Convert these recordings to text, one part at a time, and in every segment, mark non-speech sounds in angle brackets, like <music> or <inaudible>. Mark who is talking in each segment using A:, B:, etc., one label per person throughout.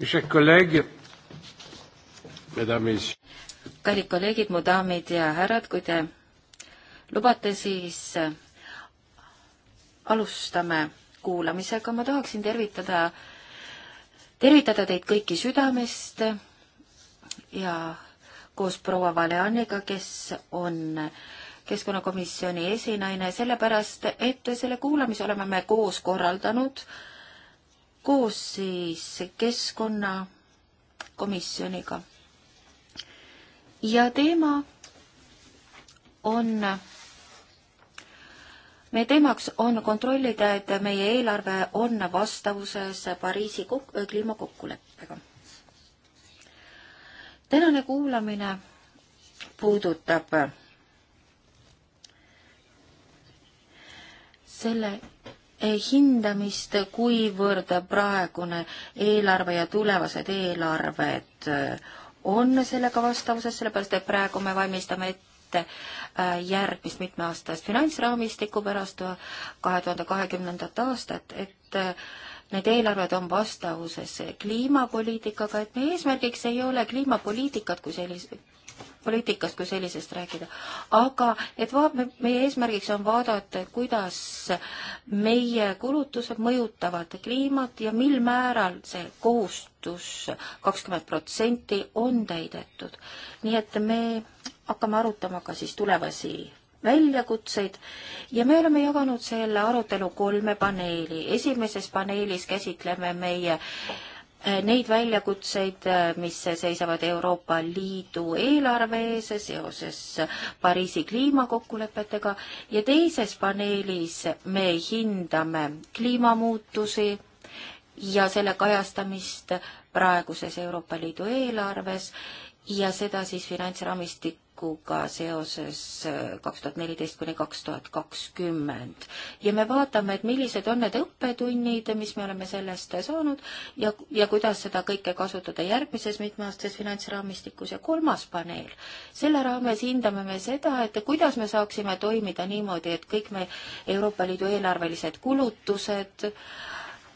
A: kallid
B: kolleegid, mu daamid ja härrad, kui te lubate, siis äh, alustame kuulamisega. ma tahaksin tervitada, tervitada teid kõiki südamest ja koos proua Valeaniga, kes on keskkonnakomisjoni esinaine, sellepärast et selle kuulamise oleme me koos korraldanud äh, koos siis keskkonnakomisjoniga. ja teema on, meie teemaks on kontrollida, et meie eelarve on vastavuses Pariisi kok-, kliimakokkuleppega. tänane kuulamine puudutab selle hindamist, kuivõrd praegune eelarve ja tulevased eelarved on sellega vastavuses, sellepärast et praegu me valmistame ette äh, järgmist mitmeaastast finantsraamistikku pärast kahe tuhande kahekümnendat aastat, et äh, need eelarved on vastavuses kliimapoliitikaga, et meie eesmärgiks ei ole kliimapoliitikat kui sellist, poliitikast kui sellisest rääkida. aga et vaat-, meie eesmärgiks on vaadata, et kuidas meie kulutused mõjutavad kliimat ja mil määral see kohustus kakskümmend protsenti on täidetud. nii et me hakkame arutama ka siis tulevasi väljakutseid ja me oleme jaganud selle arutelu kolme paneeli. esimeses paneelis käsitleme meie äh, Äh, neid väljakutseid, äh, mis seisavad Euroopa Liidu eelarve ees seoses äh, Pariisi kliimakokkulepetega ja teises paneelis me hindame kliimamuutusi ja selle kajastamist praeguses Euroopa Liidu eelarves ja seda siis finantsraamistik tulevikuga seoses kaks tuhat neliteist kuni kaks tuhat kakskümmend. ja me vaatame, et millised on need õppetunnid, mis me oleme sellest saanud ja, ja kuidas seda kõike kasutada järgmises mitmeaastases finantsraamistikus ja kolmas paneel. selle raames hindame me seda, et kuidas me saaksime toimida niimoodi, et kõik me Euroopa Liidu eelarvelised kulutused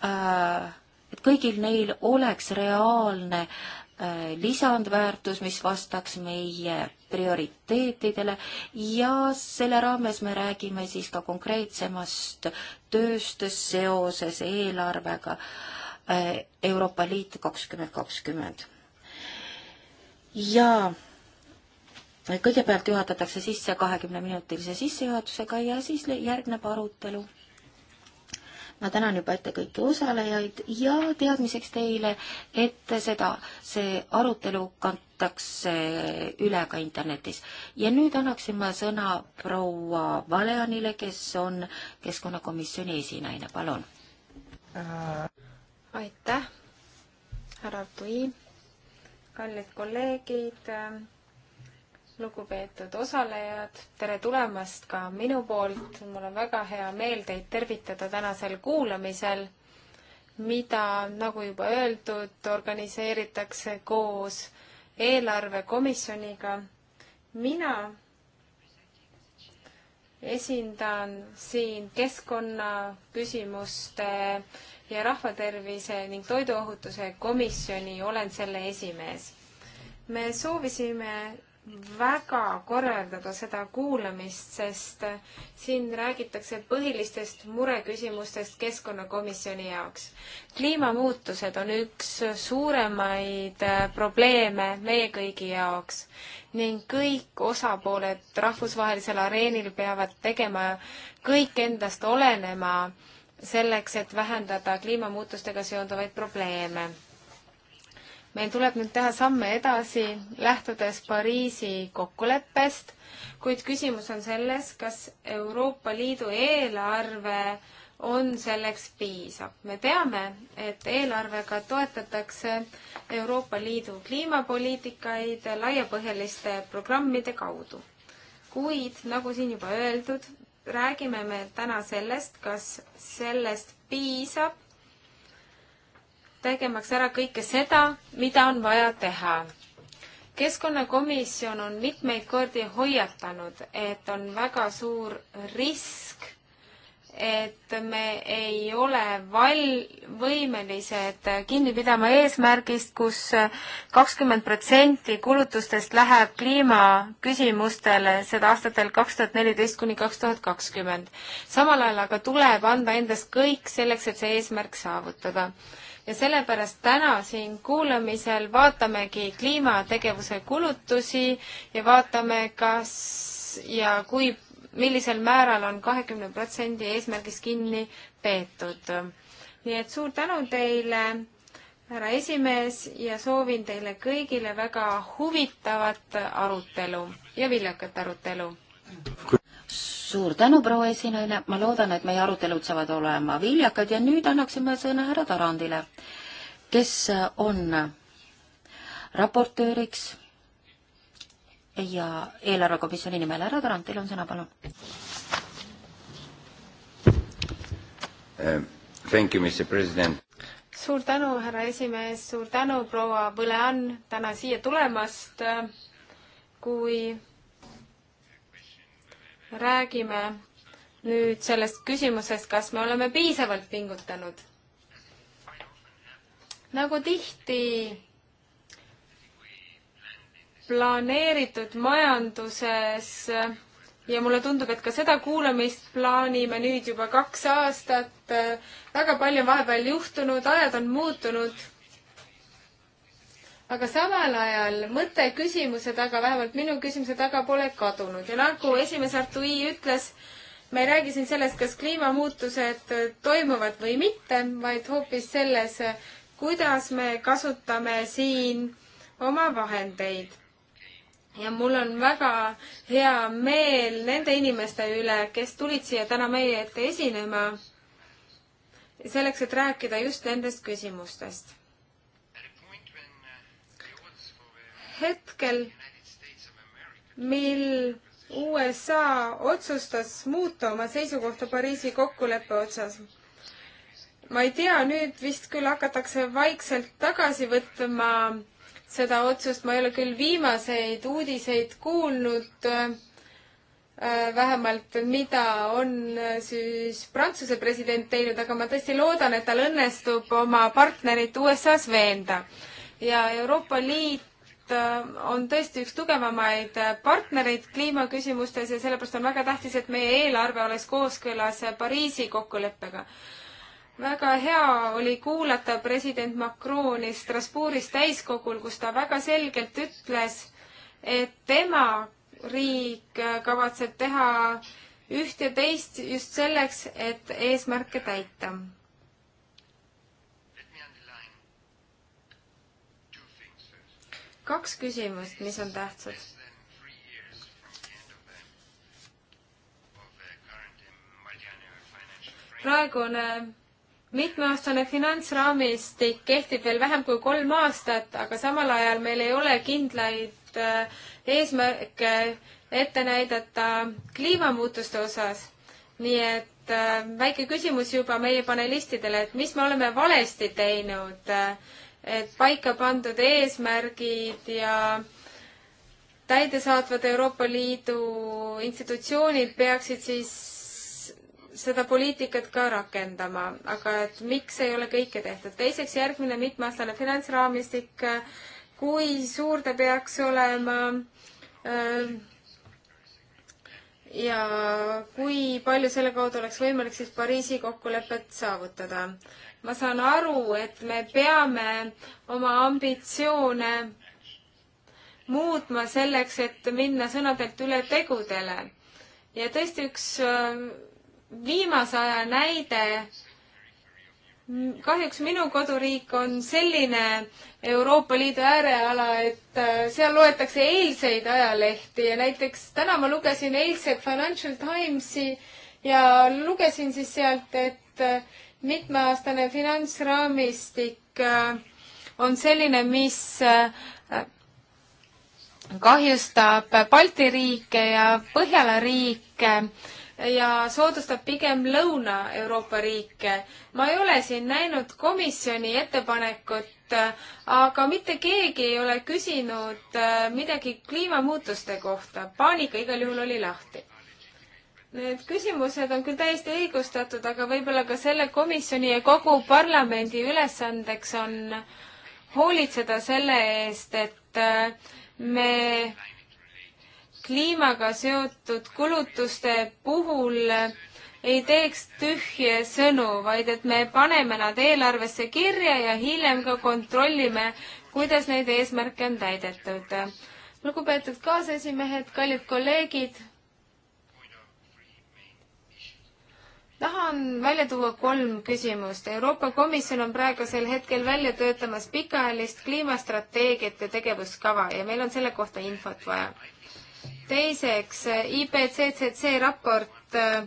B: äh, et kõigil neil oleks reaalne äh, Äh, lisandväärtus, mis vastaks meie prioriteetidele ja selle raames me räägime siis ka konkreetsemast tööst seoses eelarvega äh, Euroopa Liit kakskümmend kakskümmend. ja kõigepealt juhatatakse sisse kahekümneminutise sissejuhatusega ja siis järgneb arutelu ma tänan juba ette kõiki osalejaid ja teadmiseks teile, et seda, see arutelu kantakse üle ka internetis. ja nüüd annaksin ma sõna proua Valeanile, kes on keskkonnakomisjoni esinaine, palun.
C: aitäh, härra Artui, kallid kolleegid lugupeetud osalejad, tere tulemast ka minu poolt, mul on väga hea meel teid tervitada tänasel kuulamisel, mida, nagu juba öeldud, organiseeritakse koos eelarvekomisjoniga. mina esindan siin keskkonnaküsimuste ja rahvatervise ning toiduohutuse komisjoni, olen selle esimees. me soovisime väga korraldada seda kuulamist, sest äh, siin räägitakse põhilistest mureküsimustest Keskkonnakomisjoni jaoks. kliimamuutused on üks suuremaid äh, probleeme meie kõigi jaoks ning kõik osapooled rahvusvahelisel areenil peavad tegema kõik endast olenema selleks, et vähendada kliimamuutustega seonduvaid probleeme meil tuleb nüüd teha samme edasi, lähtudes Pariisi kokkuleppest, kuid küsimus on selles, kas Euroopa Liidu eelarve on selleks piisav. me teame, et eelarvega toetatakse Euroopa Liidu kliimapoliitikaid laiapõhjaliste programmide kaudu. kuid nagu siin juba öeldud, räägime me täna sellest, kas sellest piisab tegemaks ära kõike seda, mida on vaja teha. keskkonnakomisjon on mitmeid kordi hoiatanud, et on väga suur risk, et me ei ole val-, võimelised kinni pidama eesmärgist kus, kus kakskümmend protsenti kulutustest läheb kliimaküsimustele, seda aastatel kaks tuhat neliteist kuni kaks tuhat kakskümmend. samal ajal aga tuleb anda endast kõik selleks, et see eesmärk saavutada ja sellepärast täna siin kuulamisel vaatamegi kliimategevuse kulutusi ja vaatame, kas ja kui, millisel määral on kahekümne protsendi eesmärgist kinni peetud. nii et suur tänu teile, härra esimees, ja soovin teile kõigile väga huvitavat arutelu ja viljakat arutelu
B: suur tänu, proua esinaine, ma loodan, et meie arutelud saavad olema viljakad ja nüüd annaksime sõna härra Tarandile, kes on raportööriks ja eelarvekomisjoni nimel. härra Tarand, teil on sõna, palun
A: uh,. Thank you, Mr President.
C: suur tänu, härra esimees, suur tänu, proua Võleann, täna siia tulemast. kui räägime nüüd sellest küsimusest, kas me oleme piisavalt pingutanud. nagu tihti planeeritud majanduses ja mulle tundub, et ka seda kuulamist plaanime nüüd juba kaks aastat. väga palju on vahepeal juhtunud, ajad on muutunud aga samal ajal mõte küsimuse taga, vähemalt minu küsimuse taga pole kadunud ja nagu esimees Artui ütles, me ei räägi siin sellest, kas kliimamuutused toimuvad või mitte, vaid hoopis selles, kuidas me kasutame siin oma vahendeid. ja mul on väga hea meel nende inimeste üle, kes tulid siia täna meie ette esinema, selleks, et rääkida just nendest küsimustest hetkel, mil USA otsustas muuta oma seisukohta Pariisi kokkuleppe otsas. ma ei tea, nüüd vist küll hakatakse vaikselt tagasi võtma seda otsust, ma ei ole küll viimaseid uudiseid kuulnud, äh, vähemalt mida on äh, siis Prantsuse president teinud, aga ma tõesti loodan, et tal õnnestub oma partnerit USA-s veenda. ja Euroopa Liit Äh, on tõesti üks tugevamaid äh, partnereid kliimaküsimustes ja sellepärast on väga tähtis, et meie eelarve oleks kooskõlas äh, Pariisi kokkuleppega. väga hea oli kuulata president Macroni Strasbourgis täiskogul, kus ta väga selgelt ütles, et tema riik kavatseb teha üht ja teist just selleks, et eesmärke täita kaks küsimust, mis on tähtsad. praegune mitmeaastane finantsraamistik kehtib veel vähem kui kolm aastat, aga samal ajal meil ei ole kindlaid äh, eesmärke ette näidata kliimamuutuste osas. nii et äh, väike küsimus juba meie panelistidele, et mis me oleme valesti teinud äh, et paika pandud eesmärgid ja täidesaatvad Euroopa Liidu institutsioonid peaksid siis seda poliitikat ka rakendama, aga et miks ei ole kõike tehtud. teiseks, järgmine mitmeaastane finantsraamistik, kui suur ta peaks olema äh, ja kui palju selle kaudu oleks võimalik siis Pariisi kokkulepet saavutada ma saan aru, et me peame oma ambitsioone muutma selleks, et minna sõnadelt üle tegudele. ja tõesti üks äh, viimase aja näide kahjuks minu koduriik on selline Euroopa Liidu ääreala, et äh, seal loetakse eilseid ajalehti ja näiteks täna ma lugesin eilset Financial Timesi ja lugesin siis sealt, et äh, mitmeaastane finantsraamistik äh, on selline, mis äh, kahjustab Balti riike ja Põhjala riike ja soodustab pigem Lõuna-Euroopa riike. ma ei ole siin näinud komisjoni ettepanekut, äh, aga mitte keegi ei ole küsinud midagi kliimamuutuste kohta. paanika igal juhul oli lahti Need küsimused on küll täiesti õigustatud, aga võib-olla ka selle komisjoni ja kogu parlamendi ülesandeks on hoolitseda selle eest, et äh, me kliimaga seotud kulutuste puhul ei teeks tühje sõnu, vaid et me paneme nad eelarvesse kirja ja hiljem ka kontrollime, kuidas neid eesmärke on täidetud. lugupeetud kaasesimehed, kallid kolleegid tahan välja tuua kolm küsimust. Euroopa Komisjon on praegusel hetkel välja töötamas pikaajalist kliimastrateegiat ja tegevuskava ja meil on selle kohta infot vaja. teiseks, IPCCC raport äh,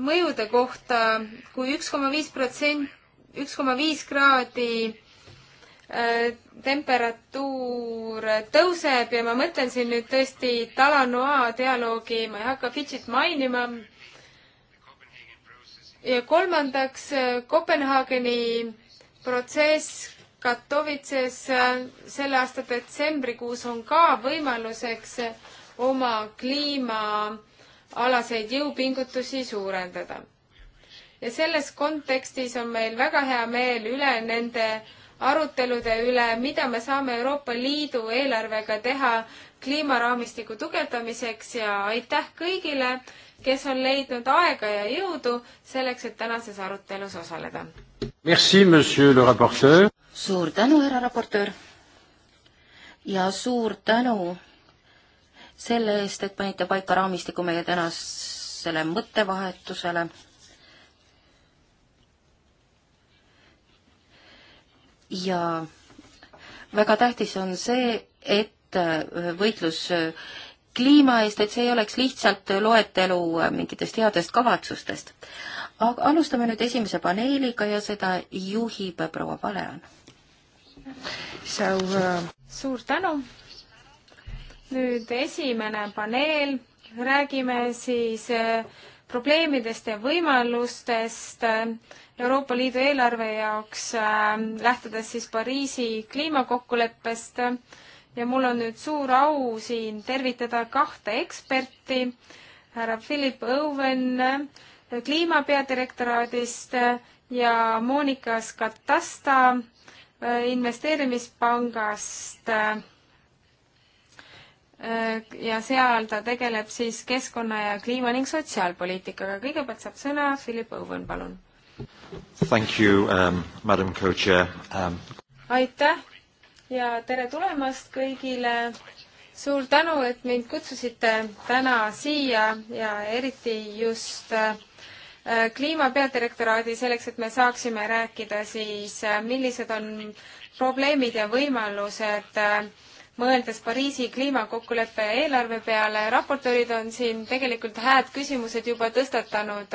C: mõjude kohta kui, kui üks koma viis protsenti, üks koma viis kraadi äh, temperatuur tõuseb ja ma mõtlen siin nüüd tõesti Talanoa dialoogi, ma ei hakka Fidžit mainima, ja kolmandaks Kopenhaageni protsess Katowices selle aasta detsembrikuus on ka võimaluseks oma kliimaalaseid jõupingutusi suurendada. ja selles kontekstis on meil väga hea meel üle nende arutelude üle, mida me saame Euroopa Liidu eelarvega teha kliimaraamistiku tugevdamiseks ja aitäh kõigile kes on leidnud aega ja jõudu selleks, et tänases arutelus osaleda.
B: suur tänu, härra raportöör! ja suur tänu selle eest, et panite paika raamistiku meie tänasele mõttevahetusele. ja väga tähtis on see, et võitlus kliima eest, et see ei oleks lihtsalt loetelu äh, mingitest headest kavatsustest. aga alustame nüüd esimese paneeliga ja seda juhib proua Palean. So uh...
C: suur tänu. nüüd esimene paneel, räägime siis äh, probleemidest ja võimalustest äh, Euroopa Liidu eelarve jaoks, lähtudes siis Pariisi kliimakokkuleppest ja mul on nüüd suur au siin tervitada kahte eksperti, härra Philip Owen kliima peadirektoraadist ja Monika Skatasta äh, investeerimispangast. Äh, ja seal ta tegeleb siis keskkonna ja kliima ning sotsiaalpoliitikaga. kõigepealt saab sõna Philip Owen, palun.
A: Thank you um,, madam co-chair um....
C: aitäh, ja tere tulemast kõigile. suur tänu, et mind kutsusite täna siia ja eriti just äh, kliima peadirektoraadi selleks, et me saaksime rääkida siis, äh, millised on probleemid ja võimalused äh, mõeldes Pariisi kliimakokkuleppe eelarve peale, raportöörid on siin tegelikult hääd küsimused juba tõstatanud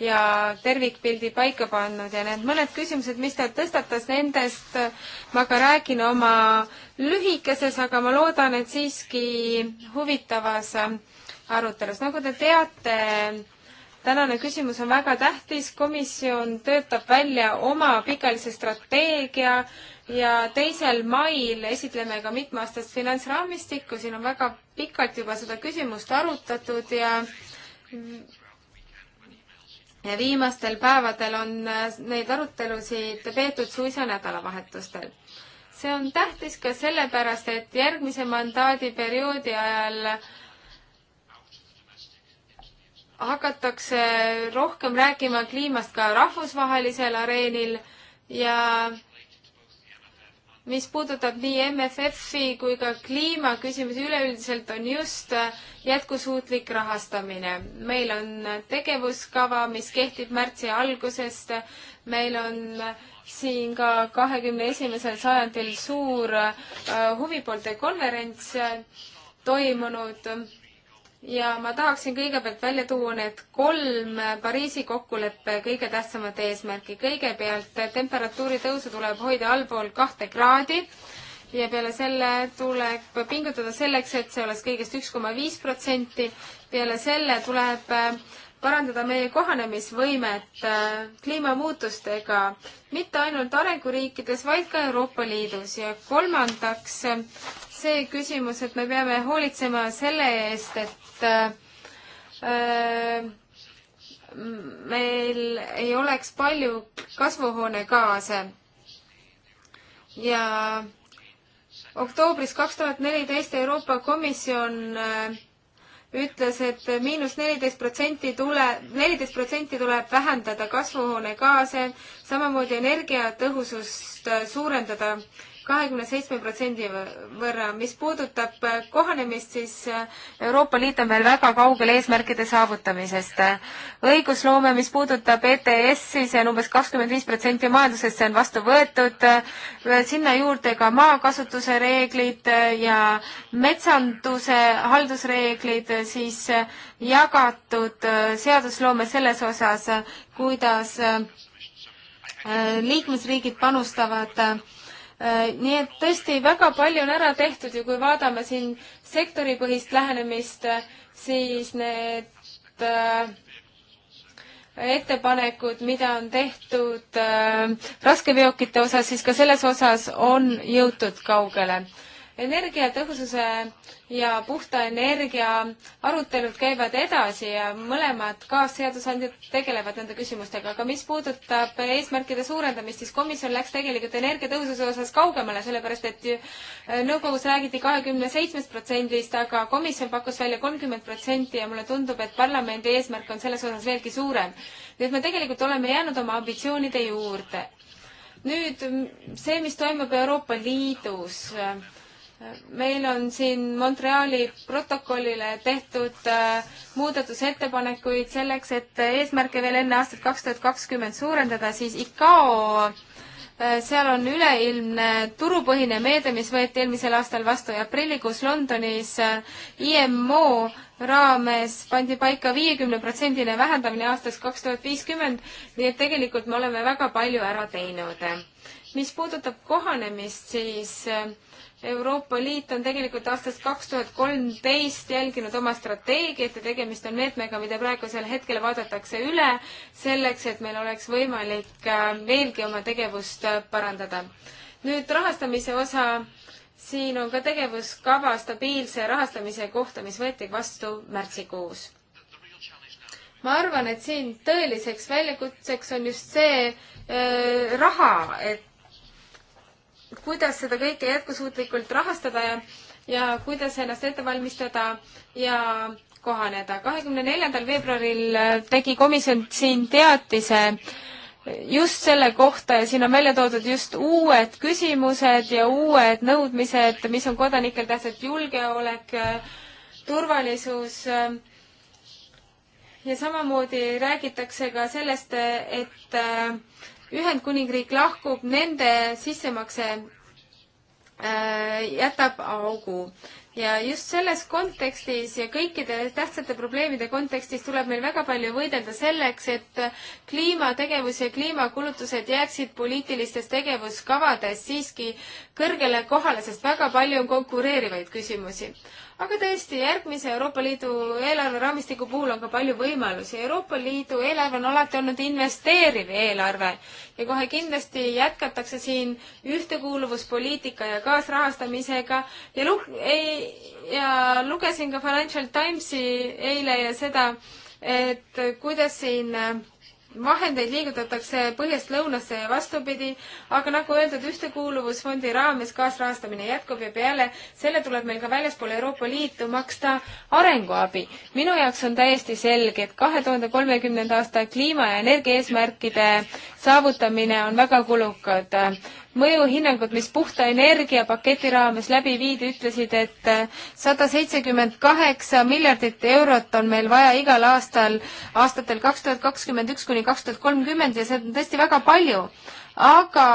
C: ja tervikpildi paika pannud ja need mõned küsimused, mis ta tõstatas, nendest ma ka räägin oma lühikeses, aga ma loodan, et siiski huvitavas arutelus. nagu te teate, tänane küsimus on väga tähtis, komisjon töötab välja oma pikaajalise strateegia, ja teisel mail esitleme ka mitmeaastast finantsraamistikku, siin on väga pikalt juba seda küsimust arutatud ja ja viimastel päevadel on äh, neid arutelusid peetud suisa nädalavahetustel. see on tähtis ka sellepärast, et järgmise mandaadiperioodi ajal hakatakse rohkem rääkima kliimast ka rahvusvahelisel areenil ja mis puudutab nii MFF-i kui ka kliimaküsimusi üleüldiselt, on just äh, jätkusuutlik rahastamine. meil on tegevuskava, mis kehtib märtsi algusest, meil on äh, siin ka kahekümne esimesel sajandil suur äh, huvipoolte konverents toimunud ja ma tahaksin kõigepealt välja tuua need kolm Pariisi kokkuleppe kõige tähtsamat eesmärki. kõigepealt temperatuuri tõusu tuleb hoida allpool kahte kraadi ja peale selle tuleb pingutada selleks, et see oleks kõigest üks koma viis protsenti. peale selle tuleb äh, parandada meie kohanemisvõimet äh, kliimamuutustega mitte ainult arenguriikides, vaid ka Euroopa Liidus ja kolmandaks äh, see küsimus, et me peame hoolitsema selle eest, et et äh, meil ei oleks palju kasvuhoonegaase ja oktoobris kaks tuhat neliteist Euroopa Komisjon äh, ütles et, et miinus neliteist protsenti tule, neliteist protsenti tuleb vähendada kasvuhoonegaase, samamoodi energiatõhusust äh, suurendada kahekümne seitsme protsendi võrra. mis puudutab äh, kohanemist, siis äh, Euroopa Liit on veel väga kaugel eesmärkide saavutamisest. õigusloome, mis puudutab ETS-i, see on umbes kakskümmend viis protsenti majandusest, see on vastu võetud, sinna juurde ka maakasutuse reeglid äh, ja metsanduse haldusreeglid, siis jagatud seadusloome selles osas, kuidas liikmesriigid panustavad Äh, nii et tõesti väga palju on ära tehtud ja kui vaatame siin sektoripõhist lähenemist, siis need äh, ettepanekud, mida on tehtud äh, raskeveokite osas, siis ka selles osas on jõutud kaugele energiatõhususe ja puhta energia arutelud käivad edasi ja mõlemad kaasseadusandjad tegelevad nende küsimustega, aga mis puudutab eesmärkide suurendamist, siis komisjon läks tegelikult energiatõhususe osas kaugemale, sellepärast et äh, nõukogus räägiti kahekümne seitsmest protsendist, aga komisjon pakkus välja kolmkümmend protsenti ja mulle tundub, et parlamendi eesmärk on selles osas veelgi suurem. nii et me tegelikult oleme jäänud oma ambitsioonide juurde nüüd see, mis toimub Euroopa Liidus, äh, meil on siin Montreali protokollile tehtud äh, muudatusettepanekuid selleks, et eesmärke veel enne aastat kaks tuhat kakskümmend suurendada, siis ICAO äh, seal on üleilmne turupõhine meede, mis võeti eelmisel aastal vastu ja aprillikuus Londonis äh, IMO raames pandi paika viiekümneprotsendine vähendamine aastast kaks tuhat viiskümmend, nii et tegelikult me oleme väga palju ära teinud. mis puudutab kohanemist, siis Euroopa Liit on tegelikult aastast kaks tuhat kolmteist jälginud oma strateegiat ja tegemist on meetmega, mida praegusel hetkel vaadatakse üle selleks, et meil oleks võimalik äh, veelgi oma tegevust äh, parandada. nüüd rahastamise osa, siin on ka tegevuskava stabiilse rahastamise kohta, mis võeti vastu märtsikuus ma arvan, et siin tõeliseks väljakutseks on just see äh, raha, et kuidas seda kõike jätkusuutlikult rahastada ja, ja kuidas ennast ette valmistada ja kohaneda. kahekümne neljandal veebruaril äh, tegi komisjon siin teatise äh, just selle kohta ja siin on välja toodud just uued küsimused ja uued nõudmised, mis on kodanikel tähtsad, julgeolek, äh, turvalisus ja samamoodi räägitakse ka sellest, et Ühendkuningriik lahkub, nende sissemakse äh, jätab augu. ja just selles kontekstis ja kõikide tähtsate probleemide kontekstis tuleb meil väga palju võidelda selleks, et kliimategevus ja kliimakulutused jääksid poliitilistes tegevuskavades siiski kõrgele kohale, sest väga palju on konkureerivaid küsimusi aga tõesti, järgmise Euroopa Liidu eelarveraamistiku puhul on ka palju võimalusi. Euroopa Liidu eelarve on alati olnud investeeriv eelarve ja kohe kindlasti jätkatakse siin ühtekuuluvuspoliitika ja kaasrahastamisega ja lu-, ei, ja lugesin ka Financial Timesi eile ja seda, et kuidas siin äh, vahendeid liigutatakse põhjast lõunasse ja vastupidi, aga nagu öeldud, Ühtekuuluvusfondi raames kaasrahastamine jätkub ja peale selle tuleb meil ka väljaspool Euroopa Liitu maksta arenguabi. minu jaoks on täiesti selge, et kahe tuhande kolmekümnenda aasta kliima- ja energiaeesmärkide saavutamine on väga kulukad mõjuhinnangud, mis puhta energiapaketi raames läbi viidi, ütlesid, et äh, sada seitsekümmend kaheksa miljardit eurot on meil vaja igal aastal, aastatel kaks tuhat kakskümmend üks kuni kaks tuhat kolmkümmend ja see on tõesti väga palju. aga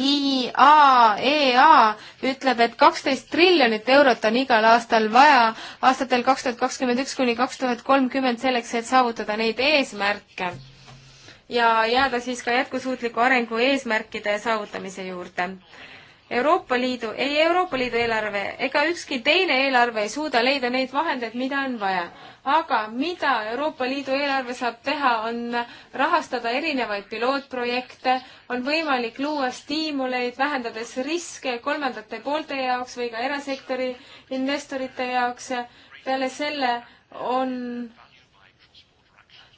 C: IAEA e ütleb, et kaksteist triljonit eurot on igal aastal vaja aastatel kaks tuhat kakskümmend üks kuni kaks tuhat kolmkümmend selleks, et saavutada neid eesmärke ja jääda siis ka jätkusuutliku arengu eesmärkide saavutamise juurde. Euroopa Liidu, ei Euroopa Liidu eelarve ega ükski teine eelarve ei suuda leida neid vahendeid, mida on vaja. aga mida Euroopa Liidu eelarve saab teha, on rahastada erinevaid pilootprojekte, on võimalik luua stiimuleid, vähendades riske kolmandate poolte jaoks või ka erasektori investorite jaoks. peale selle on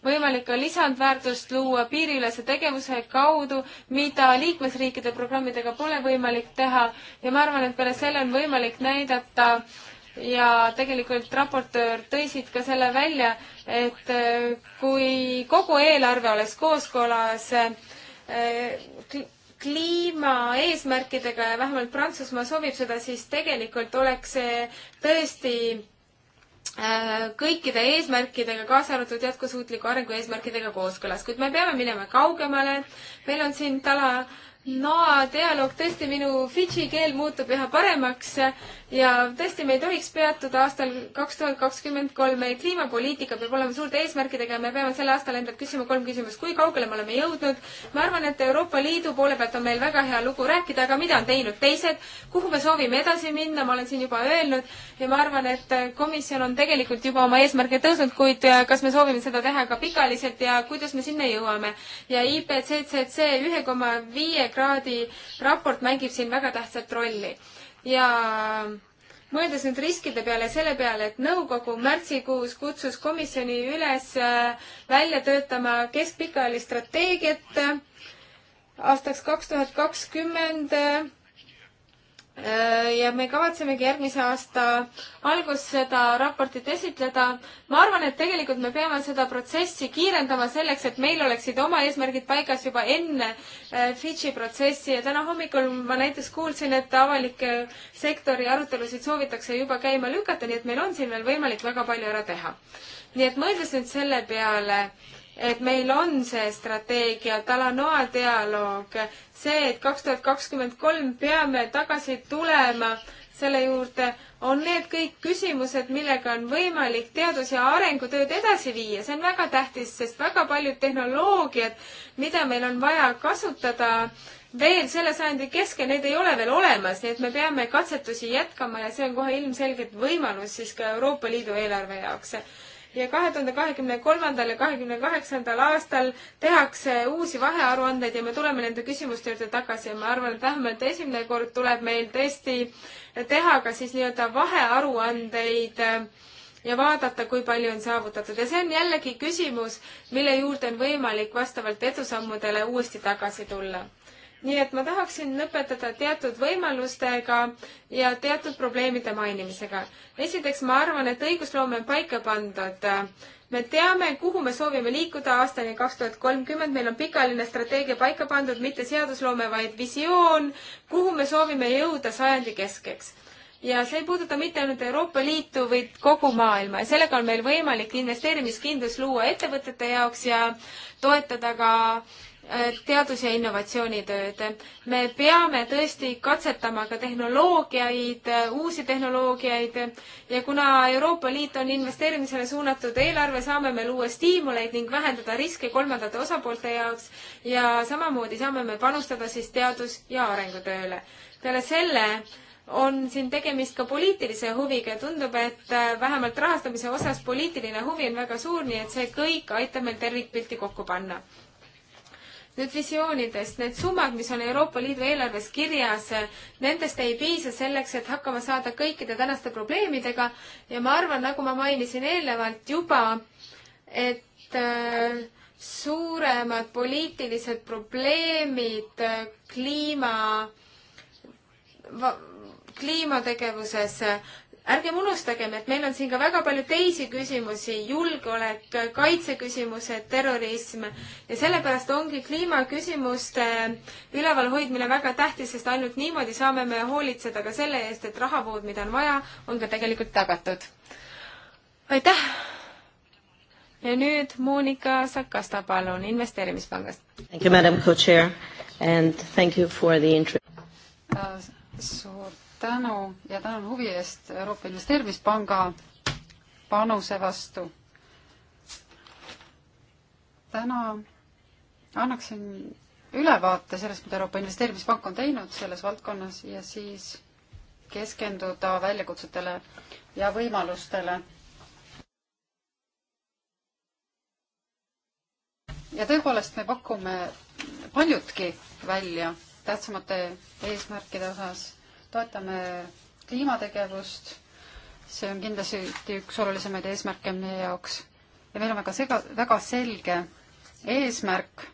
C: võimalik ka lisandväärtust luua piiriülese tegevuse kaudu, mida liikmesriikide programmidega pole võimalik teha ja ma arvan, et peale selle on võimalik näidata ja tegelikult raportöör tõi siit ka selle välja, et äh, kui kogu eelarve oleks kooskõlas äh, kliimaeesmärkidega ja vähemalt Prantsusmaa soovib seda, siis tegelikult oleks see tõesti Äh, kõikide eesmärkidega, kaasa arvatud jätkusuutliku arengu eesmärkidega kooskõlas, kuid me peame minema kaugemale. meil on siin tala Noa dialoog, tõesti minu fidži keel muutub üha paremaks ja tõesti, me ei tohiks peatuda aastal kaks tuhat kakskümmend kolm. meie kliimapoliitika peab olema suurte eesmärkidega ja me peame sel aastal endalt küsima kolm küsimust. kui kaugele me oleme jõudnud? ma arvan, et Euroopa Liidu poole pealt on meil väga hea lugu rääkida, aga mida on teinud teised? kuhu me soovime edasi minna? ma olen siin juba öelnud ja ma arvan, et komisjon on tegelikult juba oma eesmärke tõusnud, kuid kas me soovime seda teha ka pikaliselt ja kuidas me sinna jõuame? ja IPCCC ühe koma viie kraadi raport mängib siin väga tähtsat rolli ja mõeldes nüüd riskide peale ja selle peale, et nõukogu märtsikuus kutsus komisjoni üles äh, välja töötama keskpikaajalist strateegiat aastaks kaks tuhat kakskümmend Äh, ja me kavatsemegi järgmise aasta alguses seda raportit esitleda. ma arvan, et tegelikult me peame seda protsessi kiirendama selleks, et meil oleksid oma eesmärgid paigas juba enne äh, Fidži protsessi ja täna hommikul ma näiteks kuulsin, et avalikke sektori arutelusid soovitakse juba käima lükata, nii et meil on siin veel võimalik väga palju ära teha. nii et mõeldes nüüd selle peale, et meil on see strateegia, Talanoa dialoog, see, et kaks tuhat kakskümmend kolm peame tagasi tulema selle juurde, on need kõik küsimused, millega on võimalik teadus- ja arengutööd edasi viia. see on väga tähtis, sest väga paljud tehnoloogiad, mida meil on vaja kasutada veel selle sajandi keskel, need ei ole veel olemas, nii et me peame katsetusi jätkama ja see on kohe ilmselgelt võimalus siis ka Euroopa Liidu eelarve jaoks ja kahe tuhande kahekümne kolmandal ja kahekümne kaheksandal aastal tehakse uusi vahearuandeid ja me tuleme nende küsimuste juurde tagasi ja ma arvan, et vähemalt esimene kord tuleb meil tõesti teha ka siis nii-öelda vahearuandeid ja vaadata, kui palju on saavutatud ja see on jällegi küsimus, mille juurde on võimalik vastavalt edusammudele uuesti tagasi tulla nii et ma tahaksin lõpetada teatud võimalustega ja teatud probleemide mainimisega. esiteks, ma arvan, et õigusloome on paika pandud me teame, kuhu me soovime liikuda aastani kaks tuhat kolmkümmend, meil on pikaline strateegia paika pandud, mitte seadusloome, vaid visioon, kuhu me soovime jõuda sajandi keskeks. ja see ei puuduta mitte ainult Euroopa Liitu, vaid kogu maailma ja sellega on meil võimalik investeerimiskindlus luua ettevõtete jaoks ja toetada ka äh, Äh, teadus- ja innovatsioonitööd. me peame tõesti katsetama ka tehnoloogiaid, äh, uusi tehnoloogiaid ja kuna Euroopa Liit on investeerimisele suunatud eelarve, saame me luua stiimuleid ning vähendada riske kolmandate osapoolte jaoks ja samamoodi saame me panustada siis teadus- ja arengutööle. peale selle on siin tegemist ka poliitilise huviga ja tundub, et äh, vähemalt rahastamise osas poliitiline huvi on väga suur, nii et see kõik aitab meil tervikpilti kokku panna nüüd visioonidest, need summad, mis on Euroopa Liidu eelarves kirjas, nendest ei piisa selleks, et hakkama saada kõikide tänaste probleemidega ja ma arvan, nagu ma mainisin eelnevalt juba, et äh, suuremad poliitilised probleemid äh, kliima kliimategevuses ärgem unustagem, et meil on siin ka väga palju teisi küsimusi, julgeolek, kaitseküsimused, terrorism ja sellepärast ongi kliimaküsimuste ülevalhoidmine väga tähtis, sest ainult niimoodi saame me hoolitseda ka selle eest, et rahavood, mida on vaja, on ka tegelikult tagatud. aitäh! ja nüüd Monika Sakasta, palun, investeerimispangast. Thank you, madam
B: co-chair and thank you for the intro
C: uh,. suur tänu ja tänan huvi
D: eest Euroopa Investeerimispanga panuse vastu. täna annaksin ülevaate sellest, mida Euroopa Investeerimispank on teinud selles valdkonnas ja siis keskenduda väljakutsetele ja võimalustele. ja tõepoolest, me pakume paljutki välja tähtsamate eesmärkide osas toetame kliimategevust, see on kindlasti üks olulisemaid eesmärke meie jaoks. ja meil on väga sega, väga selge eesmärk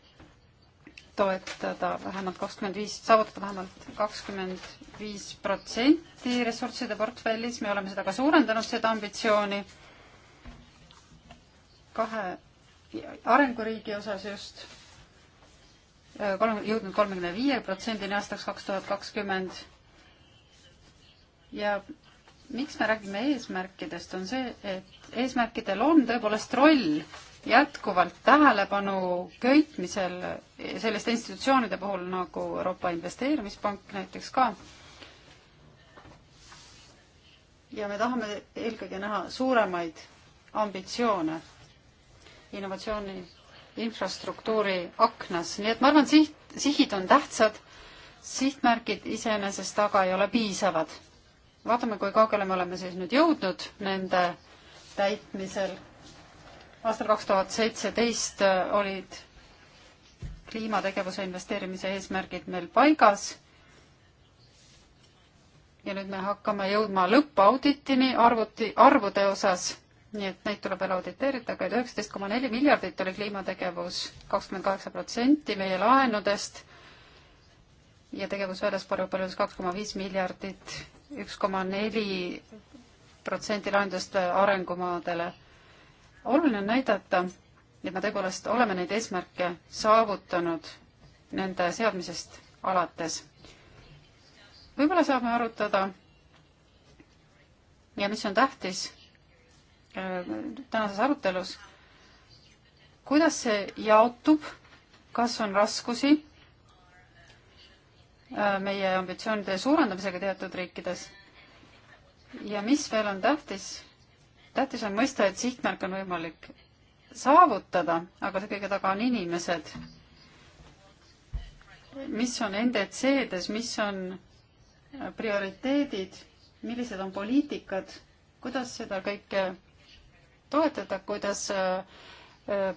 D: toetada vähemalt kakskümmend viis, saavutada vähemalt kakskümmend viis protsenti ressursside portfellis, me oleme seda ka suurendanud, seda ambitsiooni kahe arenguriigi osas just kolm, jõudnud kolmekümne viie protsendini aastaks kaks tuhat kakskümmend ja miks me räägime eesmärkidest, on see, et eesmärkidel on tõepoolest roll jätkuvalt tähelepanu köitmisel selliste institutsioonide puhul nagu Euroopa Investeerimispank näiteks ka. ja me tahame eelkõige näha suuremaid ambitsioone innovatsiooni infrastruktuuri aknas, nii et ma arvan, siht, sihid on tähtsad, sihtmärgid iseenesest aga ei ole piisavad vaatame, kui kaugele me oleme siis nüüd jõudnud nende täitmisel. aastal kaks tuhat seitseteist äh, olid kliimategevuse investeerimise eesmärgid meil paigas. ja nüüd me hakkame jõudma lõppauditini arvuti, arvude osas, nii et neid tuleb veel auditeerida, aga üheksateist koma neli miljardit oli kliimategevus, kakskümmend kaheksa protsenti meie laenudest ja tegevus väljaspool Euroopa Liidus kaks koma viis miljardit üks koma neli protsenti lahendust arengumaadele. oluline on näidata, et me tõepoolest oleme neid eesmärke saavutanud nende seadmisest alates. võib-olla saame arutada ja mis on tähtis äh, tänases arutelus, kuidas see jaotub, kas on raskusi Äh, meie ambitsioonide suurendamisega teatud riikides. ja mis veel on tähtis? tähtis on mõista, et sihtmärk on võimalik saavutada, aga see kõige taga on inimesed. mis on NDC-des, mis on äh, prioriteedid, millised on poliitikad, kuidas seda kõike toetada, kuidas äh,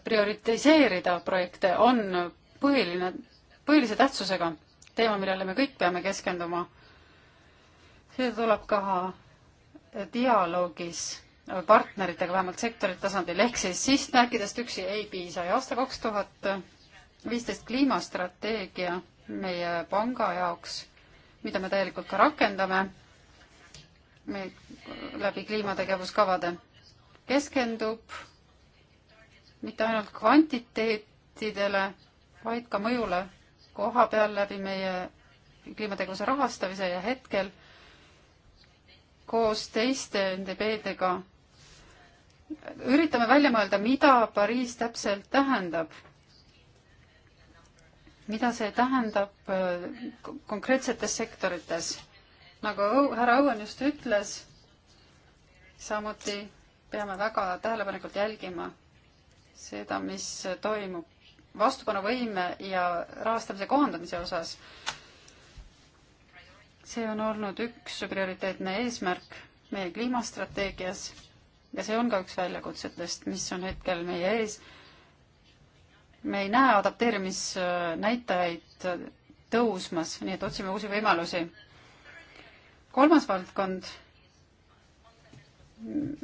D: prioritiseerida projekte, on põhiline, põhilise tähtsusega teema, millele me kõik peame keskenduma. see tuleb ka äh, dialoogis äh, partneritega, vähemalt sektorite tasandil, ehk siis sihtmärkidest üksi ei piisa ja aasta kaks tuhat viisteist kliimastrateegia meie panga jaoks, mida me täielikult ka rakendame, me läbi kliimategevuskavade, keskendub mitte ainult kvantiteetidele, vaid ka mõjule koha peal läbi meie kliimategevuse rahastamise ja hetkel koos teiste NDB-dega üritame välja mõelda, mida Pariis täpselt tähendab. mida see tähendab äh, konkreetsetes sektorites. nagu õu, härra Õuen just ütles, samuti peame väga tähelepanelikult jälgima seda, mis toimub vastupanuvõime ja rahastamise kohandamise osas. see on olnud üks prioriteetne eesmärk meie kliimastrateegias ja see on ka üks väljakutsetest, mis on hetkel meie ees. me ei näe adapteerimisnäitajaid tõusmas, nii et otsime uusi võimalusi. kolmas valdkond,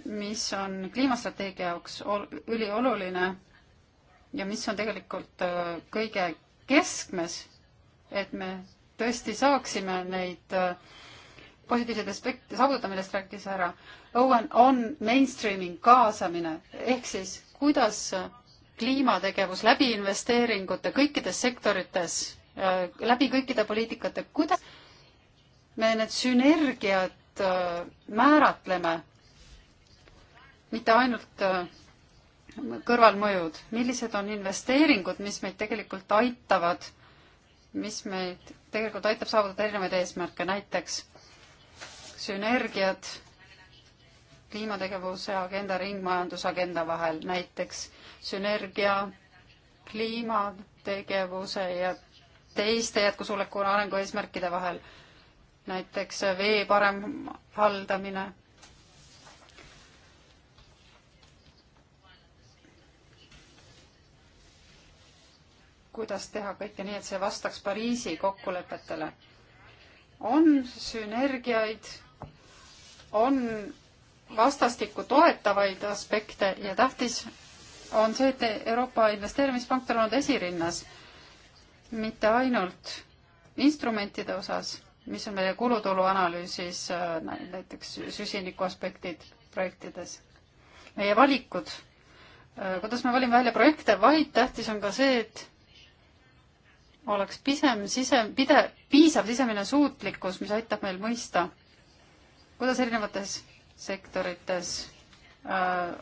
D: mis on kliimastrateegia jaoks ülioluline ja mis on tegelikult äh, kõige keskmes, et me tõesti saaksime neid äh, positiivseid aspekte saavutada, millest rääkis härra Owen, on mainstreaming, kaasamine, ehk siis kuidas äh, kliimategevus läbi investeeringute kõikides sektorites, läbi kõikide poliitikate, kuidas me need sünergiad määratleme, mitte ainult kõrvalmõjud, millised on investeeringud, mis meid tegelikult aitavad, mis meid tegelikult aitab saavutada erinevaid eesmärke, näiteks sünergiad kliimategevuse agenda, ringmajandusagenda vahel, näiteks sünergia kliimategevuse ja teiste jätkusuutliku arengu eesmärkide vahel, näiteks vee parem haldamine kuidas teha kõike nii, et see vastaks Pariisi kokkulepetele. on sünergiaid, on vastastikku toetavaid aspekte ja tähtis on see, et Euroopa Investeerimispank on olnud esirinnas, mitte ainult instrumentide osas, mis on meie kulutulu analüüsis äh, näiteks süsiniku aspektid projektides, meie valikud äh, kuidas me valime välja projekte, vaid tähtis on ka see, et oleks pisem sise, pide-, piisav sisemine suutlikkus, mis aitab meil mõista, kuidas erinevates sektorites äh,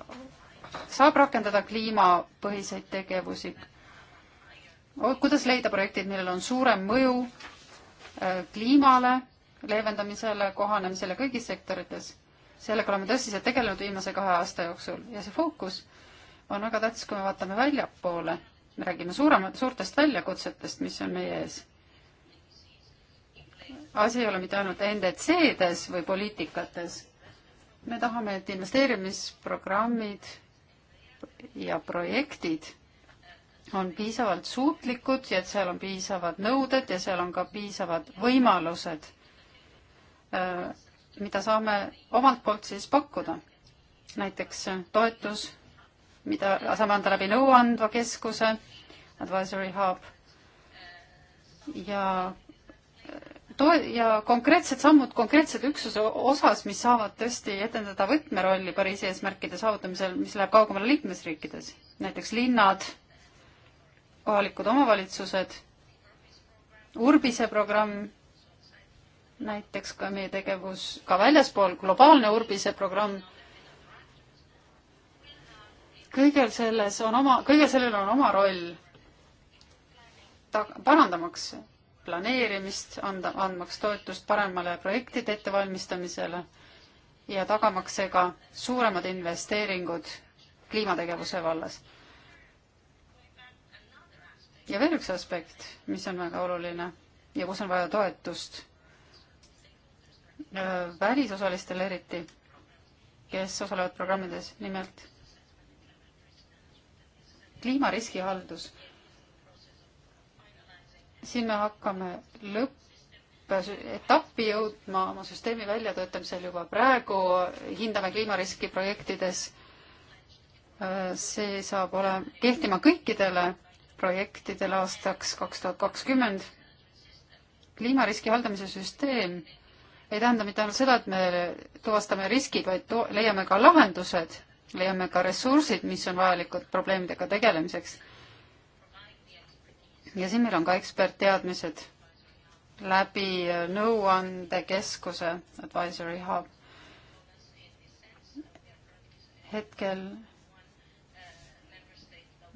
D: saab rakendada kliimapõhiseid tegevusi, kuidas leida projektid, millel on suurem mõju äh, kliimale, leevendamisele, kohanemisele kõigis sektorites. sellega oleme tõsiselt tegelenud viimase kahe aasta jooksul ja see fookus on väga tähtis, kui me vaatame väljapoole me räägime suuremat, suurtest väljakutsetest, mis on meie ees. asi ei ole mitte ainult NDC-des või poliitikates. me tahame, et investeerimisprogrammid ja projektid on piisavalt suutlikud ja et seal on piisavad nõuded ja seal on ka piisavad võimalused, äh, mida saame omalt poolt siis pakkuda. näiteks toetus mida saame anda läbi nõuandva keskuse, advisory hub ja to- ja konkreetsed sammud konkreetsed üksuse osas, mis saavad tõesti etendada võtmerolli Pariisi eesmärkide saavutamisel, mis läheb kaugemale liikmesriikides, näiteks linnad, kohalikud omavalitsused, Urbise programm, näiteks ka meie tegevus ka väljaspool, globaalne Urbise programm kõigel selles on oma, kõigel sellel on oma roll ta-, parandamaks planeerimist, anda, andmaks toetust paremale projektide ettevalmistamisele ja tagamaks seega suuremad investeeringud kliimategevuse vallas. ja veel üks aspekt, mis on väga oluline ja kus on vaja toetust välisosalistele eriti, kes osalevad programmides, nimelt kliimariskihaldus. siin me hakkame lõppetappi jõudma oma süsteemi väljatöötamisel juba praegu, hindame kliimariski projektides. see saab olema, kehtima kõikidele projektidele aastaks kaks tuhat kakskümmend. kliimariski haldamise süsteem ei tähenda mitte ainult seda, et me tuvastame riskid, vaid to-, leiame ka lahendused leiame ka ressursid, mis on vajalikud probleemidega tegelemiseks. ja siin meil on ka ekspertteadmised läbi nõuandekeskuse Advisory Hub. hetkel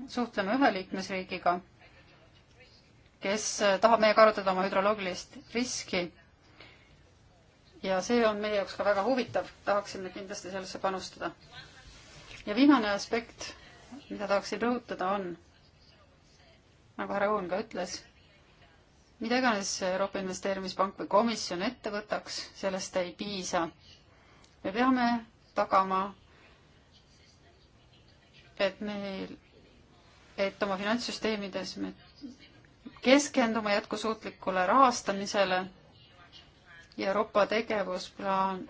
D: suhtleme ühe liikmesriigiga, kes tahab meiega arutada oma hüdroloogilist riski. ja see on meie jaoks ka väga huvitav, tahaksime kindlasti sellesse panustada ja viimane aspekt, mida tahaksin rõhutada, on, nagu härra Uun ka ütles, mida iganes Euroopa Investeerimispank või komisjon ette võtaks, sellest ei piisa. me peame tagama, et meil, et oma finantssüsteemides me keskendume jätkusuutlikule rahastamisele ja Euroopa tegevusplaan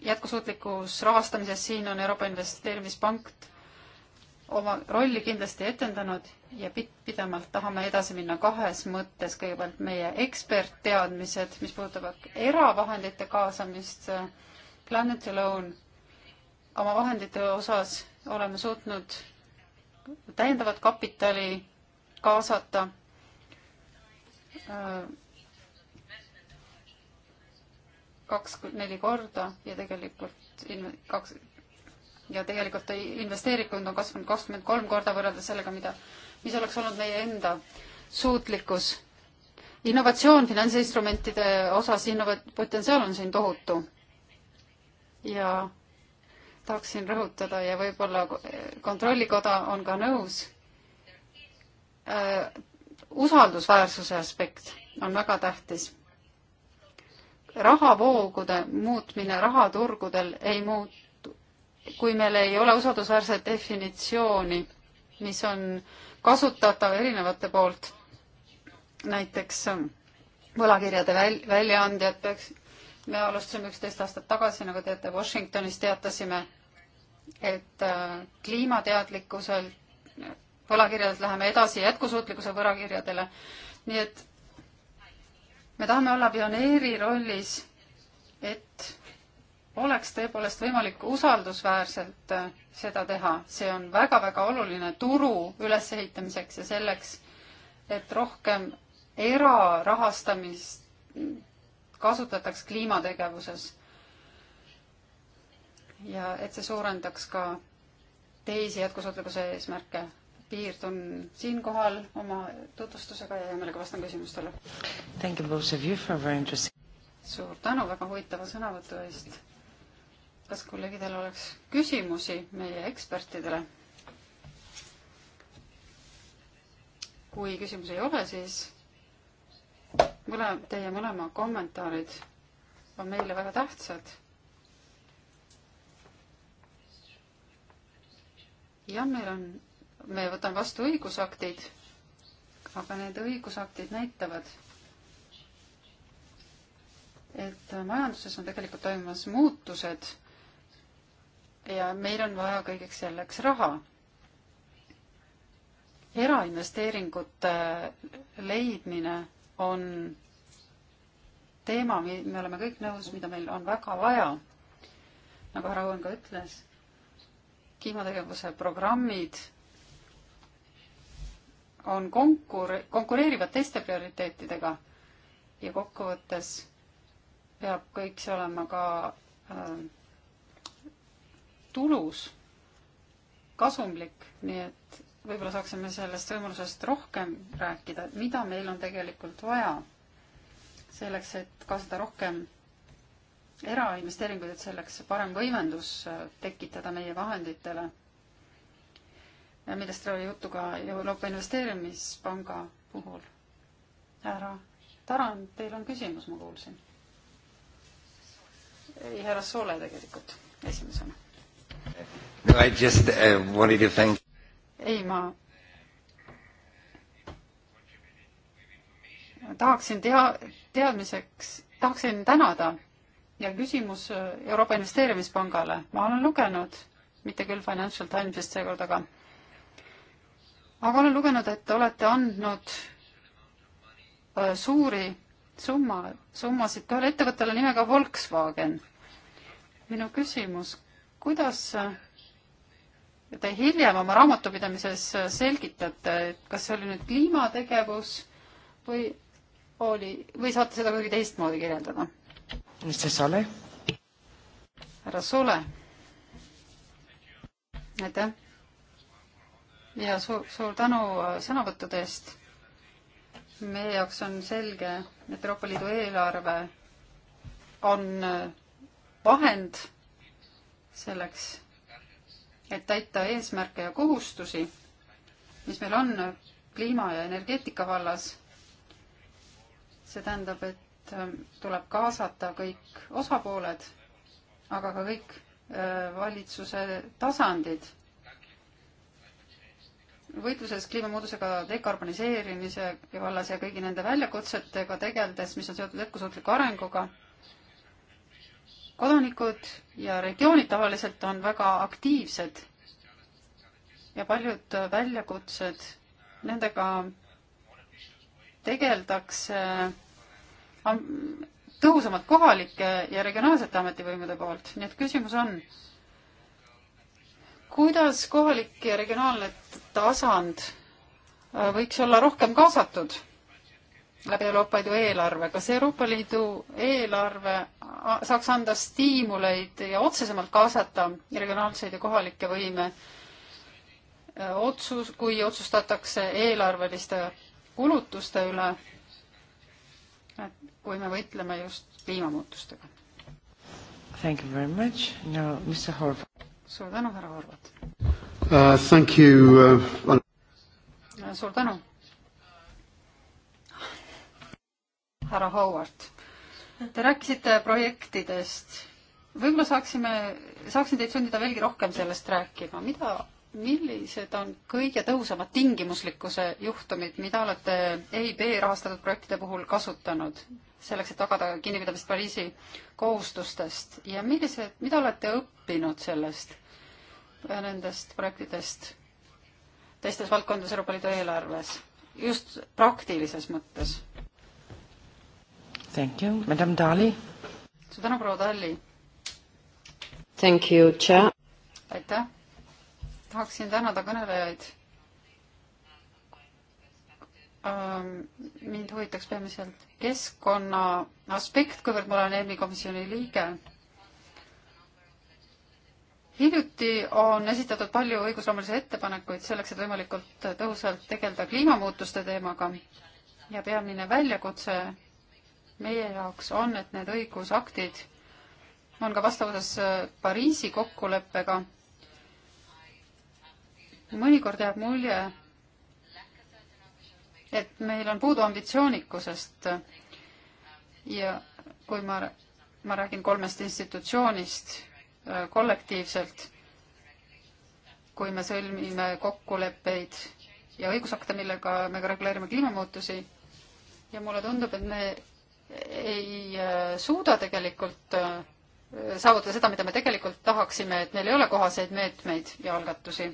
D: jätkusuutlikus rahastamises, siin on Euroopa Investeerimispank oma rolli kindlasti etendanud ja pidevalt tahame edasi minna kahes mõttes. kõigepealt meie ekspertteadmised, mis puudutavad eravahendite kaasamist. Äh, Planet Alone oma vahendite osas oleme suutnud täiendavat kapitali kaasata äh, kaks, neli korda ja tegelikult in-, kaks, ja tegelikult investeeringud on kasvanud kakskümmend kolm korda võrreldes sellega, mida, mis oleks olnud meie enda suutlikkus. innovatsioon finantsinstrumentide osas, innova-, potentsiaal on siin tohutu. ja tahaksin rõhutada ja võib-olla Kontrollikoda on ka nõus äh,, usaldusväärsuse aspekt on väga tähtis rahavoogude muutmine rahaturgudel ei muutu, kui meil ei ole usaldusväärset definitsiooni, mis on kasutatav erinevate poolt, näiteks ähm, võlakirjade väl-, väljaandjad peaks, me alustasime üksteist aastat tagasi, nagu teate, Washingtonis teatasime, et äh, kliimateadlikkuselt võlakirjadelt läheme edasi jätkusuutlikkuse võlakirjadele, nii et me tahame olla pioneeri rollis, et oleks tõepoolest võimalik usaldusväärselt äh, seda teha. see on väga-väga oluline turu ülesehitamiseks ja selleks, et rohkem erarahastamist mm, kasutataks kliimategevuses. ja et see suurendaks ka teisi jätkusuutlikkuse eesmärke piirdun siinkohal oma tutvustusega ja hea meelega vastan küsimustele. suur tänu väga huvitava sõnavõtu eest. kas kolleegidel oleks küsimusi meie ekspertidele? kui küsimusi ei ole, siis mõle, teie mõlema kommentaarid on meile väga tähtsad. ja meil on me võtame vastu õigusaktid, aga need õigusaktid näitavad, et majanduses on tegelikult toimumas muutused ja meil on vaja kõigeks selleks raha. erainvesteeringute leidmine on teema, me oleme kõik nõus, mida meil on väga vaja. nagu härra Õun ka ütles, kliimategevuse programmid on konkur-, konkureerivad teiste prioriteetidega ja kokkuvõttes peab kõik see olema ka äh, tulus, kasumlik, nii et võib-olla saaksime sellest võimalusest rohkem rääkida, et mida meil on tegelikult vaja selleks, et kaasata rohkem erainvesteeringuid, et selleks parem võimendus äh, tekitada meie vahenditele millest oli juttu ka Euroopa Investeerimispanga puhul. härra Tarand, teil on küsimus, ma kuulsin. ei, härra Soole tegelikult esimesena.
A: No I just uh, wanted to thank
D: ei, ma tahaksin tea, teadmiseks, tahaksin tänada ja küsimus uh, Euroopa Investeerimispangale. ma olen lugenud, mitte küll Financial Timesist seekord, aga aga olen lugenud, et olete andnud äh, suuri summa, summasid ka ühele ettevõttele nimega Volkswagen. minu küsimus, kuidas äh, te hiljem oma raamatupidamises äh, selgitate, et kas see oli nüüd kliimategevus või oli, või saate seda kuidagi teistmoodi kirjeldada? mis see sale? härra Sule. aitäh ja suur, suur tänu äh, sõnavõttude eest. meie jaoks on selge, et Euroopa Liidu eelarve on äh, vahend selleks, et täita eesmärke ja kohustusi, mis meil on äh, kliima ja energeetika vallas. see tähendab, et tuleb kaasata kõik osapooled, aga ka kõik valitsuse tasandid võitluses kliimamuutusega, dekarboniseerimise vallas ja kõigi nende väljakutsetega tegeldes, mis on seotud jätkusuutliku arenguga, kodanikud ja regioonid tavaliselt on väga aktiivsed ja paljud väljakutsed, nendega tegeldakse tõhusamalt kohalike ja regionaalsete ametivõimude poolt, nii et küsimus on, kuidas kohalik ja regionaalne tasand äh, võiks olla rohkem kaasatud läbi Euroopa Liidu eelarve. kas Euroopa Liidu eelarve saaks anda stiimuleid ja otsesemalt kaasata regionaalseid ja kohalikke võime äh, otsus, kui otsustatakse eelarveliste kulutuste üle, et kui me võitleme just kliimamuutustega? Thank you very much. Now Mr Horvat. suur tänu, härra Horvat
A: uh,. Thank you uh,.
D: suur tänu. härra Howard, te rääkisite projektidest. võib-olla saaksime, saaksin teid sundida veelgi rohkem sellest rääkima, mida, millised on kõige tõhusamad tingimuslikkuse juhtumid, mida olete EIB rahastatud projektide puhul kasutanud? selleks, et tagada kinnipidamist Pariisi kohustustest ja millised, mida olete õppinud sellest? nendest projektidest teistes valdkondades Euroopa Liidu eelarves, just praktilises mõttes. Thank you, madam Dali. suur tänu, proua Dali. Thank you, chair. aitäh. tahaksin tänada kõnelejaid ähm, mind huvitaks peamiselt keskkonna aspekt, kuivõrd ma olen EMI komisjoni liige hiljuti on esitatud palju õigusloomelisi ettepanekuid selleks, et võimalikult tõhusalt tegeleda kliimamuutuste teemaga ja peamine väljakutse meie jaoks on, et need õigusaktid on ka vastavuses Pariisi kokkuleppega. mõnikord jääb mulje, et meil on puudu ambitsioonikusest ja kui ma, ma räägin kolmest institutsioonist, Äh, kollektiivselt, kui me sõlmime kokkuleppeid ja õigusakte, millega me ka reguleerime kliimamuutusi. ja mulle tundub, et me ei äh, suuda tegelikult äh, saavutada seda, mida me tegelikult tahaksime, et meil ei ole kohaseid meetmeid ja algatusi.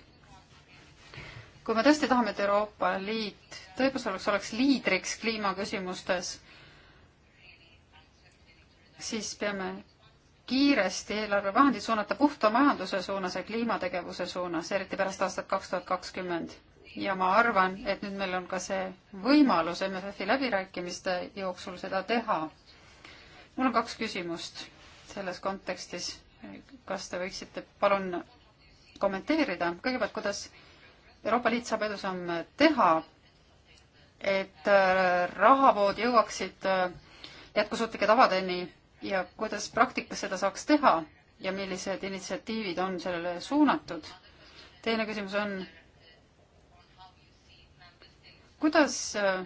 D: kui me tõesti tahame, et Euroopa Liit tõepoolest oleks liidriks kliimaküsimustes, siis peame kiiresti eelarvevahendid suunata puhta majanduse suunas ja kliimategevuse suunas, eriti pärast aastat kaks tuhat kakskümmend. ja ma arvan, et nüüd meil on ka see võimalus MFF-i läbirääkimiste jooksul seda teha. mul on kaks küsimust selles kontekstis. kas te võiksite palun kommenteerida, kõigepealt, kuidas Euroopa Liit saab edusamme teha, et äh, rahavood jõuaksid äh, jätkusuutlike tavadeni ja kuidas praktikas seda saaks teha ja millised initsiatiivid on sellele suunatud. teine küsimus on, kuidas äh,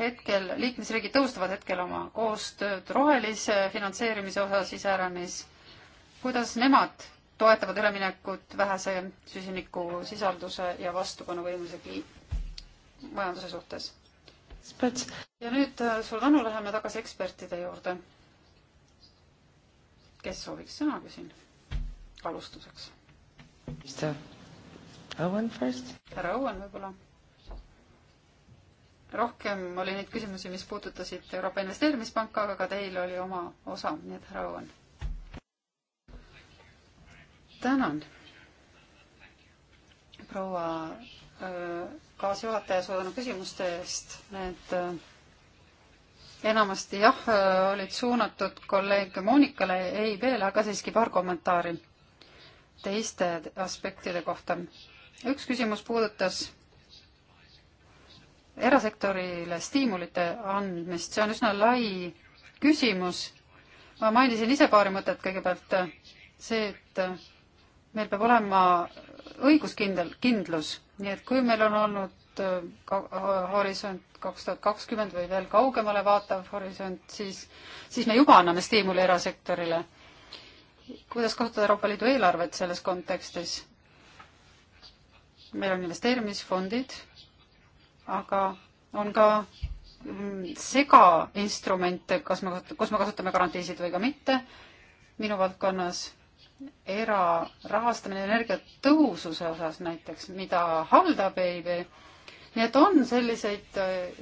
D: hetkel, liikmesriigid tõustavad hetkel oma koostööd rohelise finantseerimise osas iseäranis, kuidas nemad toetavad üleminekut vähese süsinikusisalduse ja vastupanuvõimelisegi majanduse suhtes? ja nüüd äh, suur tänu, läheme tagasi ekspertide juurde kes sooviks sõna, küsin alustuseks. härra Owen võib-olla? rohkem oli neid küsimusi, mis puudutasid Euroopa Investeerimispanka, aga ka teil oli oma osa, nii et härra Owen. tänan, proua äh, kaasjuhataja, suur tänu küsimuste eest, need äh, enamasti jah, äh, olid suunatud kolleeg Monikale EIB-le, aga siiski paar kommentaari teiste aspektide kohta. üks küsimus puudutas erasektorile stiimulite andmist, see on üsna lai küsimus. ma mainisin ise paari mõtet kõigepealt. see, et meil peab olema õiguskindel, kindlus, nii et kui meil on olnud ainult äh, äh, horisont kaks tuhat kakskümmend või veel kaugemale vaatav horisont, siis, siis me juba anname stiimuli erasektorile. kuidas kasutada Euroopa Liidu eelarvet selles kontekstis? meil on investeerimisfondid, aga on ka mm, segainstrumente, kas me, kus me kasutame garantiisid või ka mitte. minu valdkonnas erarahastamine energiatõhususe osas näiteks, mida haldab EIB nii et on selliseid äh,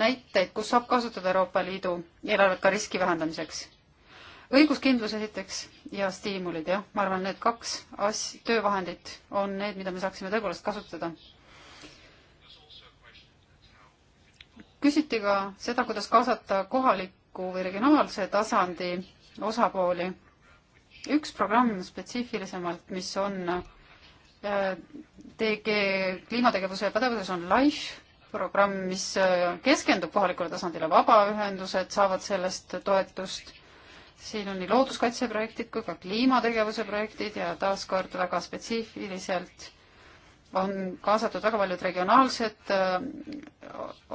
D: näiteid, kus saab kasutada Euroopa Liidu eelarvet ka riski vähendamiseks. õiguskindlus esiteks ja stiimulid, jah, ma arvan, need kaks as-, töövahendit on need, mida me saaksime tõepoolest kasutada. küsiti ka seda, kuidas kaasata kohaliku või regionaalse tasandi osapooli. üks programm spetsiifilisemalt, mis on TG kliimategevuse pädevuses on LIFE programm, mis äh, keskendub kohalikule tasandile, vabaühendused saavad sellest toetust. siin on nii looduskaitseprojektid kui ka kliimategevuse projektid ja taaskord väga spetsiifiliselt on kaasatud väga paljud regionaalsed äh,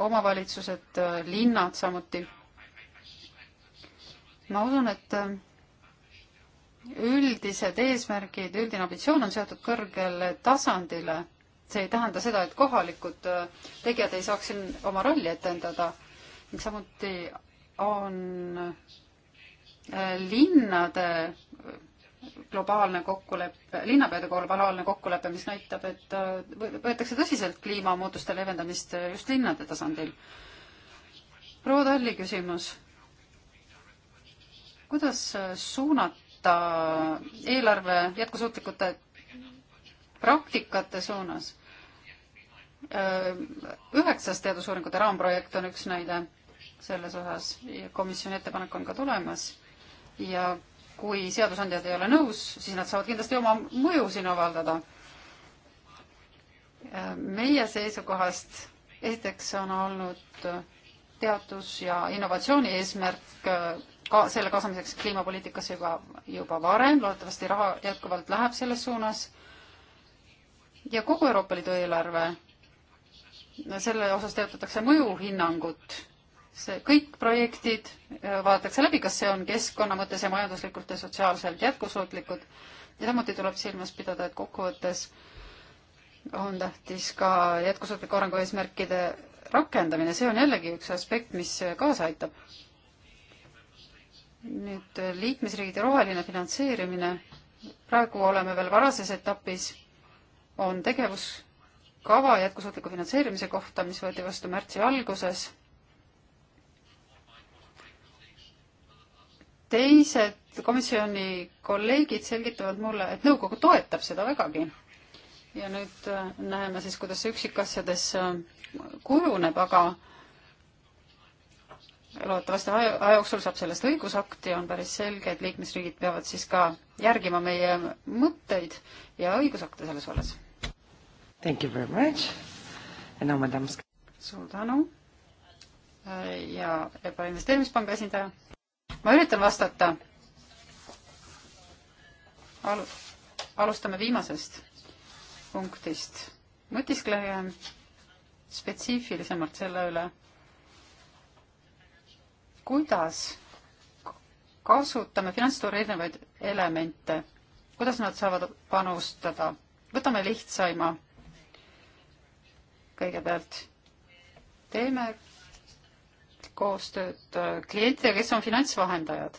D: omavalitsused, äh, linnad samuti. ma usun, et üldised eesmärgid, üldine ambitsioon on seatud kõrgele tasandile. see ei tähenda seda, et kohalikud äh, tegijad ei saaks siin oma rolli etendada ning samuti on äh, linnade äh, globaalne kokkulepe, linnapeade globaalne kokkulepe, mis näitab, et võetakse tõsiselt kliimamuutuste leevendamist just linnade tasandil. proua Talli küsimus. kuidas suunata vaadata eelarve jätkusuutlikute praktikate suunas. Äh, üheksas teadusuuringute raamprojekt on üks näide selles osas ja komisjoni ettepanek on ka tulemas ja kui seadusandjad ei ole nõus, siis nad saavad kindlasti oma mõju siin avaldada. Äh, meie seisukohast esiteks on olnud teadus ja innovatsiooni eesmärk äh, ka selle kaasamiseks kliimapoliitikasse juba, juba varem, loodetavasti raha jätkuvalt läheb selles suunas. ja kogu Euroopa Liidu eelarve, selle osas teotatakse mõjuhinnangut, see kõik projektid äh, vaadatakse läbi, kas see on keskkonna mõttes ja majanduslikult ja sotsiaalselt jätkusuutlikud ja samuti tuleb silmas pidada, et kokkuvõttes on tähtis ka jätkusuutliku arengu eesmärkide rakendamine, see on jällegi üks aspekt, mis kaasa aitab nüüd äh, liikmesriigide roheline finantseerimine, praegu oleme veel varases etapis, on tegevuskava jätkusuutliku finantseerimise kohta, mis võeti vastu märtsi alguses. teised komisjoni kolleegid selgitavad mulle, et nõukogu toetab seda vägagi. ja nüüd äh, näeme siis, kuidas see üksikasjades äh, kujuneb, aga loodetavasti aja jooksul saab sellest õigusakt ja on päris selge, et liikmesriigid peavad siis ka järgima meie mõtteid ja õigusakte selles vallas. Thank you very much. And now madam. suur tänu. ja EBA investeerimispanga esindaja. ma üritan vastata Al. alustame viimasest punktist. mõtisklegem spetsiifilisemalt selle üle kuidas kasutame finantsturu erinevaid elemente, kuidas nad saavad panustada. võtame lihtsaima kõigepealt. teeme koostööd klientidega, kes on finantsvahendajad.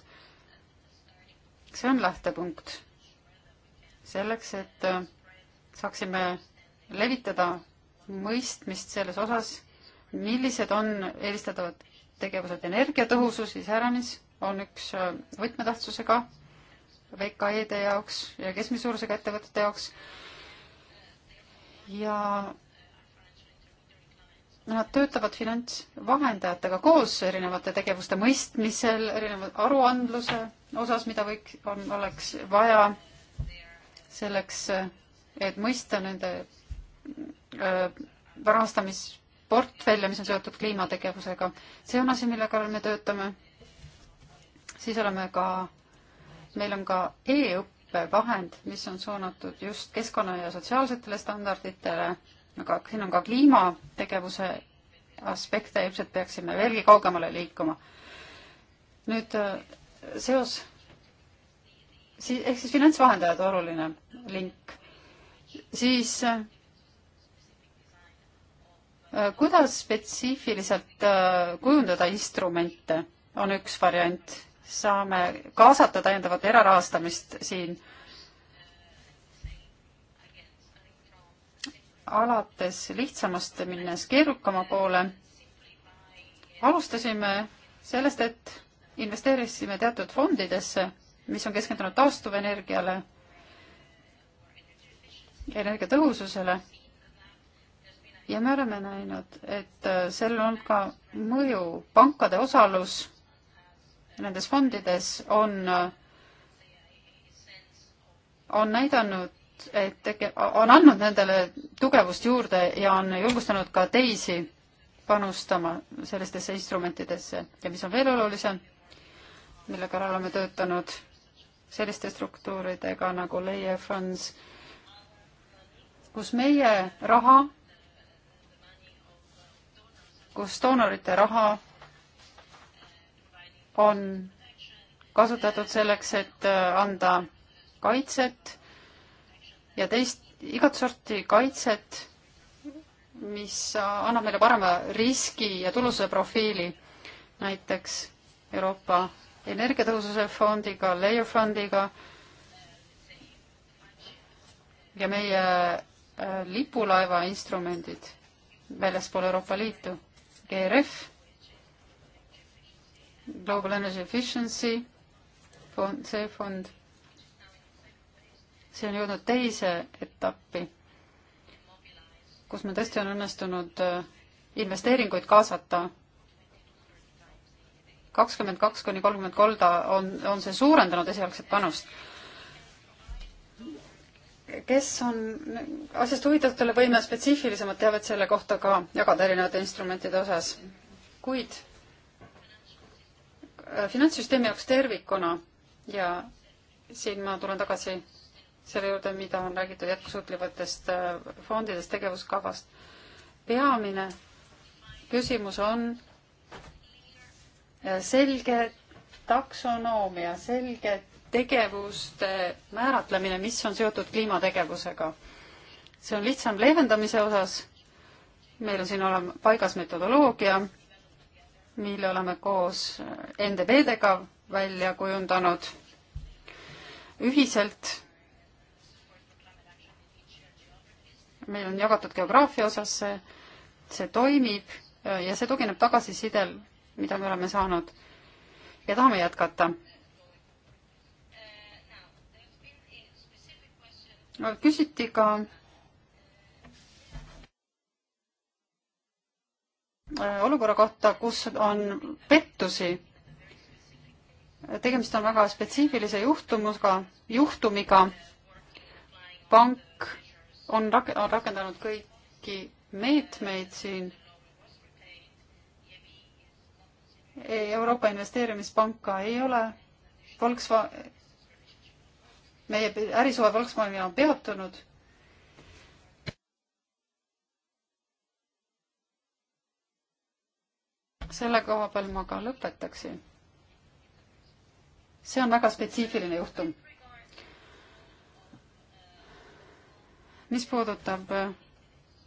D: see on lähtepunkt selleks, et saaksime levitada mõistmist selles osas, millised on eelistatavad tegevused energiatõhusus iseäranis on üks äh, võtmetähtsusega VKE-de jaoks ja keskmise suurusega ettevõtete jaoks. ja nad töötavad finantsvahendajatega koos erinevate tegevuste mõistmisel, erineva aruandluse osas, mida võiks, on, oleks vaja selleks, äh, et mõista nende äh, rahastamis portfelle, mis on seotud kliimategevusega. see on asi, mille kallal me töötame. siis oleme ka, meil on ka e-õppevahend, mis on suunatud just keskkonna ja sotsiaalsetele standarditele, aga siin on ka kliimategevuse aspekte, ilmselt peaksime veelgi kaugemale liikuma. nüüd äh, seos, ehk siis finantsvahendajad oluline link, siis äh, Äh, kuidas spetsiifiliselt äh, kujundada instrumente, on üks variant. saame kaasata täiendavat erarahastamist siin. alates lihtsamast minnes keerukama poole, alustasime sellest, et investeerisime teatud fondidesse, mis on keskendunud taastuvenergiale, energiatõhususele ja me oleme näinud, et äh, sellel on ka mõju, pankade osalus nendes fondides on, äh, on näidanud, et tege-, on andnud nendele tugevust juurde ja on julgustanud ka teisi panustama sellistesse instrumentidesse ja mis on veel olulisem, mille kallal oleme töötanud selliste struktuuridega nagu Leie Funds, kus meie raha kus doonorite raha on kasutatud selleks, et äh, anda kaitset ja teist, igat sorti kaitset, mis äh, annab meile parema riski ja tulususe profiili. näiteks Euroopa Energiatõhususe Fondiga, Layer Fondiga ja meie äh, lipulaeva instrumendid väljaspool Euroopa Liitu GRF, Global Energy Efficiency fond, see fond, see on jõudnud teise etappi, kus meil tõesti on õnnestunud äh, investeeringuid kaasata kakskümmend kaks kuni kolmkümmend kolda on, on see suurendanud esialgset panust kes on asjast huvitatutele võime spetsiifilisemat teavet selle kohta ka jagada erinevate instrumentide osas. kuid äh, finantssüsteemi jaoks tervikuna ja siin ma tulen tagasi selle juurde, mida on räägitud jätkusuutlivatest äh, fondidest, tegevuskavast. peamine küsimus on äh, selge taksonoomia, selged tegevuste määratlemine, mis on seotud kliimategevusega. see on lihtsam leevendamise osas, meil on siin olema paigas metodoloogia, mille oleme koos NDB-dega välja kujundanud ühiselt. meil on jagatud geograafia osas see, see toimib ja see tugineb tagasisidel, mida me oleme saanud ja tahame jätkata küsiti ka äh, olukorra kohta, kus on pettusi. tegemist on väga spetsiifilise juhtumuga, juhtumiga. pank on rak-, on rakendanud kõiki meetmeid siin. Euroopa Investeerimispanka ei ole Volkswagen meie ärisuhe Volkswageniga on peatunud. selle koha peal ma ka lõpetaksin. see on väga spetsiifiline juhtum. mis puudutab äh,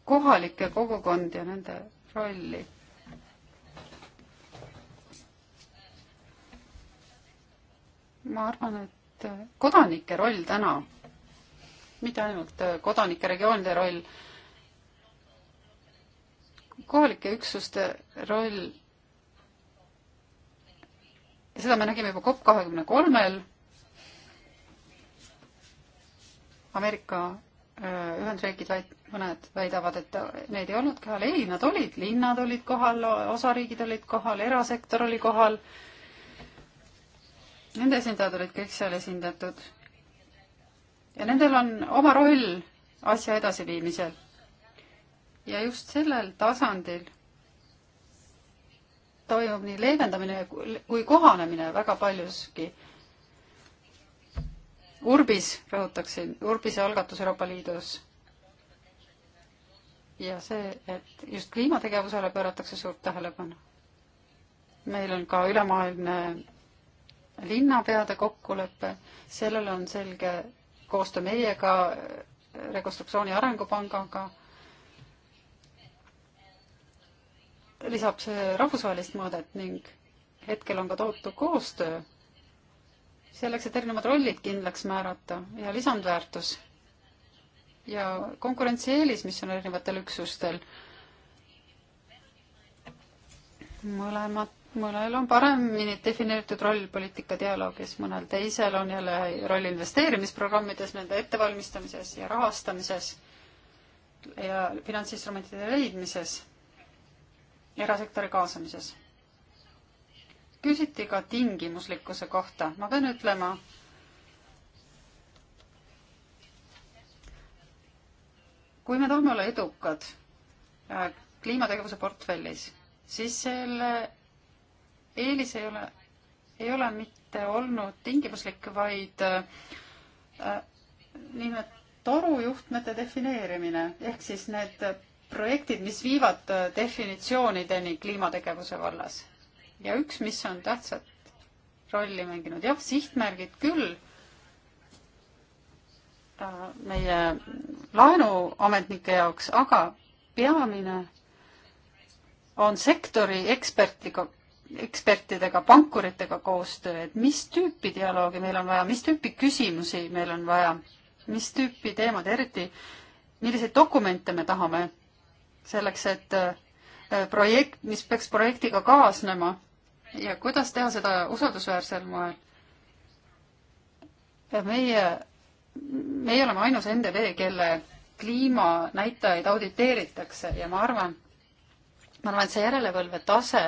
D: kohalikke kogukondi ja nende rolli ma arvan, et et kodanike roll täna, mitte ainult kodanike regioonide roll, kohalike üksuste roll, seda me nägime juba COP kahekümne kolmel, Ameerika äh, Ühendriigid vaid mõned väidavad, et neid ei olnud kohal, ei, nad olid, linnad olid kohal, osariigid olid kohal, erasektor oli kohal, Nende esindajad olid kõik seal esindatud. ja nendel on oma roll asja edasiviimisel. ja just sellel tasandil toimub nii leevendamine kui kohanemine väga paljuski. Urbis, rõhutaksin, Urbise algatus Euroopa Liidus. ja see, et just kliimategevusele pööratakse suurt tähelepanu. meil on ka ülemaailmne linnapeade kokkulepe, sellel on selge koostöö meiega, Rekonstruktsiooni Arengupangaga. lisab see rahvusvahelist mõõdet ning hetkel on ka tohutu koostöö selleks, et erinevad rollid kindlaks määrata ja lisandväärtus ja konkurentsieelis, mis on erinevatel üksustel mõlemad mõnel on paremini defineeritud roll poliitika dialoogis, mõnel teisel on jälle roll investeerimisprogrammides, nende ettevalmistamises ja rahastamises ja finantsinstrumentide leidmises, erasektori kaasamises. küsiti ka tingimuslikkuse kohta, ma pean ütlema, kui me tahame olla edukad äh, kliimategevuse portfellis, siis selle eelis ei ole, ei ole mitte olnud tingimuslik, vaid äh, nimelt torujuhtmete defineerimine ehk siis need projektid, mis viivad äh, definitsioonideni kliimategevuse vallas. ja üks, mis on tähtsat rolli mänginud, jah, sihtmärgid küll meie laenuametnike jaoks, aga peamine on sektori ekspertliku ekspertidega, pankuritega koostöö, et mis tüüpi dialoogi meil on vaja, mis tüüpi küsimusi meil on vaja, mis tüüpi teemad, eriti milliseid dokumente me tahame selleks, et äh, projekt, mis peaks projektiga kaasnema ja kuidas teha seda usaldusväärsel moel. meie, meie oleme ainus NDV, kelle kliimanäitajaid auditeeritakse ja ma arvan, ma arvan, et see järelevalve tase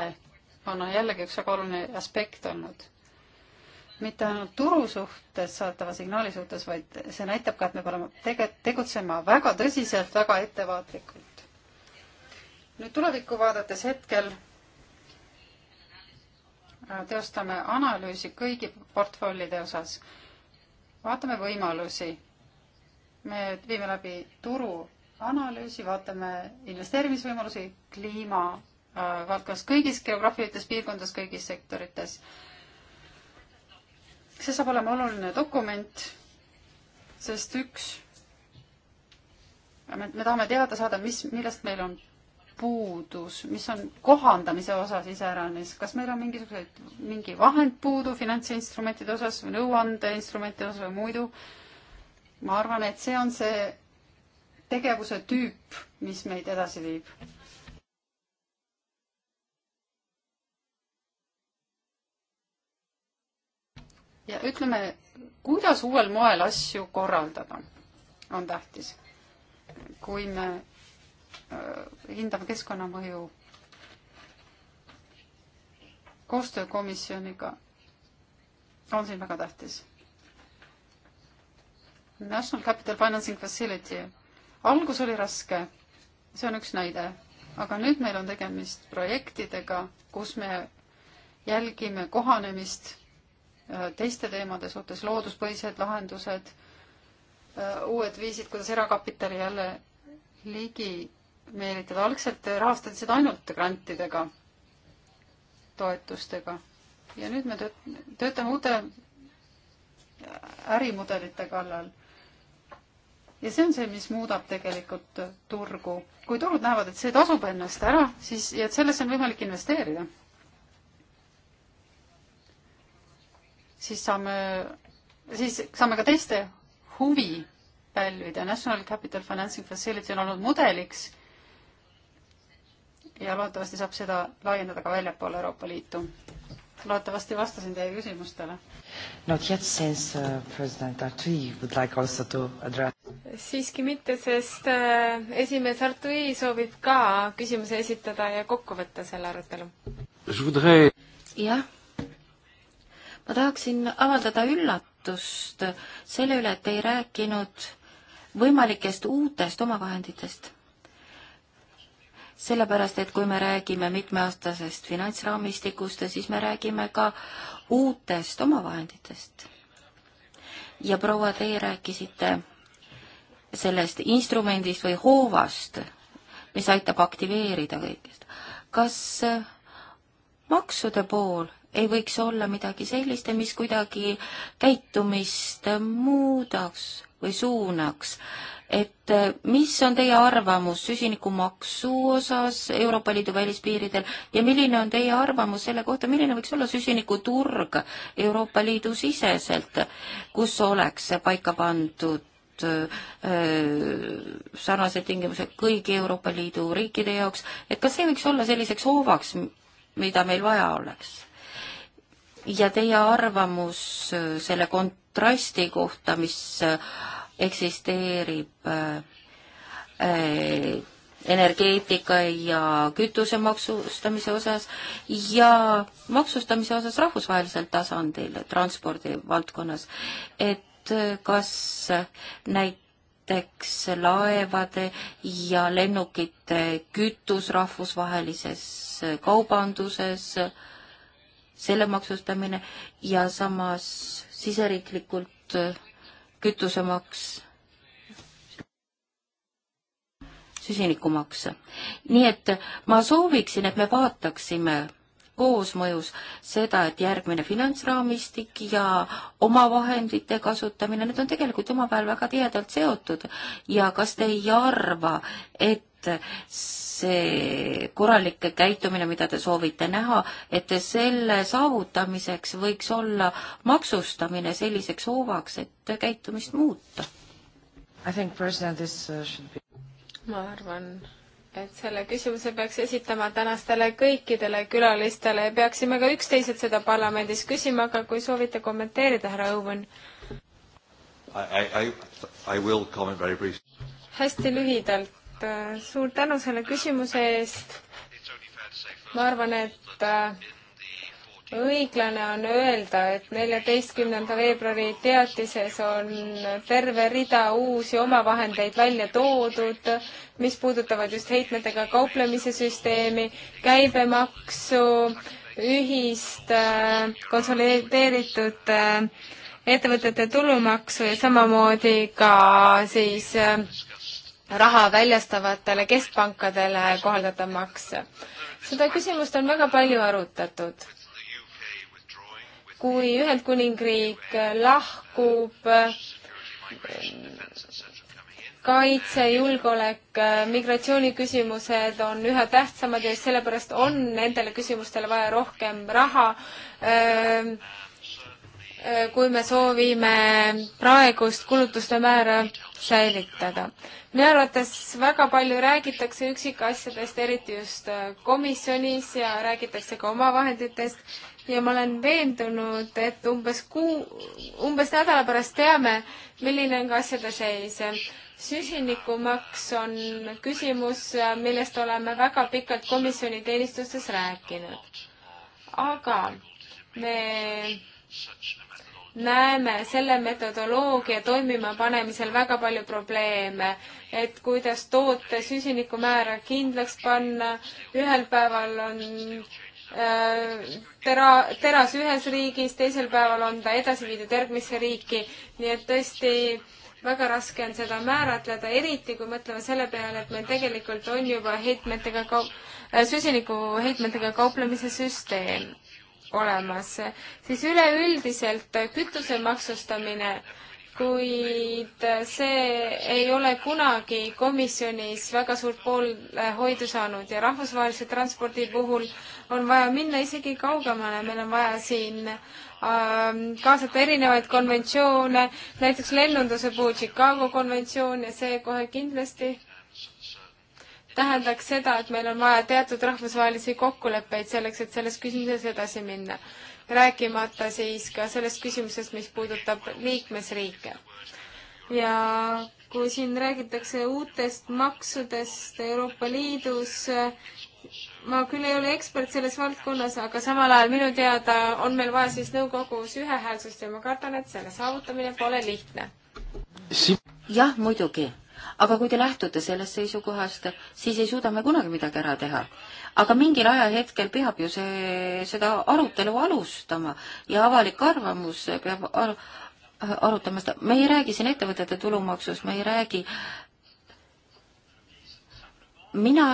D: on jällegi üks väga oluline aspekt olnud. mitte ainult turu suhtes saatava signaali suhtes, vaid see näitab ka, et me peame tege-, tegutsema väga tõsiselt, väga ettevaatlikult. nüüd tulevikku vaadates hetkel äh, teostame analüüsi kõigi portfellide osas. vaatame võimalusi. me viime läbi turu analüüsi, vaatame investeerimisvõimalusi, kliima valdkonnas, kõigis geograafilistes piirkondades, kõigis sektorites. see saab olema oluline dokument, sest üks, me, me tahame teada saada, mis, millest meil on puudus, mis on kohandamise osas iseäranis, kas meil on mingisuguseid, mingi vahend puudu finantsinstrumentide osas või nõuandeinstrumentide osas või muidu. ma arvan, et see on see tegevuse tüüp, mis meid edasi viib ja ütleme, kuidas uuel moel asju korraldada, on tähtis. kui me äh, hindame keskkonnamõju koostöökomisjoniga, on siin väga tähtis. National Capital Financing Facility, algus oli raske, see on üks näide, aga nüüd meil on tegemist projektidega, kus me jälgime kohanemist Äh, teiste teemade suhtes, looduspõhised lahendused, äh, uued viisid, kuidas erakapitali jälle ligi meelitada. algselt rahastati seda ainult grantidega, toetustega ja nüüd me töötame uute ärimudelite kallal. ja see on see, mis muudab tegelikult turgu. kui turud näevad, et see tasub ennast ära, siis, ja et sellesse on võimalik investeerida siis saame, siis saame ka teiste huvi pälvida. National Capital Financing Facility on olnud mudeliks ja loodetavasti saab seda laiendada ka väljapoole Euroopa Liitu. loodetavasti vastasin teie küsimustele. Not yet since uh, president Artui
A: would like also to address.
C: siiski mitte, sest uh, esimees Artui soovib ka küsimuse esitada ja kokku võtta selle arutelu. jah ma
B: tahaksin avaldada üllatust selle üle, et ei rääkinud võimalikest uutest omavahenditest. sellepärast, et kui me räägime mitmeaastasest finantsraamistikust, siis me räägime ka uutest omavahenditest. ja proua, teie rääkisite sellest instrumendist või hoovast, mis aitab aktiveerida kõigest. kas maksude pool ei võiks olla midagi sellist, mis kuidagi käitumist muudaks või suunaks. et eh, mis on teie arvamus süsinikumaksu osas Euroopa Liidu välispiiridel ja milline on teie arvamus selle kohta, milline võiks olla süsinikuturg Euroopa Liidu siseselt, kus oleks paika pandud eh, sarnased tingimused kõigi Euroopa Liidu riikide jaoks, et kas see võiks olla selliseks hoovaks, mida meil vaja oleks? ja teie arvamus äh, selle kontrasti kohta, mis äh, eksisteerib äh, energeetika ja kütuse maksustamise osas ja maksustamise osas rahvusvahelisel tasandil transpordi valdkonnas, et kas näiteks laevade ja lennukite kütus rahvusvahelises kaubanduses äh, selle maksustamine ja samas siseriiklikult äh, kütusemaks, süsinikumaks. nii et ma sooviksin, et me vaataksime koosmõjus seda, et järgmine finantsraamistik ja omavahendite kasutamine, need on tegelikult omavahel väga tihedalt seotud ja kas te ei arva, et et see korralik käitumine, mida te soovite näha, et selle saavutamiseks võiks olla maksustamine selliseks hoovaks, et käitumist muuta? Uh, be...
C: ma arvan, et selle küsimuse peaks esitama tänastele kõikidele külalistele ja peaksime ka üksteiselt seda parlamendis küsima, aga kui soovite kommenteerida, härra Õun. hästi lühidalt Äh, suur tänu selle küsimuse eest. ma arvan, et äh, õiglane on öelda, et neljateistkümnenda veebruari teatises on terve rida uusi omavahendeid välja toodud, mis puudutavad just heitmetega kauplemise süsteemi, käibemaksu, ühist äh, konsolideeritud ettevõtete tulumaksu ja samamoodi ka siis raha väljastavatele keskpankadele kohaldatav maks. seda küsimust on väga palju arutatud. kui Ühendkuningriik lahkub kaitse, julgeolek, migratsiooniküsimused on üha tähtsamad ja just sellepärast on nendele küsimustele vaja rohkem raha. kui me soovime praegust kulutuste määra säilitada. minu arvates väga palju räägitakse üksikasjadest, eriti just äh, komisjonis ja räägitakse ka omavahenditest ja ma olen veendunud, et umbes kuu, umbes nädala pärast teame, milline on ka asjade seis. süsinikumaks on küsimus, äh, millest oleme väga pikalt komisjoni teenistustes rääkinud. aga me näeme selle metodoloogia toimima panemisel väga palju probleeme, et kuidas toote süsinikumäära kindlaks panna, ühel päeval on äh, tera, teras ühes riigis, teisel päeval on ta edasi viidud järgmisse riiki, nii et tõesti väga raske on seda määratleda, eriti kui mõtleme selle peale, et meil tegelikult on juba heitmetega kaup-, äh, süsinikuheitmetega kauplemise süsteem olemas. siis üleüldiselt kütuse maksustamine, kuid see ei ole kunagi komisjonis väga suurt poolehoidu saanud ja rahvusvahelise transpordi puhul on vaja minna isegi kaugemale, meil on vaja siin ähm, kaasata erinevaid konventsioone, näiteks lennunduse puhul Chicago konventsioon ja see kohe kindlasti tähendaks seda, et meil on vaja teatud rahvusvahelisi kokkuleppeid selleks, et selles küsimuses edasi minna. rääkimata siis ka sellest küsimusest, mis puudutab liikmesriike. ja kui siin räägitakse uutest maksudest Euroopa Liidus, ma küll ei ole ekspert selles valdkonnas, aga samal ajal minu teada on meil vaja siis nõukogus ühehäälsust ja ma kardan, et selle saavutamine pole lihtne.
B: jah, muidugi aga kui te lähtute sellest seisukohast, siis ei suuda me kunagi midagi ära teha. aga mingil ajahetkel peab ju see, seda arutelu alustama ja avalik arvamus peab ar arutama seda, me ei räägi siin ettevõtete tulumaksust, me ei räägi, mina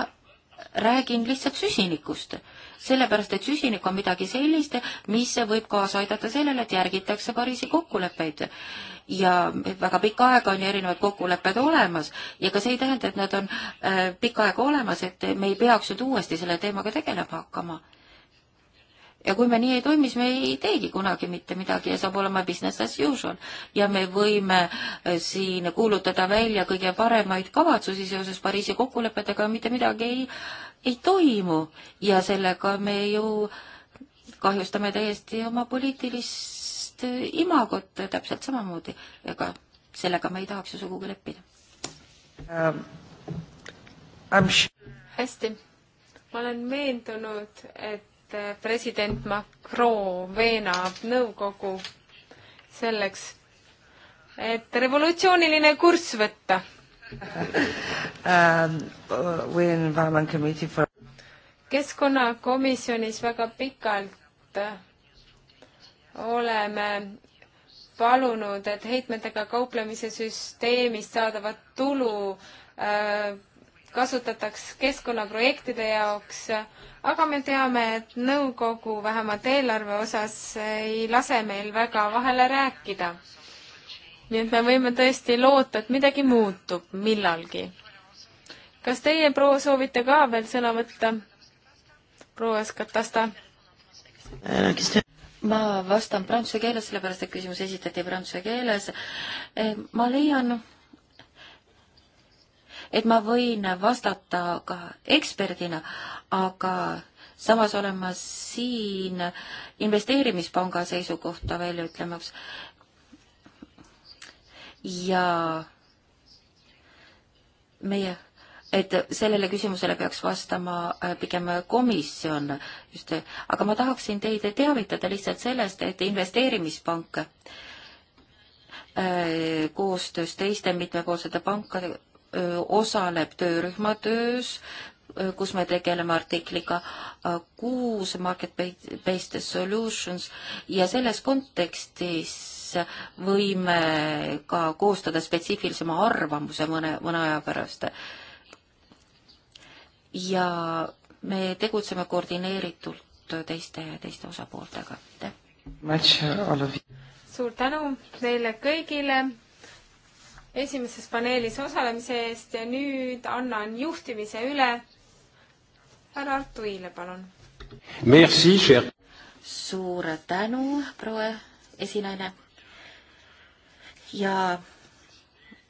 B: räägin lihtsalt süsinikust sellepärast et süsinik on midagi sellist, mis võib kaasa aidata sellele, et järgitakse Pariisi kokkuleppeid ja väga pikka aega on ju erinevad kokkulepped olemas ja ka see ei tähenda, et nad on äh, pikka aega olemas, et me ei peaks nüüd uuesti selle teemaga tegelema hakkama. ja kui me nii ei toimi, siis me ei teegi kunagi mitte midagi ja saab olema business as usual. ja me võime äh, siin kuulutada välja kõige paremaid kavatsusi seoses Pariisi kokkulepetega, mitte midagi ei ei toimu ja sellega me ju kahjustame täiesti oma poliitilist imagot täpselt samamoodi. ega sellega me ei tahaks ju sugugi leppida um,. Sure.
C: hästi, ma olen veendunud, et äh, president Macron veenab nõukogu selleks, et revolutsiooniline kurss võtta Um, keskkonnakomisjonis väga pikalt oleme palunud, et heitmetega kauplemise süsteemist saadavat tulu äh, kasutataks keskkonnaprojektide jaoks, aga me teame, et nõukogu vähemalt eelarve osas ei lase meil väga vahele rääkida nii et me võime tõesti loota, et midagi muutub millalgi. kas teie, proua, soovite ka veel sõna võtta? proua Skatasta.
B: ma vastan prantsuse keeles, sellepärast et küsimus esitati prantsuse keeles. Eh, ma leian, et ma võin vastata ka eksperdina, aga samas olen ma siin investeerimispanga seisukohta välja ütlemaks ja meie, et sellele küsimusele peaks vastama äh, pigem komisjon just, äh, aga ma tahaksin teid teavitada lihtsalt sellest, et investeerimispank äh, koostöös teiste mitmepoolsete pankade osaleb töörühma töös, kus me tegeleme artikliga kuus Market-Based Solutions ja selles kontekstis siis võime ka koostada spetsiifilisema arvamuse mõne, mõne aja pärast. ja me tegutseme koordineeritult teiste, teiste osapooltega.
C: Uh, suur tänu teile kõigile esimeses paneelis osalemise eest ja nüüd annan juhtimise üle härra Artu Iile, palun.
B: suur tänu, proua esinaine ja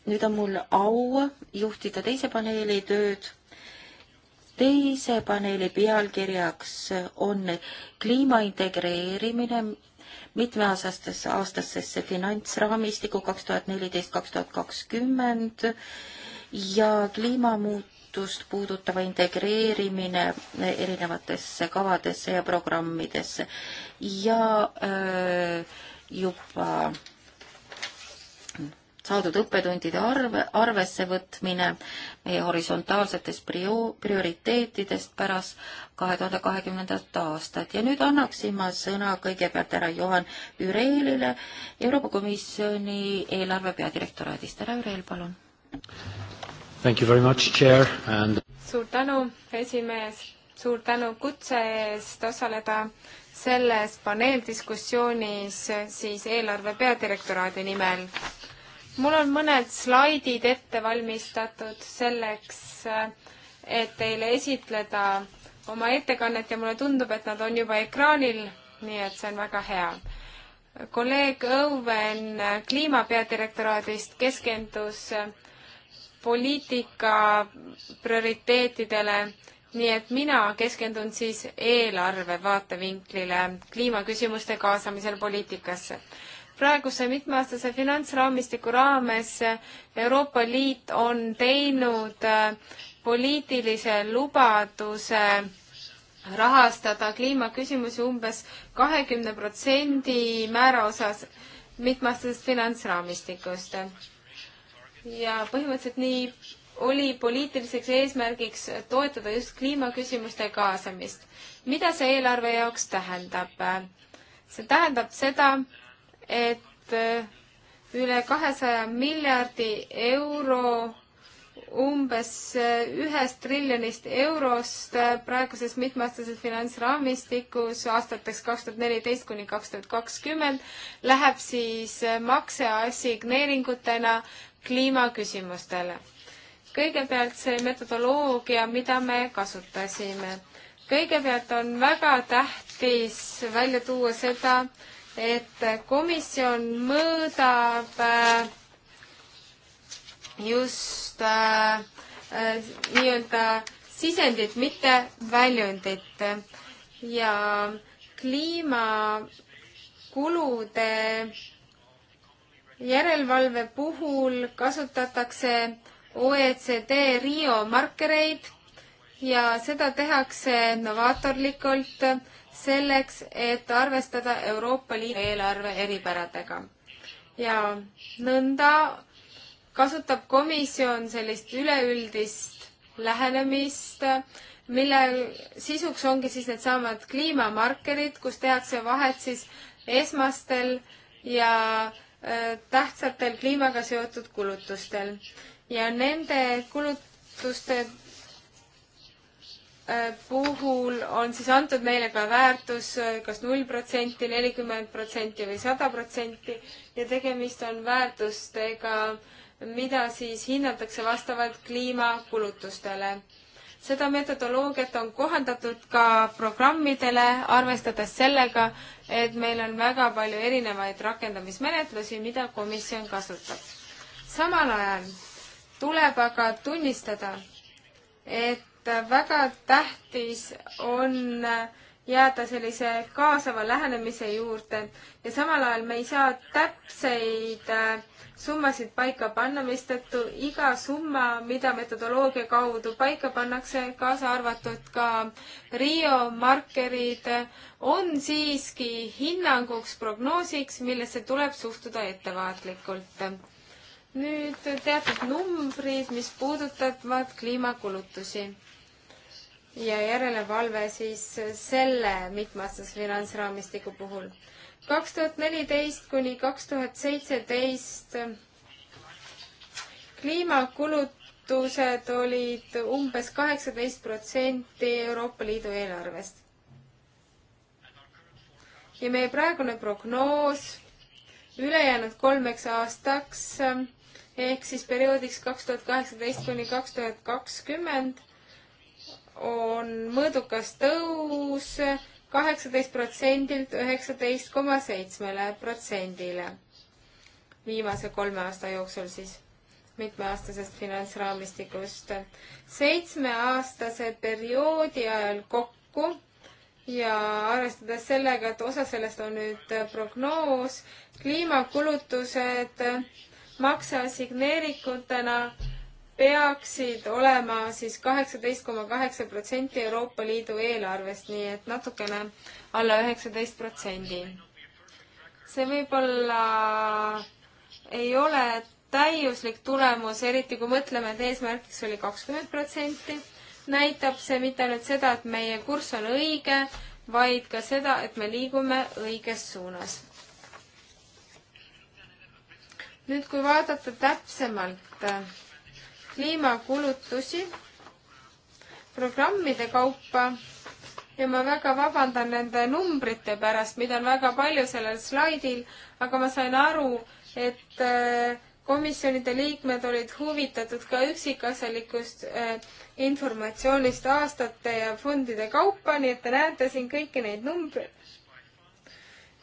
B: nüüd on mul au juhtida teise paneeli tööd. teise paneeli pealkirjaks on kliima integreerimine mitmeaastastesse aastasesse finantsraamistikku kaks tuhat neliteist, kaks tuhat kakskümmend ja kliimamuutust puudutava integreerimine erinevatesse kavadesse ja programmidesse ja öö, juba saadud õppetundide arve, arvesse võtmine meie horisontaalsetest prio-, prioriteetidest pärast kahe tuhande kahekümnendat aastat. ja nüüd annaksin ma sõna kõigepealt härra Johan Ürelile Euroopa Komisjoni eelarve
C: peadirektoraadist. härra Ürel, palun!
A: Thank you very much, chair and
C: suur tänu, esimees! suur tänu kutse eest osaleda selles paneeldiskussioonis siis eelarve peadirektoraadi nimel mul on mõned slaidid ette valmistatud selleks, eh, et teile esitleda oma ettekannet ja mulle tundub, et nad on juba ekraanil, nii et see on väga hea. kolleeg Õuen eh, Kliima peadirektoraadist keskendus eh, poliitika prioriteetidele, nii et mina keskendun siis eelarve vaatevinklile kliimaküsimuste kaasamisel poliitikasse praeguse mitmeaastase finantsraamistiku raames Euroopa Liit on teinud äh, poliitilise lubaduse rahastada kliimaküsimusi umbes kahekümne protsendi määra osas mitmeaastasest finantsraamistikust. ja põhimõtteliselt nii oli poliitiliseks eesmärgiks toetada just kliimaküsimuste kaasamist. mida see eelarve jaoks tähendab? see tähendab seda, et äh, üle kahesaja miljardi euro umbes äh, ühest triljonist eurost äh, praeguses mitmeaastases finantsraamistikus aastateks kaks tuhat neliteist kuni kaks tuhat kakskümmend läheb siis makse assigneeringutena kliimaküsimustele. kõigepealt see metodoloogia, mida me kasutasime. kõigepealt on väga tähtis välja tuua seda, et komisjon mõõdab äh, just äh, äh, nii-öelda sisendit, mitte väljundit ja kliimakulude järelevalve puhul kasutatakse OECD Rio markereid ja seda tehakse novaatorlikult selleks, et arvestada Euroopa Liidu eelarve eripäradega. ja nõnda kasutab komisjon sellist üleüldist lähenemist, mille sisuks ongi siis needsamad kliimamarkerid, kus tehakse vahet siis esmastel ja äh, tähtsatel kliimaga seotud kulutustel. ja nende kulutuste Äh, puhul on siis antud meile ka väärtus äh, kas null protsenti, nelikümmend protsenti või sada protsenti ja tegemist on väärtustega, mida siis hinnatakse vastavalt kliimakulutustele. seda metodoloogiat on kohandatud ka programmidele, arvestades sellega, et meil on väga palju erinevaid rakendamismenetlusi, mida komisjon kasutab. samal ajal tuleb aga tunnistada, et et väga tähtis on jääda sellise kaasava lähenemise juurde ja samal ajal me ei saa täpseid äh, summasid paika panna, mistõttu iga summa, mida metodoloogia kaudu paika pannakse, kaasa arvatud ka Rio markerid, on siiski hinnanguks, prognoosiks, millesse tuleb suhtuda ettevaatlikult. nüüd teatud numbrid, mis puudutavad kliimakulutusi ja järelevalve siis selle mitmeaastase finantsraamistiku puhul. kaks tuhat neliteist kuni kaks tuhat seitseteist kliimakulutused olid umbes kaheksateist protsenti Euroopa Liidu eelarvest. ja meie praegune prognoos ülejäänud kolmeks aastaks ehk siis perioodiks kaks tuhat kaheksateist kuni kaks tuhat kakskümmend on mõõdukas tõus kaheksateist protsendilt üheksateist koma seitsmele protsendile viimase kolme aasta jooksul siis mitmeaastasest finantsraamistikust. seitsmeaastase perioodi ajal kokku ja arvestades sellega, et osa sellest on nüüd prognoos, kliimakulutused makseassigneeringutena peaksid olema siis kaheksateist koma kaheksa protsenti Euroopa Liidu eelarvest, nii et natukene alla üheksateist protsendi. see võib-olla ei ole täiuslik tulemus, eriti kui mõtleme, et eesmärgiks oli kakskümmend protsenti, näitab see mitte ainult seda, et meie kurss on õige, vaid ka seda, et me liigume õiges suunas. nüüd, kui vaadata täpsemalt kliimakulutusi programmide kaupa ja ma väga vabandan nende numbrite pärast, mida on väga palju sellel slaidil, aga ma sain aru, et äh, komisjonide liikmed olid huvitatud ka üksikasjalikust äh, informatsioonist aastate ja fondide kaupa, nii et te näete siin kõiki neid numbreid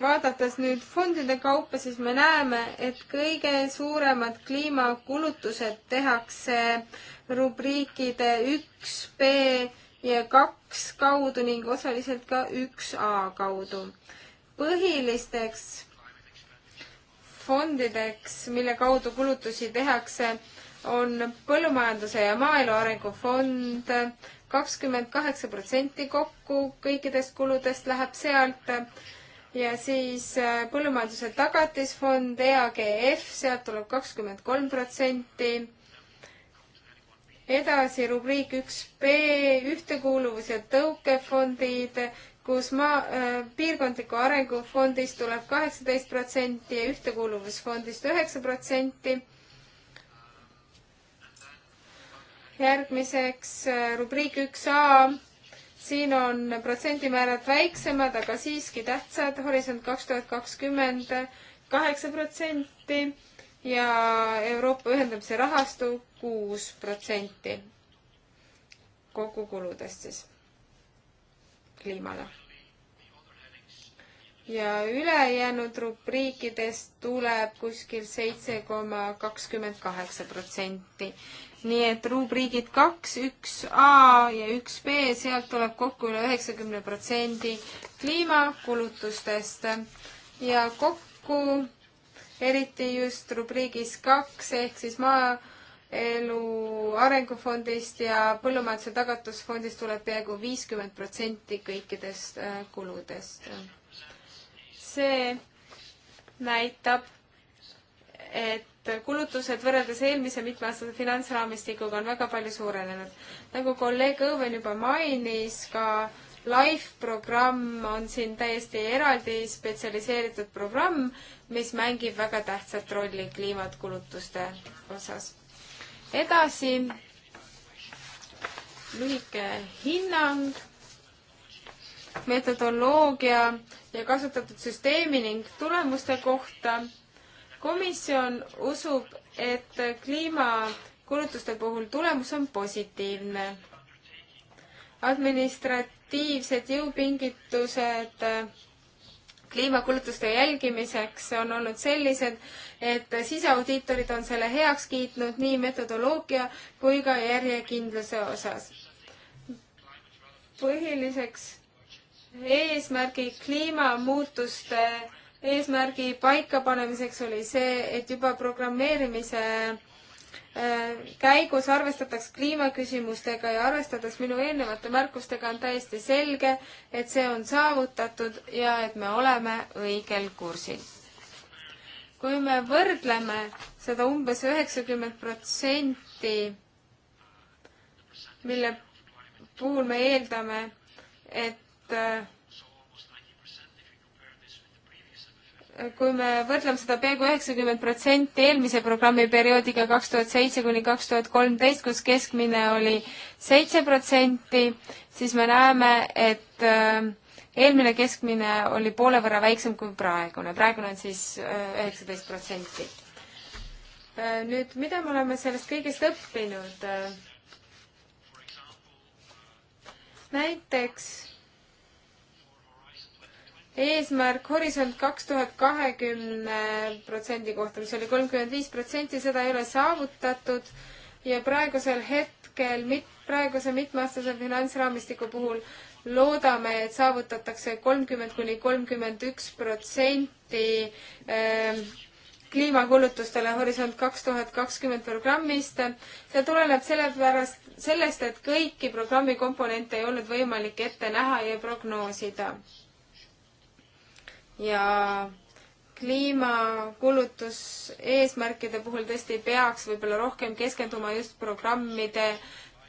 C: vaadates nüüd fondide kaupa, siis me näeme, et kõige suuremad kliimakulutused tehakse rubriikide üks B ja kaks kaudu ning osaliselt ka üks A kaudu. põhilisteks fondideks, mille kaudu kulutusi tehakse, on põllumajanduse ja maaelu arengufond, kakskümmend kaheksa protsenti kokku kõikidest kuludest läheb sealt ja siis äh, põllumajanduse tagatisfond EAGF, sealt tuleb kakskümmend kolm protsenti. edasi rubriik üks B, ühtekuuluvus ja tõukefondid, kus maa äh,, piirkondliku arengu fondist tuleb kaheksateist protsenti ja ühtekuuluvusfondist üheksa protsenti. järgmiseks äh, rubriik üks A siin on protsendimäärad väiksemad, aga siiski tähtsad, Horisont kaks tuhat kakskümmend kaheksa protsenti ja Euroopa ühendamise rahastu kuus protsenti kogukuludest siis kliimale. ja ülejäänud rubriikidest tuleb kuskil seitse koma kakskümmend kaheksa protsenti nii et rubriigid kaks, üks A ja üks B, sealt tuleb kokku üle üheksakümne protsendi kliimakulutustest ja kokku eriti just rubriigis kaks ehk siis maaelu arengufondist ja põllumajanduse tagatusfondist tuleb peaaegu viiskümmend protsenti kõikidest äh, kuludest. see näitab, et kulutused võrreldes eelmise mitmeaastase finantsraamistikuga on väga palju suurenenud. nagu kolleeg Õven juba mainis, ka LIFE programm on siin täiesti eraldi spetsialiseeritud programm, mis mängib väga tähtsat rolli kliimat kulutuste osas. edasi lühike hinnang, metodoloogia ja kasutatud süsteemi ning tulemuste kohta komisjon usub, et kliimakulutuste puhul tulemus on positiivne. administratiivsed jõupingitused kliimakulutuste jälgimiseks on olnud sellised, et siseaudiitorid on selle heaks kiitnud nii metodoloogia kui ka järjekindluse osas. põhiliseks eesmärgi kliimamuutuste eesmärgi paikapanemiseks oli see, et juba programmeerimise äh, käigus arvestataks kliimaküsimustega ja arvestades minu eelnevate märkustega on täiesti selge, et see on saavutatud ja et me oleme õigel kursil. kui me võrdleme seda umbes üheksakümmend protsenti, mille puhul me eeldame, et äh, kui me võrdleme seda peaaegu üheksakümmend protsenti eelmise programmiperioodiga kaks tuhat seitse kuni kaks tuhat kolmteist, kus keskmine oli seitse protsenti, siis me näeme, et äh, eelmine keskmine oli poole võrra väiksem kui praegune, praegune on siis äh, üheksateist protsenti. Äh, nüüd, mida me oleme sellest kõigest õppinud? näiteks eesmärk Horisont kaks tuhat kahekümne protsendi kohta, mis oli kolmkümmend viis protsenti, seda ei ole saavutatud ja praegusel hetkel, mit-, praeguse mitmeaastase finantsraamistiku puhul loodame, et saavutatakse kolmkümmend kuni kolmkümmend üks protsenti ähm, kliimakulutustele Horisont kaks tuhat kakskümmend programmist. see tuleneb sellepärast, sellest, et kõiki programmi komponente ei olnud võimalik ette näha ja prognoosida ja kliimakulutuseesmärkide puhul tõesti peaks võib-olla rohkem keskenduma just programmide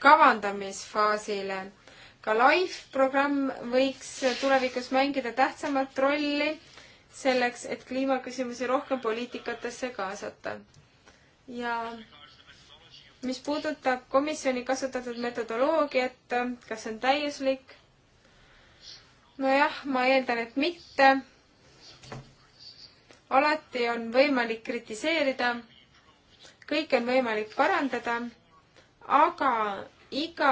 C: kavandamisfaasile. ka LIFE programm võiks tulevikus mängida tähtsamat rolli selleks, et kliimaküsimusi rohkem poliitikatesse kaasata. ja mis puudutab komisjoni kasutatud metodoloogiat, kas see on täiuslik? nojah, ma eeldan, et mitte alati on võimalik kritiseerida, kõike on võimalik parandada, aga iga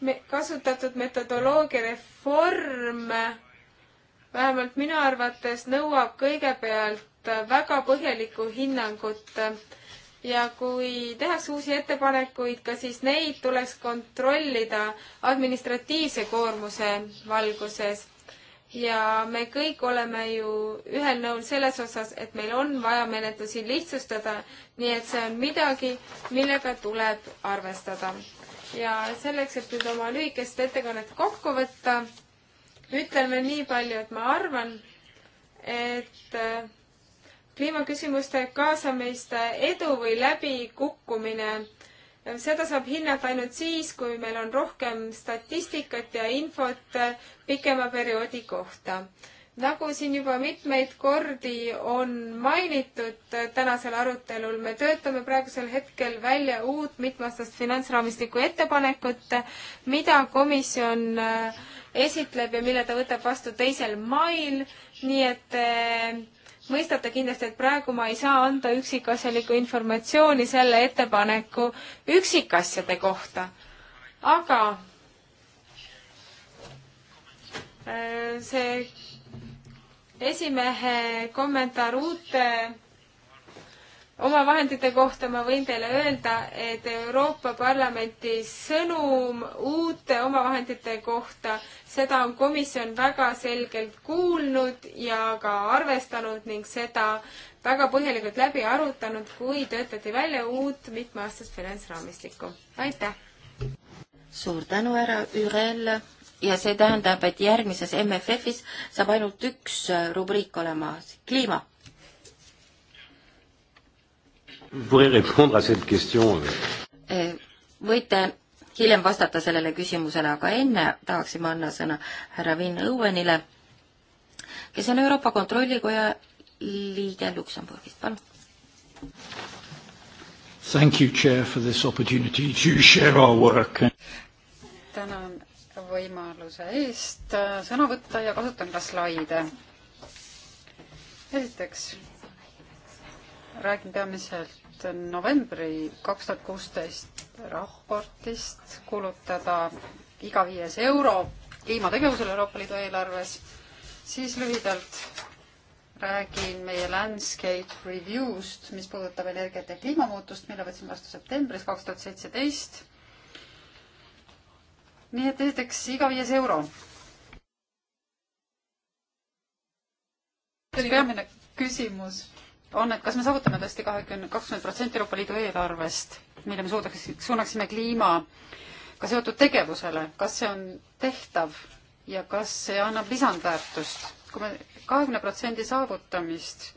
C: me kasutatud metodoloogia reform vähemalt minu arvates nõuab kõigepealt väga põhjalikku hinnangut ja kui tehakse uusi ettepanekuid, ka siis neid tuleks kontrollida administratiivse koormuse valguses ja me kõik oleme ju ühel nõul selles osas, et meil on vaja menetlusi lihtsustada, nii et see on midagi, millega tuleb arvestada. ja selleks, et nüüd oma lühikest ettekannet kokku võtta, ütlen veel nii palju, et ma arvan, et äh, kliimaküsimuste kaasamiste edu või läbikukkumine seda saab hinnata ainult siis, kui meil on rohkem statistikat ja infot pikema perioodi kohta. nagu siin juba mitmeid kordi on mainitud tänasel arutelul, me töötame praegusel hetkel välja uut mitmeaastast finantsraamistiku ettepanekut, mida komisjon äh, esitleb ja mille ta võtab vastu teisel mail, nii et äh, mõistate kindlasti, et praegu ma ei saa anda üksikasjalikku informatsiooni selle ettepaneku üksikasjade kohta, aga äh, see esimehe kommentaar uute oma vahendite kohta ma võin teile öelda, et Euroopa Parlamenti sõnum uute omavahendite kohta, seda on komisjon väga selgelt kuulnud ja ka arvestanud ning seda väga põhjalikult läbi arutanud, kui töötati välja uut mitmeaastast finantsraamistikku. aitäh!
B: suur tänu, härra Ürel ja see tähendab, et järgmises MFF-is saab ainult üks rubriik olema, kliima
A: Euh.
B: Eh, võite hiljem vastata sellele küsimusele, aga enne tahaksime anna sõna härra Vin Õuenile, kes on Euroopa Kontrollikoja liige Luksemburgist, palun.
A: Thank you, Chair, for this opportunity to share our work.
D: tänan võimaluse eest sõna võtta ja kasutan ka slaide. esiteks räägin peamiselt novembri kaks tuhat kuusteist raportist kulutada iga viies euro kliimategevusele Euroopa Liidu eelarves, siis lühidalt räägin meie landscape review'st, mis puudutab energiat ja kliimamuutust, mille võtsin vastu septembris kaks tuhat seitseteist. nii et esiteks iga viies euro. peamine küsimus on, et kas me saavutame tõesti kahekümne, kakskümmend protsenti Euroopa Liidu eelarvest, mille me suudaks, suunaksime kliimaga seotud tegevusele, kas see on tehtav ja kas see annab lisandväärtust? kui me kahekümne protsendi saavutamist,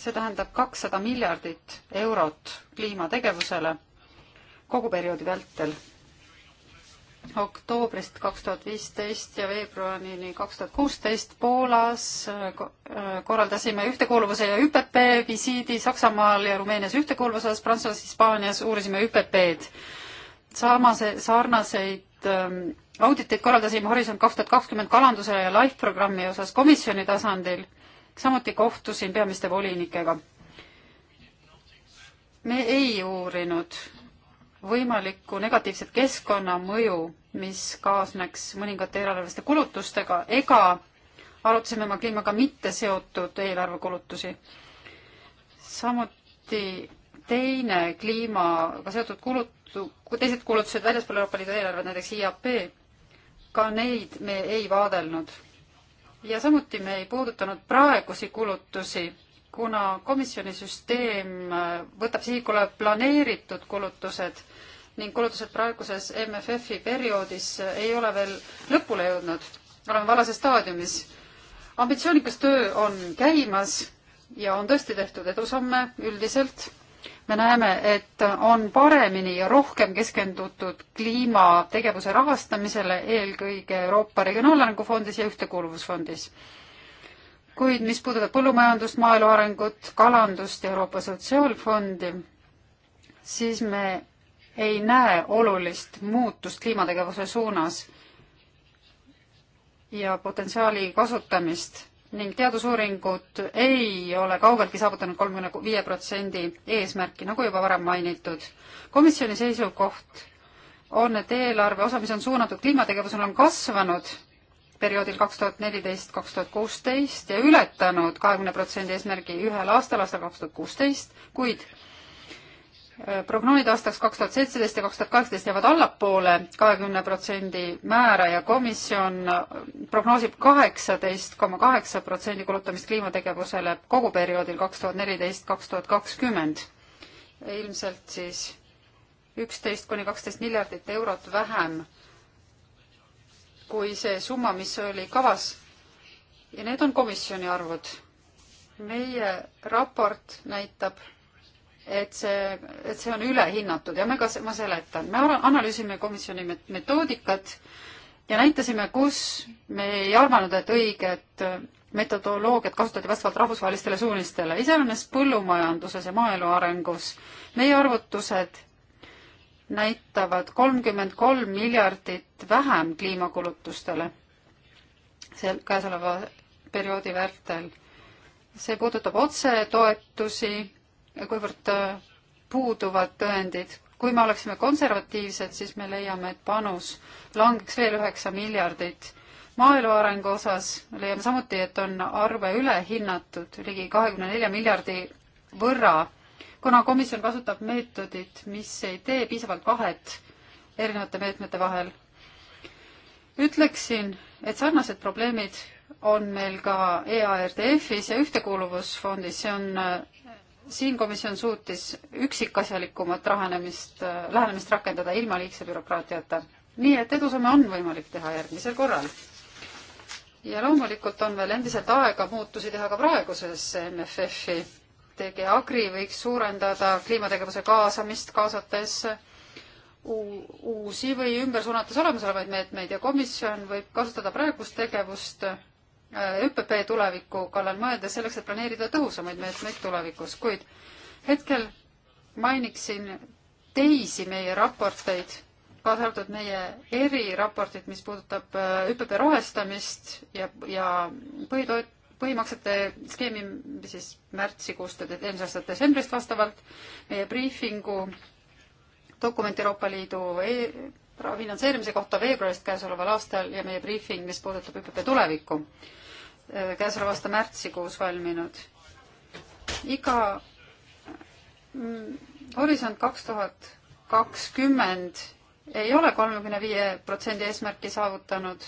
D: see tähendab kakssada miljardit eurot kliimategevusele kogu perioodi vältel oktoobrist kaks tuhat viisteist ja veebruarini kaks tuhat kuusteist Poolas eh, eh, korraldasime ühtekuuluvuse ja ÜPP visiidi Saksamaal ja Rumeenias ühtekuuluvuses, Prantsusmaal, Hispaanias uurisime ÜPP-d. samase, sarnaseid ähm, auditeid korraldasime Horisont kaks tuhat kakskümmend kalanduse ja LIFE programmi osas komisjoni tasandil, samuti kohtusin peamiste volinikega. me ei uurinud võimalikku negatiivset keskkonnamõju, mis kaasneks mõningate eelarveliste kulutustega, ega arutasime oma kliimaga mitte seotud eelarvekulutusi. samuti teine kliimaga seotud kulutu-, teised kulutused väljaspool Euroopa Liidu eelarvet, näiteks IAP, ka neid me ei vaadelnud. ja samuti me ei puudutanud praegusi kulutusi kuna komisjoni süsteem äh, võtab sihikule planeeritud kulutused ning kulutused praeguses MFF-i perioodis äh, ei ole veel lõpule jõudnud, oleme valases staadiumis. ambitsioonikas töö on käimas ja on tõesti tehtud edusamme üldiselt. me näeme, et on paremini ja rohkem keskendutud kliimategevuse rahastamisele, eelkõige Euroopa Regionaalarengu Fondis ja Ühtekuuluvusfondis kuid mis puudutab põllumajandust, maaelu arengut, kalandust ja Euroopa Sotsiaalfondi, siis me ei näe olulist muutust kliimategevuse suunas ja potentsiaali kasutamist ning teadusuuringud ei ole kaugeltki saavutanud kolmekümne viie protsendi eesmärki, nagu juba varem mainitud. komisjoni seisukoht on, et eelarve osa, mis on suunatud kliimategevusele, on kasvanud perioodil kaks tuhat neliteist, kaks tuhat kuusteist ja ületanud kahekümne protsendi eesmärgi ühel aastal, aastal kaks tuhat kuusteist, kuid äh, prognoonid aastaks kaks tuhat seitseteist ja kaks tuhat kaheksateist jäävad allapoole kahekümne protsendi määra ja komisjon äh, prognoosib kaheksateist koma kaheksa protsendi kulutamist kliimategevusele kogu perioodil kaks tuhat neliteist, kaks tuhat kakskümmend. ilmselt siis üksteist kuni kaksteist miljardit eurot vähem kui see summa, mis oli kavas. ja need on komisjoni arvud. meie raport näitab, et see, et see on ülehinnatud ja me ka, ma seletan, me analüüsime komisjoni metoodikat ja näitasime, kus me ei arvanud, et õiget metodoloogiat kasutati vastavalt rahvusvahelistele suunistele, iseäranis põllumajanduses ja maaelu arengus. meie arvutused näitavad kolmkümmend kolm miljardit vähem kliimakulutustele sel käesoleva perioodi vältel. see puudutab otsetoetusi, kuivõrd äh, puuduvad tõendid. kui me oleksime konservatiivsed, siis me leiame, et panus langeks veel üheksa miljardit. maaelu arengu osas leiame samuti, et on arve ülehinnatud ligi kahekümne nelja miljardi võrra kuna komisjon kasutab meetodit, mis ei tee piisavalt vahet erinevate meetmete vahel, ütleksin, et sarnased probleemid on meil ka EARDF-is ja Ühtekuuluvusfondis, see on, äh, siin komisjon suutis üksikasjalikumat rahenemist, äh, lähenemist rakendada ilma liigse bürokraatiata. nii et edusamme on võimalik teha järgmisel korral. ja loomulikult on veel endiselt aega muutusi teha ka praegusesse MFF-i DG Agri võiks suurendada kliimategevuse kaasamist, kaasates uusi või ümber suunates olemasolevaid meetmeid ja komisjon võib kasutada praegust tegevust äh, ÜPP tuleviku kallal mõeldes selleks, et planeerida tõhusamaid meetmeid tulevikus, kuid hetkel mainiksin teisi meie raporteid, kaasa arvatud meie eriraportit, mis puudutab äh, ÜPP rohestamist ja, ja põhitoet-, põhimaksete skeemi siis märtsikuust eelmise aasta detsembrist vastavalt meie briifingu dokument Euroopa Liidu e finantseerimise kohta veebruarist käesoleval aastal ja meie briifing, mis puudutab ÜPP tulevikku, e, käesoleva aasta märtsikuus valminud. iga mm, Horisont kaks tuhat kakskümmend ei ole kolmekümne viie protsendi eesmärki saavutanud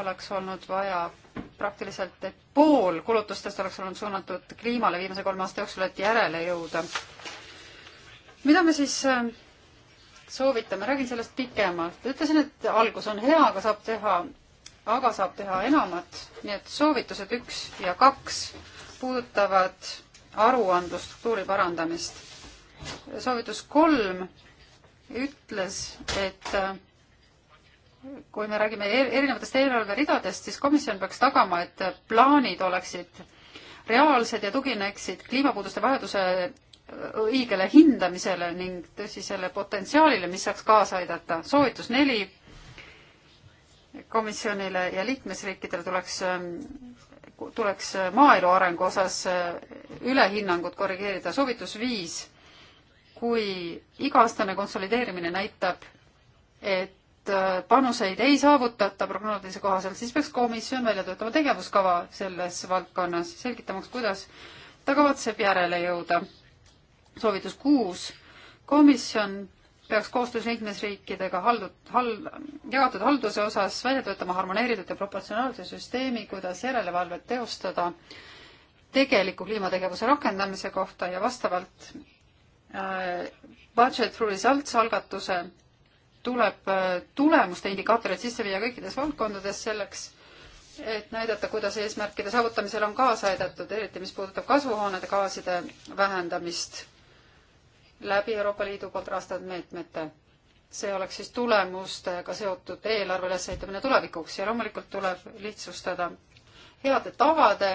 D: oleks olnud vaja praktiliselt, et pool kulutustest oleks olnud suunatud kliimale viimase kolme aasta jooksul, et järele jõuda. mida me siis äh, soovitame, räägin sellest pikemalt. ütlesin, et algus on hea, aga saab teha, aga saab teha enamat. nii et soovitused üks ja kaks puudutavad aruandlusstruktuuri parandamist. soovitus kolm ütles, et äh, kui me räägime e-, erinevatest eelarveridadest, siis komisjon peaks tagama, et plaanid oleksid reaalsed ja tugineksid kliimapuuduste vajaduse õigele hindamisele ning tõsisele potentsiaalile, mis saaks kaasa aidata. soovitus neli komisjonile ja liikmesriikidele tuleks, tuleks maaelu arengu osas ülehinnangut korrigeerida. soovitus viis, kui iga-aastane konsolideerimine näitab, et Äh, panuseid ei saavutata prognoosilise kohaselt, siis peaks komisjon välja töötama tegevuskava selles valdkonnas, selgitamaks, kuidas ta kavatseb järele jõuda. soovitus kuus, komisjon peaks koostöös liikmesriikidega haldud, hal-, jagatud halduse osas välja töötama harmoneeritud ja proportsionaalse süsteemi, kuidas järelevalvet teostada tegeliku kliimategevuse rakendamise kohta ja vastavalt äh, Budget for Results algatuse tuleb äh, tulemuste indikaatorid sisse viia kõikides valdkondades selleks, et näidata, kuidas eesmärkide saavutamisel on kaasa aidatud, eriti mis puudutab kasvuhoonede gaaside vähendamist läbi Euroopa Liidu poolt rahastatud meetmete. see oleks siis tulemustega seotud eelarve ülesehitamine tulevikuks ja loomulikult tuleb lihtsustada heade tavade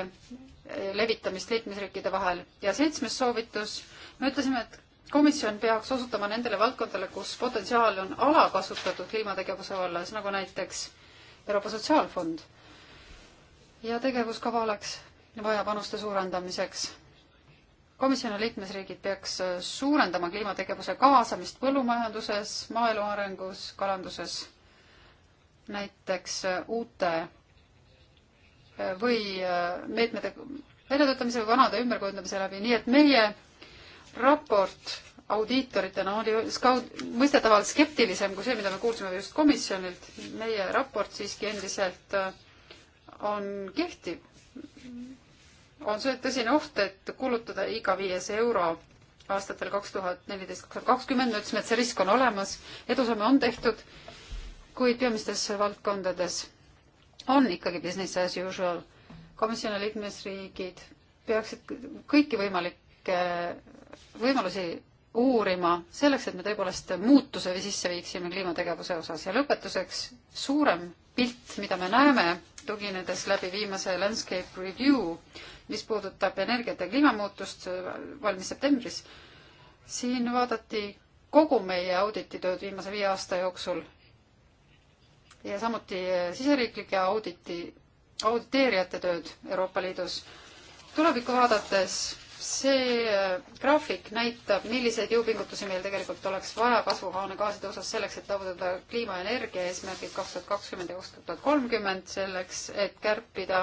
D: levitamist liikmesriikide vahel ja seitsmes soovitus, me ütlesime, et komisjon peaks osutama nendele valdkondadele, kus potentsiaal on alakasutatud kliimategevuse vallas, nagu näiteks Euroopa Sotsiaalfond. ja tegevuskava oleks vaja panuste suurendamiseks. komisjoni liikmesriigid peaks suurendama kliimategevuse kaasamist põllumajanduses, maaelu arengus, kalanduses, näiteks uute või meetmete väljatöötamise või vanade ümberkujundamise läbi, nii et meie raport audiitoritena oli skaud-, mõistetavalt skeptilisem kui see, mida me kuulsime just komisjonilt. meie raport siiski endiselt äh, on kehtiv. on see tõsine oht, et kulutada iga viies euro aastatel kaks tuhat neliteist, kaks tuhat kakskümmend, me ütlesime, et see risk on olemas, edusamme on tehtud, kuid peamistes valdkondades on ikkagi business as usual. komisjoni liikmesriigid peaksid kõiki võimalikke võimalusi uurima selleks, et me tõepoolest muutuse sisse viiksime kliimategevuse osas ja lõpetuseks suurem pilt, mida me näeme, tuginedes läbi viimase landscape review, mis puudutab energiat ja kliimamuutust, valmis septembris, siin vaadati kogu meie audititööd viimase viie aasta jooksul ja samuti siseriiklike auditi, auditeerijate tööd Euroopa Liidus. tulevikku vaadates see äh, graafik näitab, milliseid jõupingutusi meil tegelikult oleks vaja kasvuhoonegaaside osas selleks, et saavutada kliimaenergia eesmärgid kaks tuhat kakskümmend ja kaks tuhat kolmkümmend, selleks, et kärpida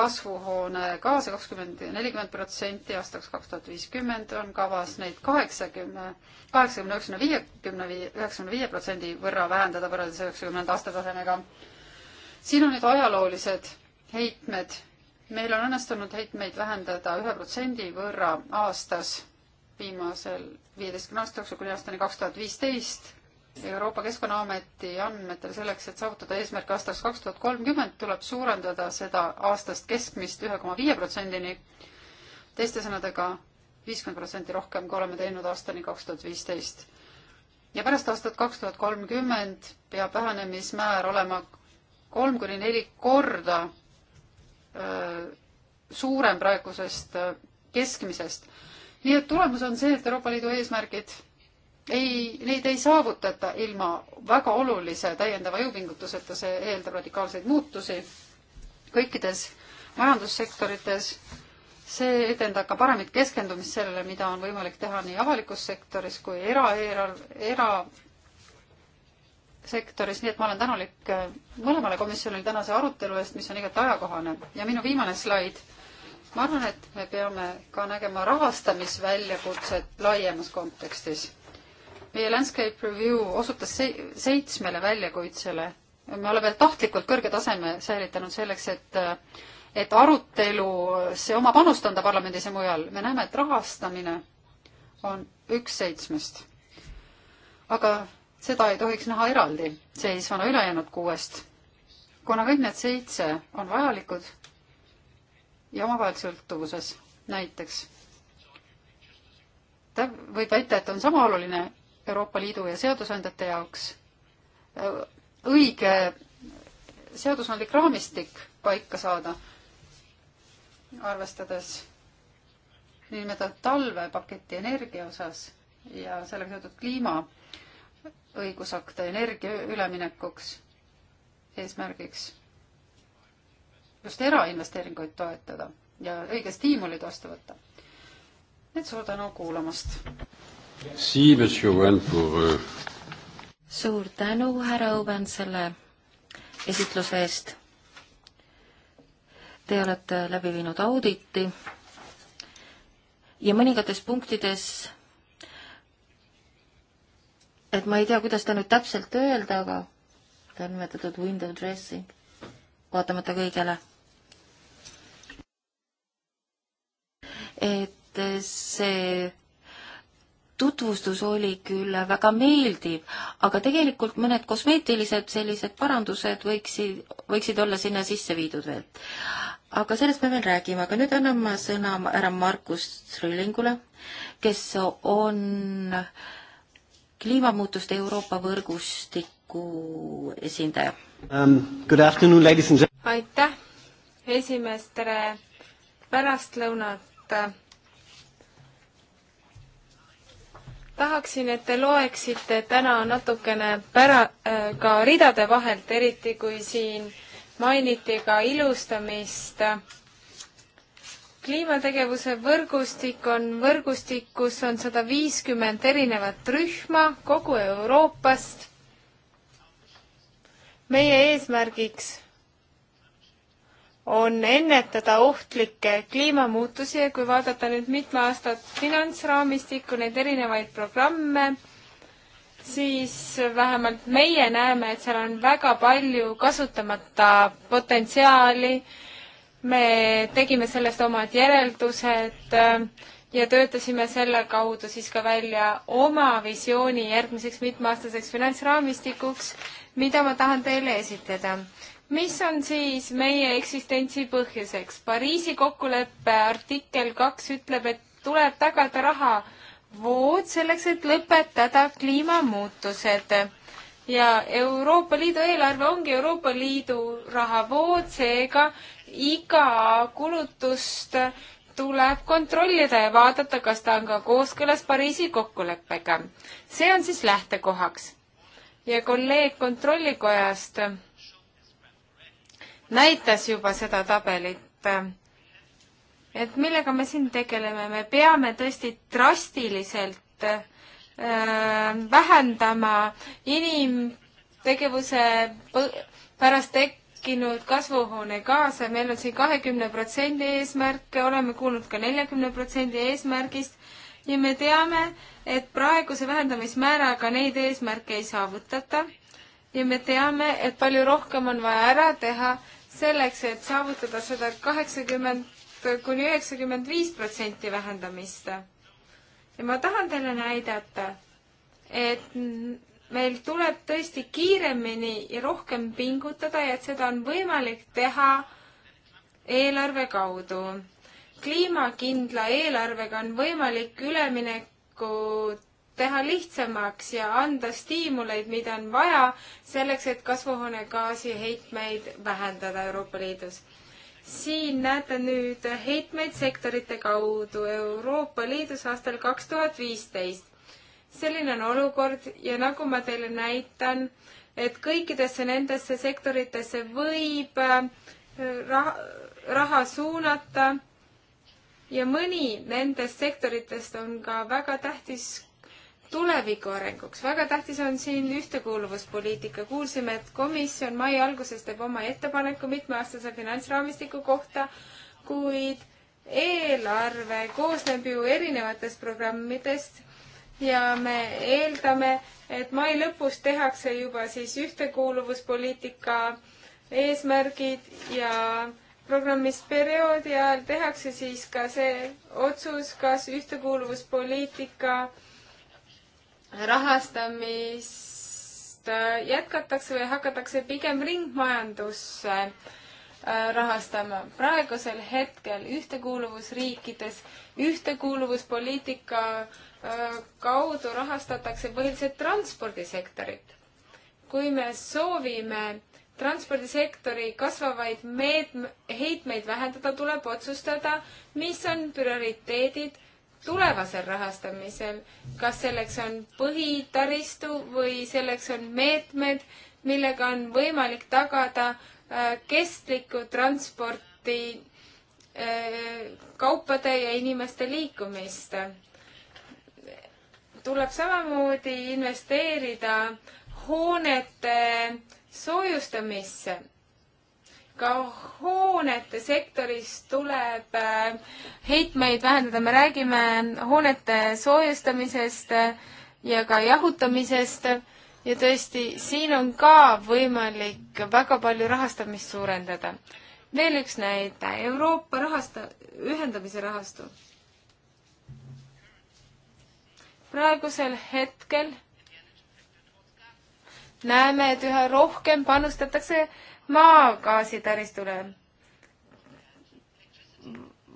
D: kasvuhoonegaase kakskümmend ja nelikümmend protsenti aastaks kaks tuhat viiskümmend on kavas neid kaheksakümne, kaheksakümne üheksakümne viiekümne viie, üheksakümne viie protsendi võrra vähendada võrreldes üheksakümnenda aasta tasemega. siin on nüüd ajaloolised heitmed meil on õnnestunud heitmeid vähendada ühe protsendi võrra aastas viimasel viieteistkümne aasta jooksul kuni aastani kaks tuhat viisteist. Euroopa Keskkonnaameti andmetel selleks, et saavutada eesmärk aastaks kaks tuhat kolmkümmend, tuleb suurendada seda aastast keskmist ühe koma viie protsendini. teiste sõnadega viiskümmend protsenti rohkem, kui oleme teinud aastani kaks tuhat viisteist. ja pärast aastat kaks tuhat kolmkümmend peab vähenemismäär olema kolm kuni neli korda Äh, suurem praegusest äh, keskmisest. nii et tulemus on see, et Euroopa Liidu eesmärgid ei, neid ei saavutata ilma väga olulise täiendava jõupingutuseta, see eeldab radikaalseid muutusi kõikides majandussektorites, see edendab ka paremat keskendumist sellele, mida on võimalik teha nii avalikus sektoris kui eraeelarv, era, sektoris, nii et ma olen tänulik äh, mõlemale komisjonile tänase arutelu eest, mis on igati ajakohane. ja minu viimane slaid. ma arvan, et me peame ka nägema rahastamisväljakutset laiemas kontekstis. meie landscape review osutas seitsmele väljakutsele. me oleme tahtlikult kõrge taseme säilitanud selleks, et äh, et arutelusse oma panust anda parlamendis ja mujal. me näeme, et rahastamine on üks seitsmest. aga seda ei tohiks näha eraldi seisvana ülejäänud kuuest, kuna kõik need seitse on vajalikud ja omavahel sõltuvuses näiteks. võib väita, et on sama oluline Euroopa Liidu ja seadusandjate jaoks äh, õige seadusandlik raamistik paika saada, arvestades niinimetatud talvepaketi energia osas ja sellega seotud kliima õigusakte energia üleminekuks eesmärgiks just erainvesteeringuid toetada ja õige stiimulid vastu võtta. et suur tänu kuulamast!
A: Euh,
B: suur tänu, härra Owen, selle esitluse eest. Te olete läbi viinud auditi ja mõningates punktides et ma ei tea, kuidas ta nüüd täpselt öelda, aga ta on nimetatud window dressing, vaatamata kõigele. et see tutvustus oli küll väga meeldiv, aga tegelikult mõned kosmeetilised sellised parandused võiksid, võiksid olla sinna sisse viidud veel. aga sellest me veel räägime, aga nüüd annan ma sõna härra Markus Trillingule, kes on äh, kliimamuutuste Euroopa võrgustiku
C: esindaja
A: um,. And...
C: aitäh, esimees, tere pärastlõunat. tahaksin, et te loeksite täna natukene pära- äh,, ka ridade vahelt, eriti kui siin mainiti ka ilustamist kliimategevuse võrgustik on võrgustik, kus on sada viiskümmend erinevat rühma kogu Euroopast. meie eesmärgiks on ennetada ohtlikke kliimamuutusi ja kui vaadata nüüd mitme aastat finantsraamistikku, neid erinevaid programme, siis vähemalt meie näeme, et seal on väga palju kasutamata potentsiaali me tegime sellest omad järeldused äh, ja töötasime selle kaudu siis ka välja oma visiooni järgmiseks mitmeaastaseks finantsraamistikuks, mida ma tahan teile esitleda. mis on siis meie eksistentsi põhjuseks? Pariisi kokkuleppe artikkel kaks ütleb, et tuleb tagada rahavood selleks, et lõpetada kliimamuutused ja Euroopa Liidu eelarve ongi Euroopa Liidu rahavood, seega iga kulutust tuleb kontrollida ja vaadata, kas ta on ka kooskõlas Pariisi kokkuleppega. see on siis lähtekohaks. ja kolleeg Kontrollikojast näitas juba seda tabelit, et millega me siin tegeleme, me peame tõesti drastiliselt äh, vähendama inimtegevuse pärast tek-, tekkinud kasvuhoonegaase, meil on siin kahekümne protsendi eesmärke, oleme kuulnud ka neljakümne protsendi eesmärgist ja me teame, et praeguse vähendamismääraga neid eesmärke ei saavutata. ja me teame, et palju rohkem on vaja ära teha selleks, et saavutada seda kaheksakümmend kuni üheksakümmend viis protsenti vähendamist. ja ma tahan teile näidata, et meil tuleb tõesti kiiremini ja rohkem pingutada ja et seda on võimalik teha eelarve kaudu. kliimakindla eelarvega on võimalik üleminekut teha lihtsamaks ja anda stiimuleid, mida on vaja selleks, et kasvuhoonegaasi heitmeid vähendada Euroopa Liidus. siin näete nüüd heitmeid sektorite kaudu Euroopa Liidus aastal kaks tuhat viisteist selline on olukord ja nagu ma teile näitan, et kõikidesse nendesse sektoritesse võib äh, raha, raha suunata ja mõni nendest sektoritest on ka väga tähtis tuleviku arenguks. väga tähtis on siin ühtekuuluvuspoliitika. kuulsime, et komisjon mai alguses teeb oma ettepaneku mitmeaastase finantsraamistiku kohta, kuid eelarve koosneb ju erinevatest programmidest ja me eeldame, et mai lõpus tehakse juba siis ühtekuuluvuspoliitika eesmärgid ja programmisperioodi ajal tehakse siis ka see otsus, kas ühtekuuluvuspoliitika rahastamist äh, jätkatakse või hakatakse pigem ringmajandusse äh, rahastama. praegusel hetkel ühtekuuluvusriikides ühtekuuluvuspoliitika kaudu rahastatakse põhiliselt transpordisektorit. kui me soovime transpordisektori kasvavaid meetme, heitmeid vähendada, tuleb otsustada, mis on prioriteedid tulevasel rahastamisel. kas selleks on põhitaristu või selleks on meetmed, millega on võimalik tagada äh, kestlikku transporti, äh, kaupade ja inimeste liikumist tuleb samamoodi investeerida hoonete soojustamisse. ka hoonete sektoris tuleb äh, heitmeid vähendada, me räägime hoonete soojustamisest ja ka jahutamisest ja tõesti, siin on ka võimalik väga palju rahastamist suurendada. veel üks näide, Euroopa rahasta-, ühendamise rahastu praegusel hetkel näeme, et üha rohkem panustatakse maagaasitaristule.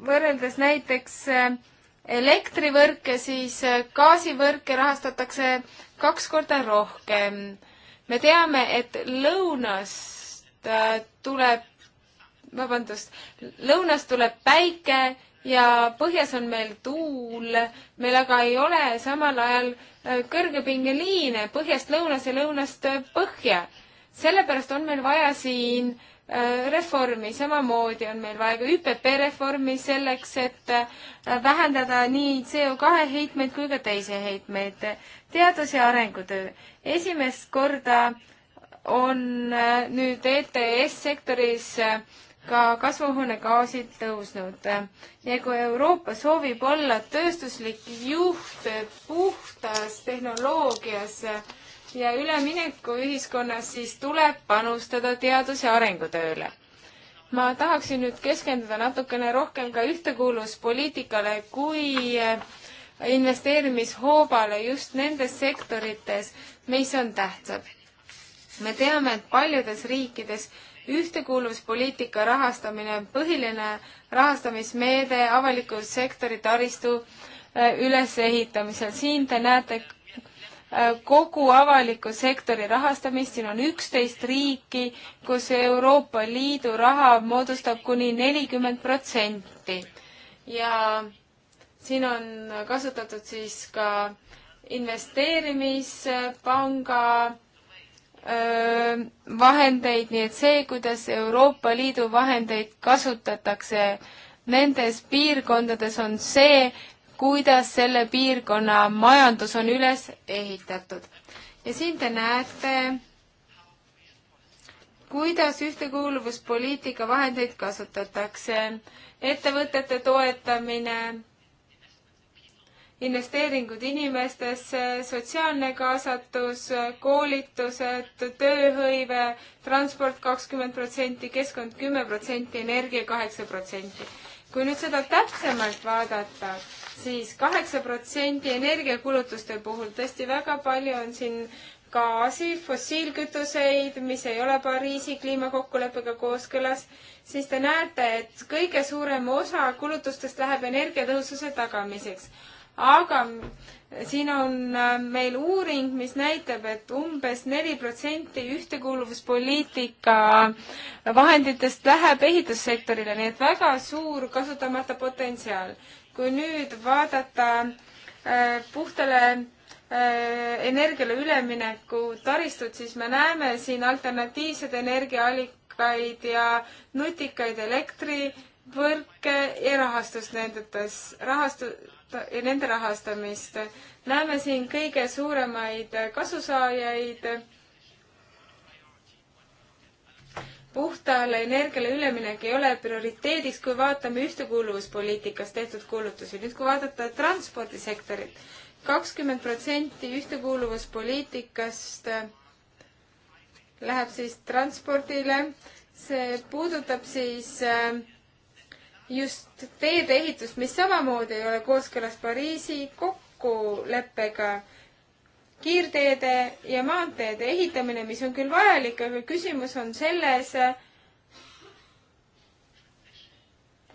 C: võrreldes näiteks eh, elektrivõrke, siis eh, gaasivõrke rahastatakse kaks korda rohkem. me teame, et lõunast eh, tuleb, vabandust, lõunast tuleb päike ja põhjas on meil tuul, meil aga ei ole samal ajal äh, kõrgepingeliine põhjast lõunas ja lõunast äh, põhja. sellepärast on meil vaja siin äh, reformi, samamoodi on meil vaja ka ÜPP reformi selleks, et vähendada nii CO2 heitmeid kui ka teisi heitmeid. teadus- ja arengutöö. esimest korda on nüüd ETS sektoris ka kasvuhoonegaasid tõusnud. ja kui Euroopa soovib olla tööstuslik juht puhtas tehnoloogias ja üleminekuühiskonnas, siis tuleb panustada teadus- ja arengutööle. ma tahaksin nüüd keskenduda natukene rohkem ka ühtekuuluvuspoliitikale kui investeerimishoobale just nendes sektorites, mis on tähtsad. me teame, et paljudes riikides ühtekuuluvuspoliitika rahastamine, põhiline rahastamismeede avaliku sektori taristu äh, ülesehitamisel. siin te näete äh, kogu avaliku sektori rahastamist, siin on üksteist riiki, kus Euroopa Liidu raha moodustab kuni nelikümmend protsenti. ja siin on kasutatud siis ka investeerimispanga vahendeid, nii et see, kuidas Euroopa Liidu vahendeid kasutatakse nendes piirkondades, on see, kuidas selle piirkonna majandus on üles ehitatud. ja siin te näete, kuidas ühtekuuluvuspoliitika vahendeid kasutatakse. ettevõtete toetamine investeeringud inimestesse, sotsiaalne kaasatus, koolitused, tööhõive, transport kakskümmend protsenti, keskkond kümme protsenti, energia kaheksa protsenti. kui nüüd seda täpsemalt vaadata, siis kaheksa protsenti energiakulutuste puhul tõesti väga palju on siin gaasi, fossiilkütuseid, mis ei ole Pariisi kliimakokkuleppega kooskõlas, siis te näete, et kõige suurem osa kulutustest läheb energiatõhususe tagamiseks aga siin on äh, meil uuring, mis näitab, et umbes neli protsenti ühtekuuluvuspoliitika vahenditest läheb ehitussektorile, nii et väga suur kasutamata potentsiaal. kui nüüd vaadata äh, puhtale äh, energiale ülemineku taristut, siis me näeme siin alternatiivsed energiaallikaid ja nutikaid elektrivõrke ja rahastust nendetes, rahastu-, ja nende rahastamist. näeme siin kõige suuremaid kasusaajaid. puhtale energiale üleminek ei ole prioriteediks, kui vaatame ühtekuuluvuspoliitikas tehtud kuulutusi. nüüd, kui vaadata transpordisektorit, kakskümmend protsenti ühtekuuluvuspoliitikast läheb siis transpordile. see puudutab siis äh, just teedeehitust, mis samamoodi ei ole kooskõlas Pariisi kokkuleppega kiirteede ja maanteede ehitamine, mis on küll vajalik, aga küsimus on selles,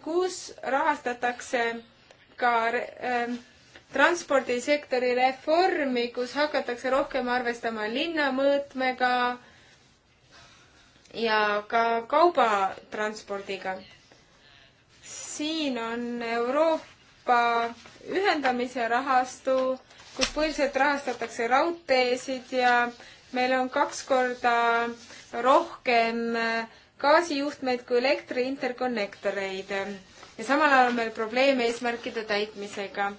C: kus rahastatakse ka äh, transpordisektori reformi, kus hakatakse rohkem arvestama linna mõõtmega ja ka kaubatranspordiga siin on Euroopa ühendamise rahastu, kus põhiliselt rahastatakse raudteesid ja meil on kaks korda rohkem gaasijuhtmeid kui elektri interkonnektoreid. ja samal ajal on meil probleeme eesmärkide täitmisega.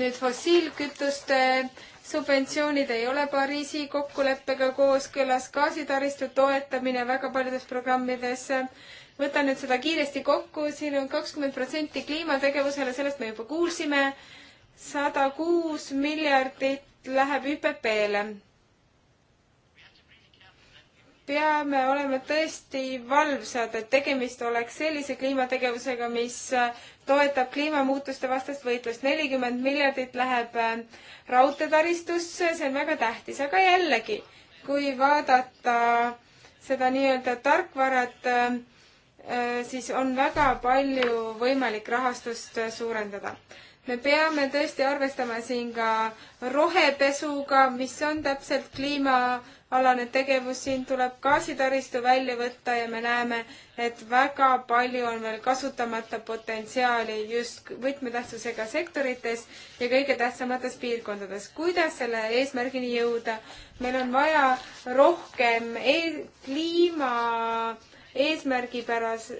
C: nüüd fossiilkütuste subventsioonid ei ole Pariisi kokkuleppega kooskõlas, gaasitaristu toetamine väga paljudes programmides võtan nüüd seda kiiresti kokku, siin on kakskümmend protsenti kliimategevusele, sellest me juba kuulsime. sada kuus miljardit läheb ÜPP-le. peame olema tõesti valvsad, et tegemist oleks sellise kliimategevusega, mis toetab kliimamuutuste vastast võitlust. nelikümmend miljardit läheb äh, raudteetaristusse, see on väga tähtis, aga jällegi, kui vaadata seda nii-öelda tarkvarat äh, Äh, siis on väga palju võimalik rahastust äh, suurendada. me peame tõesti arvestama siin ka rohepesuga, mis on täpselt kliimaalane tegevus, siin tuleb gaasitaristu välja võtta ja me näeme, et väga palju on veel kasutamata potentsiaali just võtmetähtsusega sektorites ja kõige tähtsamates piirkondades. kuidas selle eesmärgini jõuda? meil on vaja rohkem e kliima eesmärgipäras,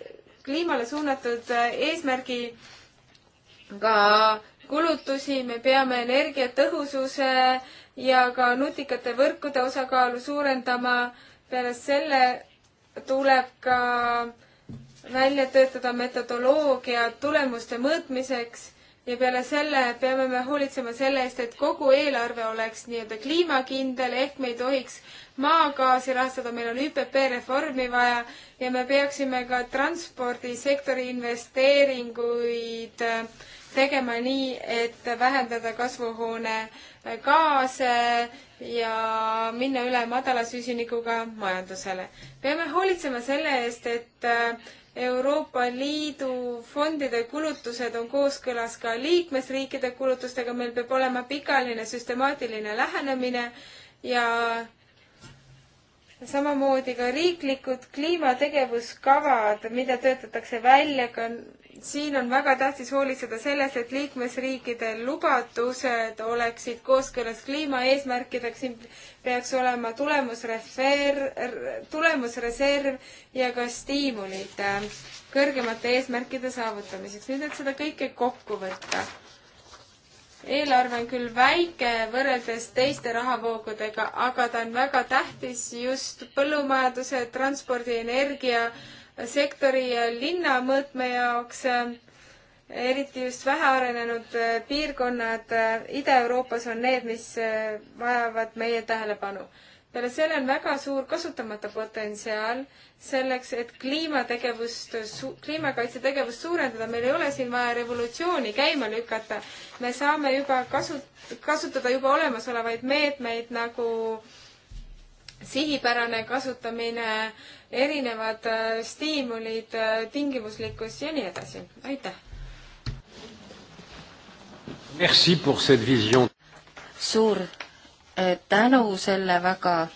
C: kliimale suunatud eesmärgiga kulutusi, me peame energiatõhususe ja ka nutikate võrkude osakaalu suurendama. peale selle tuleb ka välja töötada metodoloogia tulemuste mõõtmiseks ja peale selle peame me hoolitsema selle eest, et kogu eelarve oleks nii-öelda kliimakindel ehk me ei tohiks maagaasi rahastada, meil on ÜPP reformi vaja ja me peaksime ka transpordisektori investeeringuid äh, tegema nii, et vähendada kasvuhoonegaase äh, ja minna üle madala süsinikuga majandusele. peame hoolitsema selle eest, et äh, Euroopa Liidu fondide kulutused on kooskõlas ka liikmesriikide kulutustega, meil peab olema pikaajaline süstemaatiline lähenemine ja samamoodi ka riiklikud kliimategevuskavad, mida töötatakse välja, ka siin on väga tähtis hoolitseda selles, et liikmesriikide lubadused oleksid kooskõlas kliimaeesmärkidega, siin peaks olema tulemusreserv, tulemusreserv ja ka stiimulid kõrgemate eesmärkide saavutamiseks. nüüd, et seda kõike kokku võtta eelarve on küll väike võrreldes teiste rahavoogudega, aga ta on väga tähtis just põllumajanduse, transpordi, energiasektori ja linna mõõtme jaoks. eriti just vähearenenud äh, piirkonnad äh, Ida-Euroopas on need, mis äh, vajavad meie tähelepanu peale selle on väga suur kasutamata potentsiaal selleks, et kliimategevust, kliimakaitsetegevust suurendada. meil ei ole siin vaja revolutsiooni käima lükata. me saame juba kasu, kasutada juba olemasolevaid meetmeid nagu sihipärane kasutamine, erinevad äh, stiimulid, äh, tingimuslikkus ja nii edasi. aitäh!
B: suur Äh, tänu selle väga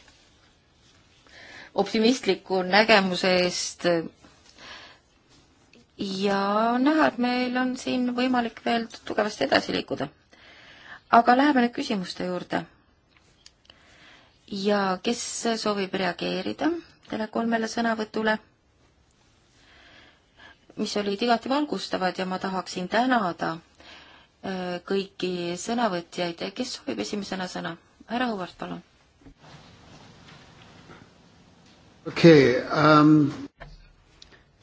B: optimistliku nägemuse eest ja on näha, et meil on siin võimalik veel tugevasti edasi liikuda. aga läheme nüüd küsimuste juurde. ja kes soovib reageerida teile kolmele sõnavõtule, mis olid igati valgustavad ja ma tahaksin tänada äh, kõiki sõnavõtjaid, kes soovib esimesena sõna? härra Howard, palun.
A: okei okay, um....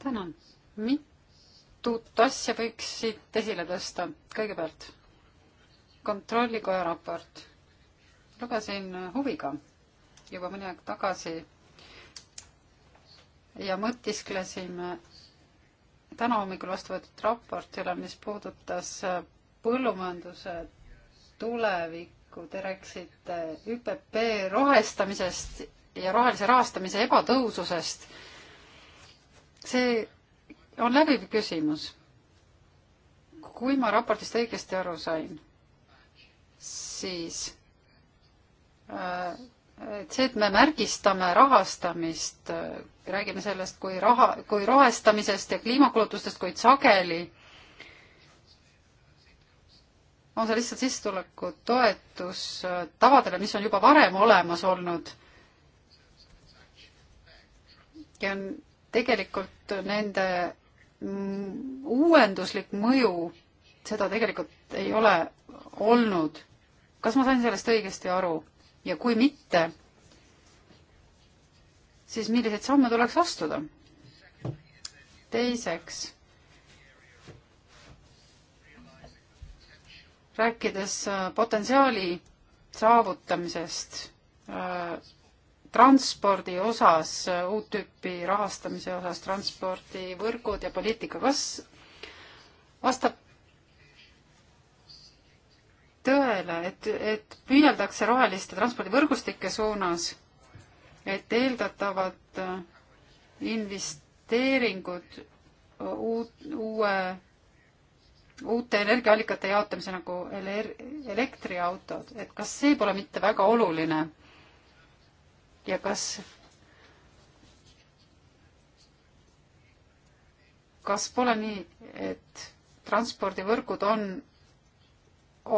D: tänan. mitut asja võiks siit esile tõsta. kõigepealt kontrollikoja raport. lugesin huviga juba mõni aeg tagasi ja mõtisklesime täna hommikul vastu võetud raportile, mis puudutas põllumajanduse tulevik, paraku te rääkisite ÜPP rohestamisest ja rohelise rahastamise ebatõhususest. see on läbiv küsimus. kui ma raportist õigesti aru sain, siis äh, et see, et me märgistame rahastamist, äh, räägime sellest kui raha, kui rohestamisest ja kliimakulutustest, kuid sageli on see lihtsalt sissetuleku toetus äh, tavadele, mis on juba varem olemas olnud. ja on tegelikult nende mm, uuenduslik mõju, seda tegelikult ei ole olnud. kas ma sain sellest õigesti aru? ja kui mitte, siis milliseid samme tuleks astuda? teiseks rääkides äh, potentsiaali saavutamisest äh, transpordi osas, äh, uut tüüpi rahastamise osas, transpordivõrgud ja poliitika, kas vastab tõele, et, et püüeldakse roheliste transpordivõrgustike suunas, et eeldatavad investeeringud uut, uue uute energiaallikate jaotamise nagu elektriautod, et kas see pole mitte väga oluline? ja kas, kas pole nii, et transpordivõrgud on,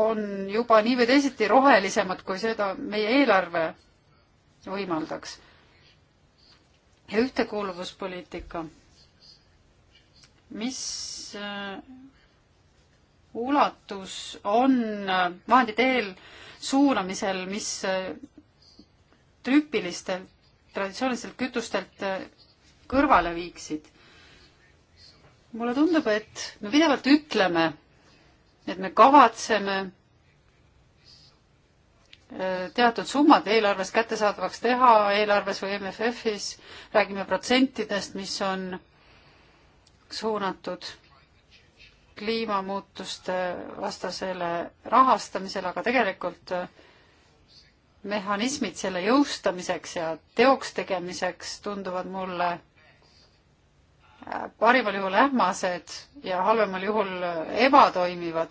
D: on juba nii või teisiti rohelisemad, kui seda meie eelarve võimaldaks? ja ühtekuuluvuspoliitika, mis ulatus on vahendite eelsuunamisel, mis trüpilistelt traditsioonilistelt kütustelt kõrvale viiksid. mulle tundub, et me pidevalt ütleme, et me kavatseme äh, teatud summad eelarves kättesaadavaks teha, eelarves või MFF-is, räägime protsentidest, mis on suunatud kliimamuutuste vastasele rahastamisele, aga tegelikult äh, mehhanismid selle jõustamiseks ja teoks tegemiseks tunduvad mulle äh, parimal juhul ähmased ja halvemal juhul äh, ebatoimivad.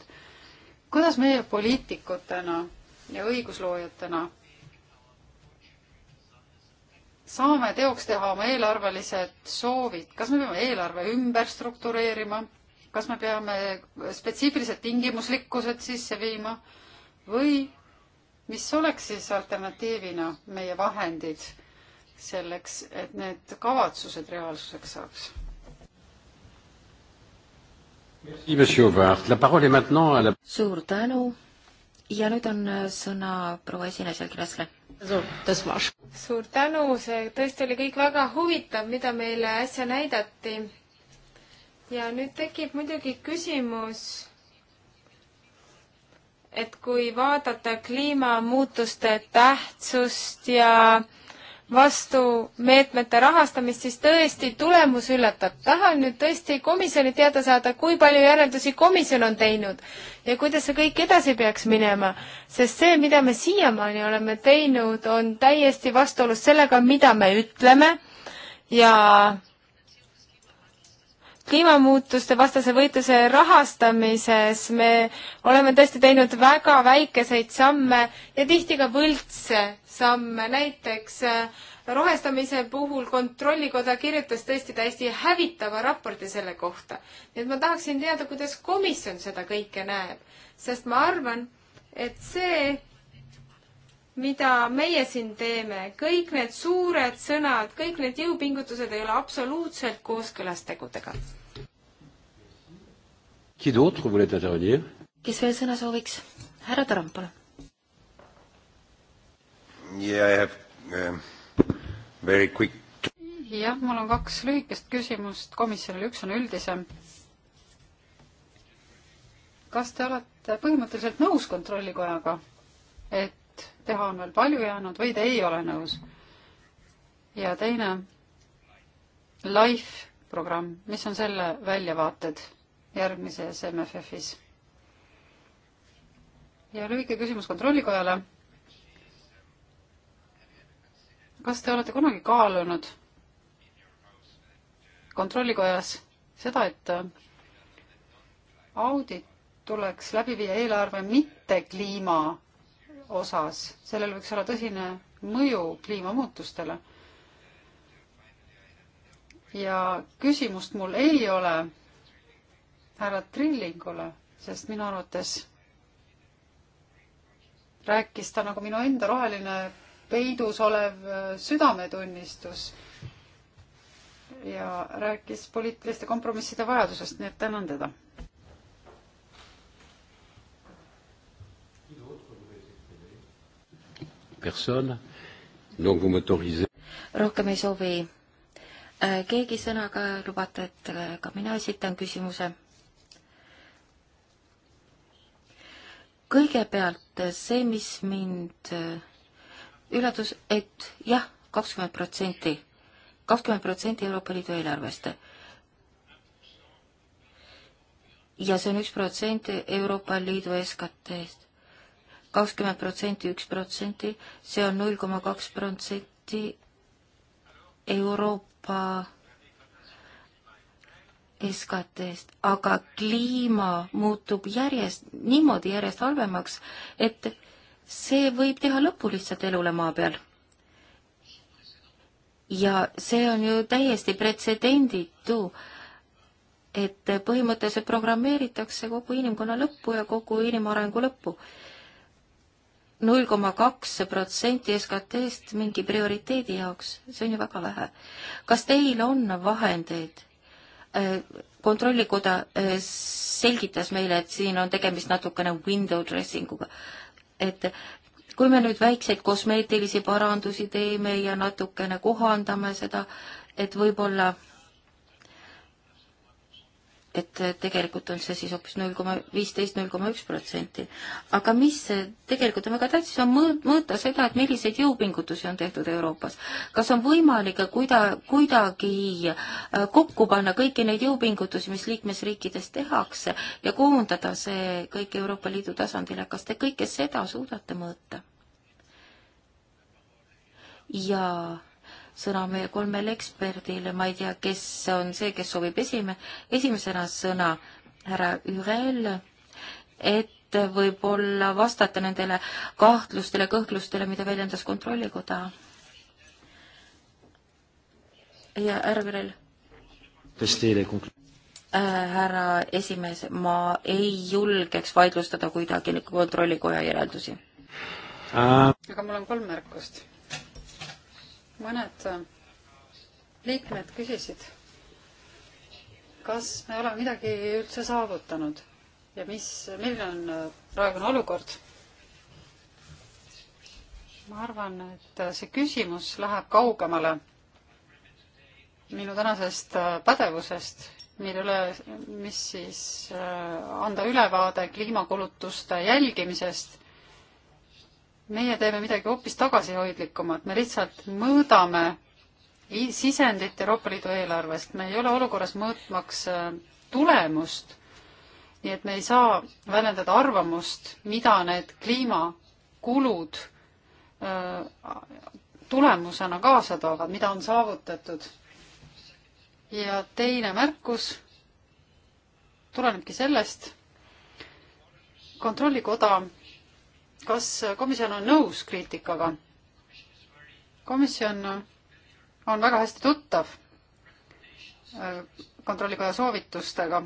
D: kuidas meie poliitikutena ja õigusloojatena saame teoks teha oma eelarvelised soovid, kas me peame eelarve ümber struktureerima kas me peame spetsiifilised tingimuslikkused sisse viima või mis oleks siis alternatiivina meie vahendid selleks, et need
B: kavatsused reaalsuseks saaks? suur tänu ja nüüd on sõna proua esinaisel Kressle. suur
C: tänu, see tõesti oli kõik väga huvitav, mida meile äsja näidati ja nüüd tekib muidugi küsimus, et kui vaadata kliimamuutuste tähtsust ja vastumeetmete rahastamist, siis tõesti tulemus üllatab. tahan nüüd tõesti komisjoni teada saada, kui palju järeldusi komisjon on teinud ja kuidas see kõik edasi peaks minema, sest see, mida me siiamaani oleme teinud, on täiesti vastuolus sellega, mida me ütleme ja kliimamuutuste vastase võitluse rahastamises me oleme tõesti teinud väga väikeseid samme ja tihti ka võltse samme, näiteks äh, rohestamise puhul Kontrollikoda kirjutas tõesti täiesti hävitava raporti selle kohta. nii et ma tahaksin teada, kuidas komisjon seda kõike näeb, sest ma arvan, et see, mida meie siin teeme, kõik need suured sõnad, kõik need jõupingutused ei ole absoluutselt kooskõlas tegudega
A: kes
C: veel sõna sooviks? härra Tarand, palun.
A: Um,
B: jah,
D: mul on kaks lühikest küsimust komisjonile, üks on üldisem. kas te olete põhimõtteliselt nõus Kontrollikojaga, et teha on veel palju jäänud või te ei ole nõus? ja teine, LIFE programm, mis on selle väljavaated? järgmises MFFis. ja lühike küsimus Kontrollikojale. kas te olete kunagi kaalunud Kontrollikojas seda, et audit tuleks läbi viia eelarve mitte kliima osas, sellel võiks olla tõsine mõju kliimamuutustele. ja küsimust mul ei ole härra Trillingule, sest minu arvates rääkis ta nagu minu enda roheline peidus olev äh, südametunnistus ja rääkis poliitiliste kompromisside vajadusest, nii et tänan teda.
B: rohkem ei soovi äh, keegi sõnaga, lubate, et äh, ka mina esitan küsimuse kõigepealt eh, see, mis mind eh, üllatus, et jah, kakskümmend protsenti, kakskümmend protsenti Euroopa Liidu eelarvest. ja see on üks protsent Euroopa Liidu SKT-st. kakskümmend protsenti, üks protsenti, see on null koma kaks protsenti Euroopa SKT-st, aga kliima muutub järjest, niimoodi järjest halvemaks, et see võib teha lõpu lihtsalt elule maa peal. ja see on ju täiesti pretsedenditu, et põhimõtteliselt programmeeritakse kogu inimkonna lõppu ja kogu inimarengu lõppu. null koma kaks protsenti SKT-st mingi prioriteedi jaoks, see on ju väga vähe. kas teil on vahendeid Äh, kontrollikoda äh, selgitas meile, et siin on tegemist natukene window dressing uga, et kui me nüüd väikseid kosmeetilisi parandusi teeme ja natukene kohandame seda, et võib-olla et tegelikult on see siis hoopis null koma viisteist, null koma üks protsenti. aga mis tegelikult on väga tähtis, on mõõt-, mõõta seda, et milliseid jõupingutusi on tehtud Euroopas. kas on võimalik kuida-, kuidagi äh, kokku panna kõiki neid jõupingutusi, mis liikmesriikides tehakse ja koondada see kõik Euroopa Liidu tasandile, kas te kõike seda suudate mõõta? jaa sõna meie kolmele eksperdile, ma ei tea, kes on see, kes soovib esime-, esimesena sõna härra Ürel, et võib-olla vastata nendele kahtlustele, kõhklustele, mida väljendas Kontrollikoda. ja härra Ürel?
A: Äh,
B: härra esimees, ma ei julgeks vaidlustada kuidagi Kontrollikoja järeldusi.
A: Äh.
D: aga mul on kolm märkust mõned äh, liikmed küsisid, kas me oleme midagi üldse saavutanud ja mis, milline on äh, praegune olukord? ma arvan, et äh, see küsimus läheb kaugemale minu tänasest pädevusest, mille üle, mis siis anda ülevaade kliimakulutuste jälgimisest meie teeme midagi hoopis tagasihoidlikumat, me lihtsalt mõõdame sisendit Euroopa Liidu eelarvest, me ei ole olukorras mõõtmaks äh, tulemust, nii et me ei saa väljendada arvamust, mida need kliimakulud äh, tulemusena kaasa toovad, mida on saavutatud. ja teine märkus tulenebki sellest, kontrollikoda kas komisjon on nõus kriitikaga? komisjon on väga hästi tuttav äh, kontrollikoja soovitustega.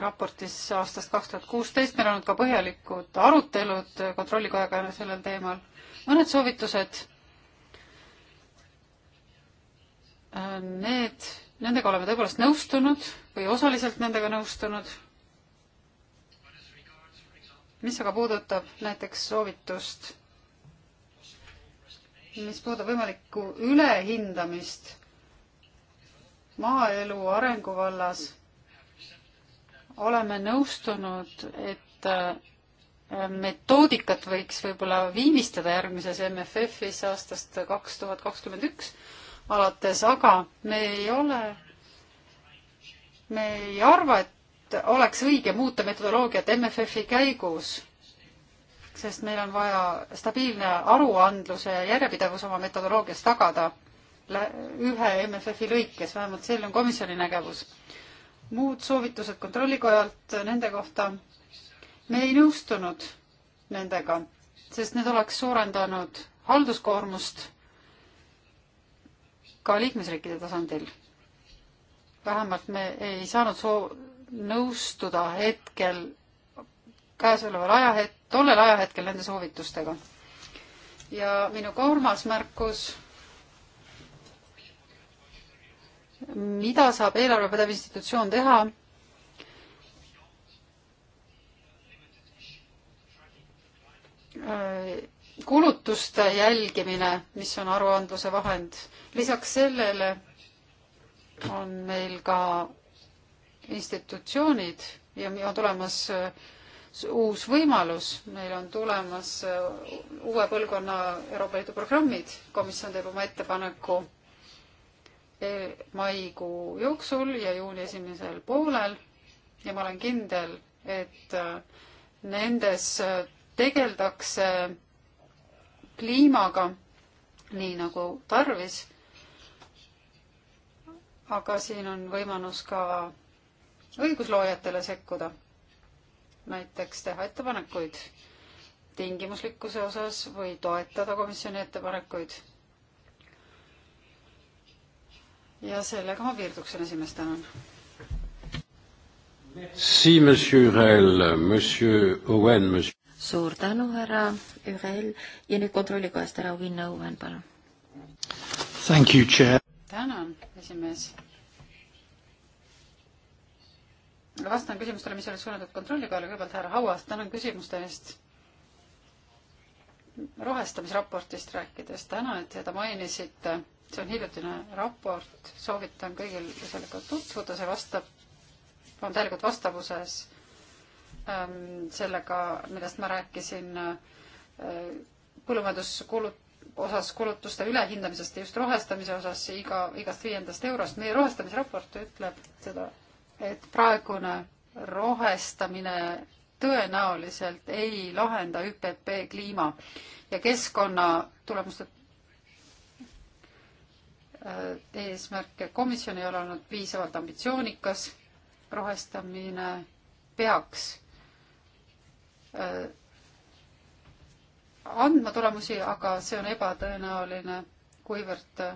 D: raportis aastast kaks tuhat kuusteist meil on olnud ka põhjalikud arutelud kontrollikojaga sellel teemal. mõned soovitused. Äh, need, nendega oleme tõepoolest nõustunud või osaliselt nendega nõustunud mis aga puudutab näiteks soovitust, mis puudutab võimalikku ülehindamist maaelu arengu vallas, oleme nõustunud, et äh, metoodikat võiks võib-olla viimistada järgmises MFF-is aastast kaks tuhat kakskümmend üks alates, aga me ei ole, me ei arva, et et oleks õige muuta metodoloogiat MFF-i käigus, sest meil on vaja stabiilne aruandluse ja järjepidevus oma metodoloogias tagada ühe MFF-i lõikes, vähemalt selline on komisjoni nägevus. muud soovitused Kontrollikojalt nende kohta, me ei nõustunud nendega, sest need oleks suurendanud halduskoormust ka liikmesriikide tasandil. vähemalt me ei saanud soo-, nõustuda hetkel, käesoleval ajahet-, tollel ajahetkel nende soovitustega. ja minu kolmas märkus, mida saab eelarvepädev institutsioon teha, kulutuste jälgimine, mis on aruandluse vahend, lisaks sellele on meil ka institutsioonid ja on tulemas äh, uus võimalus, meil on tulemas äh, uue põlvkonna Euroopa Liidu programmid, komisjon teeb oma ettepaneku e, maikuu jooksul ja juuni esimesel poolel ja ma olen kindel, et äh, nendes tegeldakse kliimaga nii nagu tarvis. aga siin on võimalus ka õigusloojatele sekkuda, näiteks teha ettepanekuid tingimuslikkuse osas või toetada komisjoni ettepanekuid. ja sellega ma piirduksin, esimees, tänan.
A: Si, monsieur Hurel, monsieur Owen, monsieur.
B: suur tänu, härra Hurel ja nüüd kontrollikojast härra Owen, palun.
A: Thank you, chair.
D: tänan, esimees vastan küsimustele, mis olid suunatud kontrollikojale, kõigepealt härra Hauas, tänan küsimuste eest. rohestamisraportist rääkides, tänan, et seda mainisite, see on hiljutine raport, soovitan kõigil sellega tutvuda, see vastab, on täielikult vastavuses ähm, sellega, millest ma rääkisin äh, põllumajanduskulut-, osas kulutuste ülehindamisest ja just rohestamise osas iga, igast viiendast eurost. meie rohestamisraport ütleb seda et praegune rohestamine tõenäoliselt ei lahenda ÜPP kliima ja keskkonna tulemuste äh, eesmärke. komisjon ei ole olnud piisavalt ambitsioonikas. rohestamine peaks äh, andma tulemusi, aga see on ebatõenäoline, kuivõrd äh,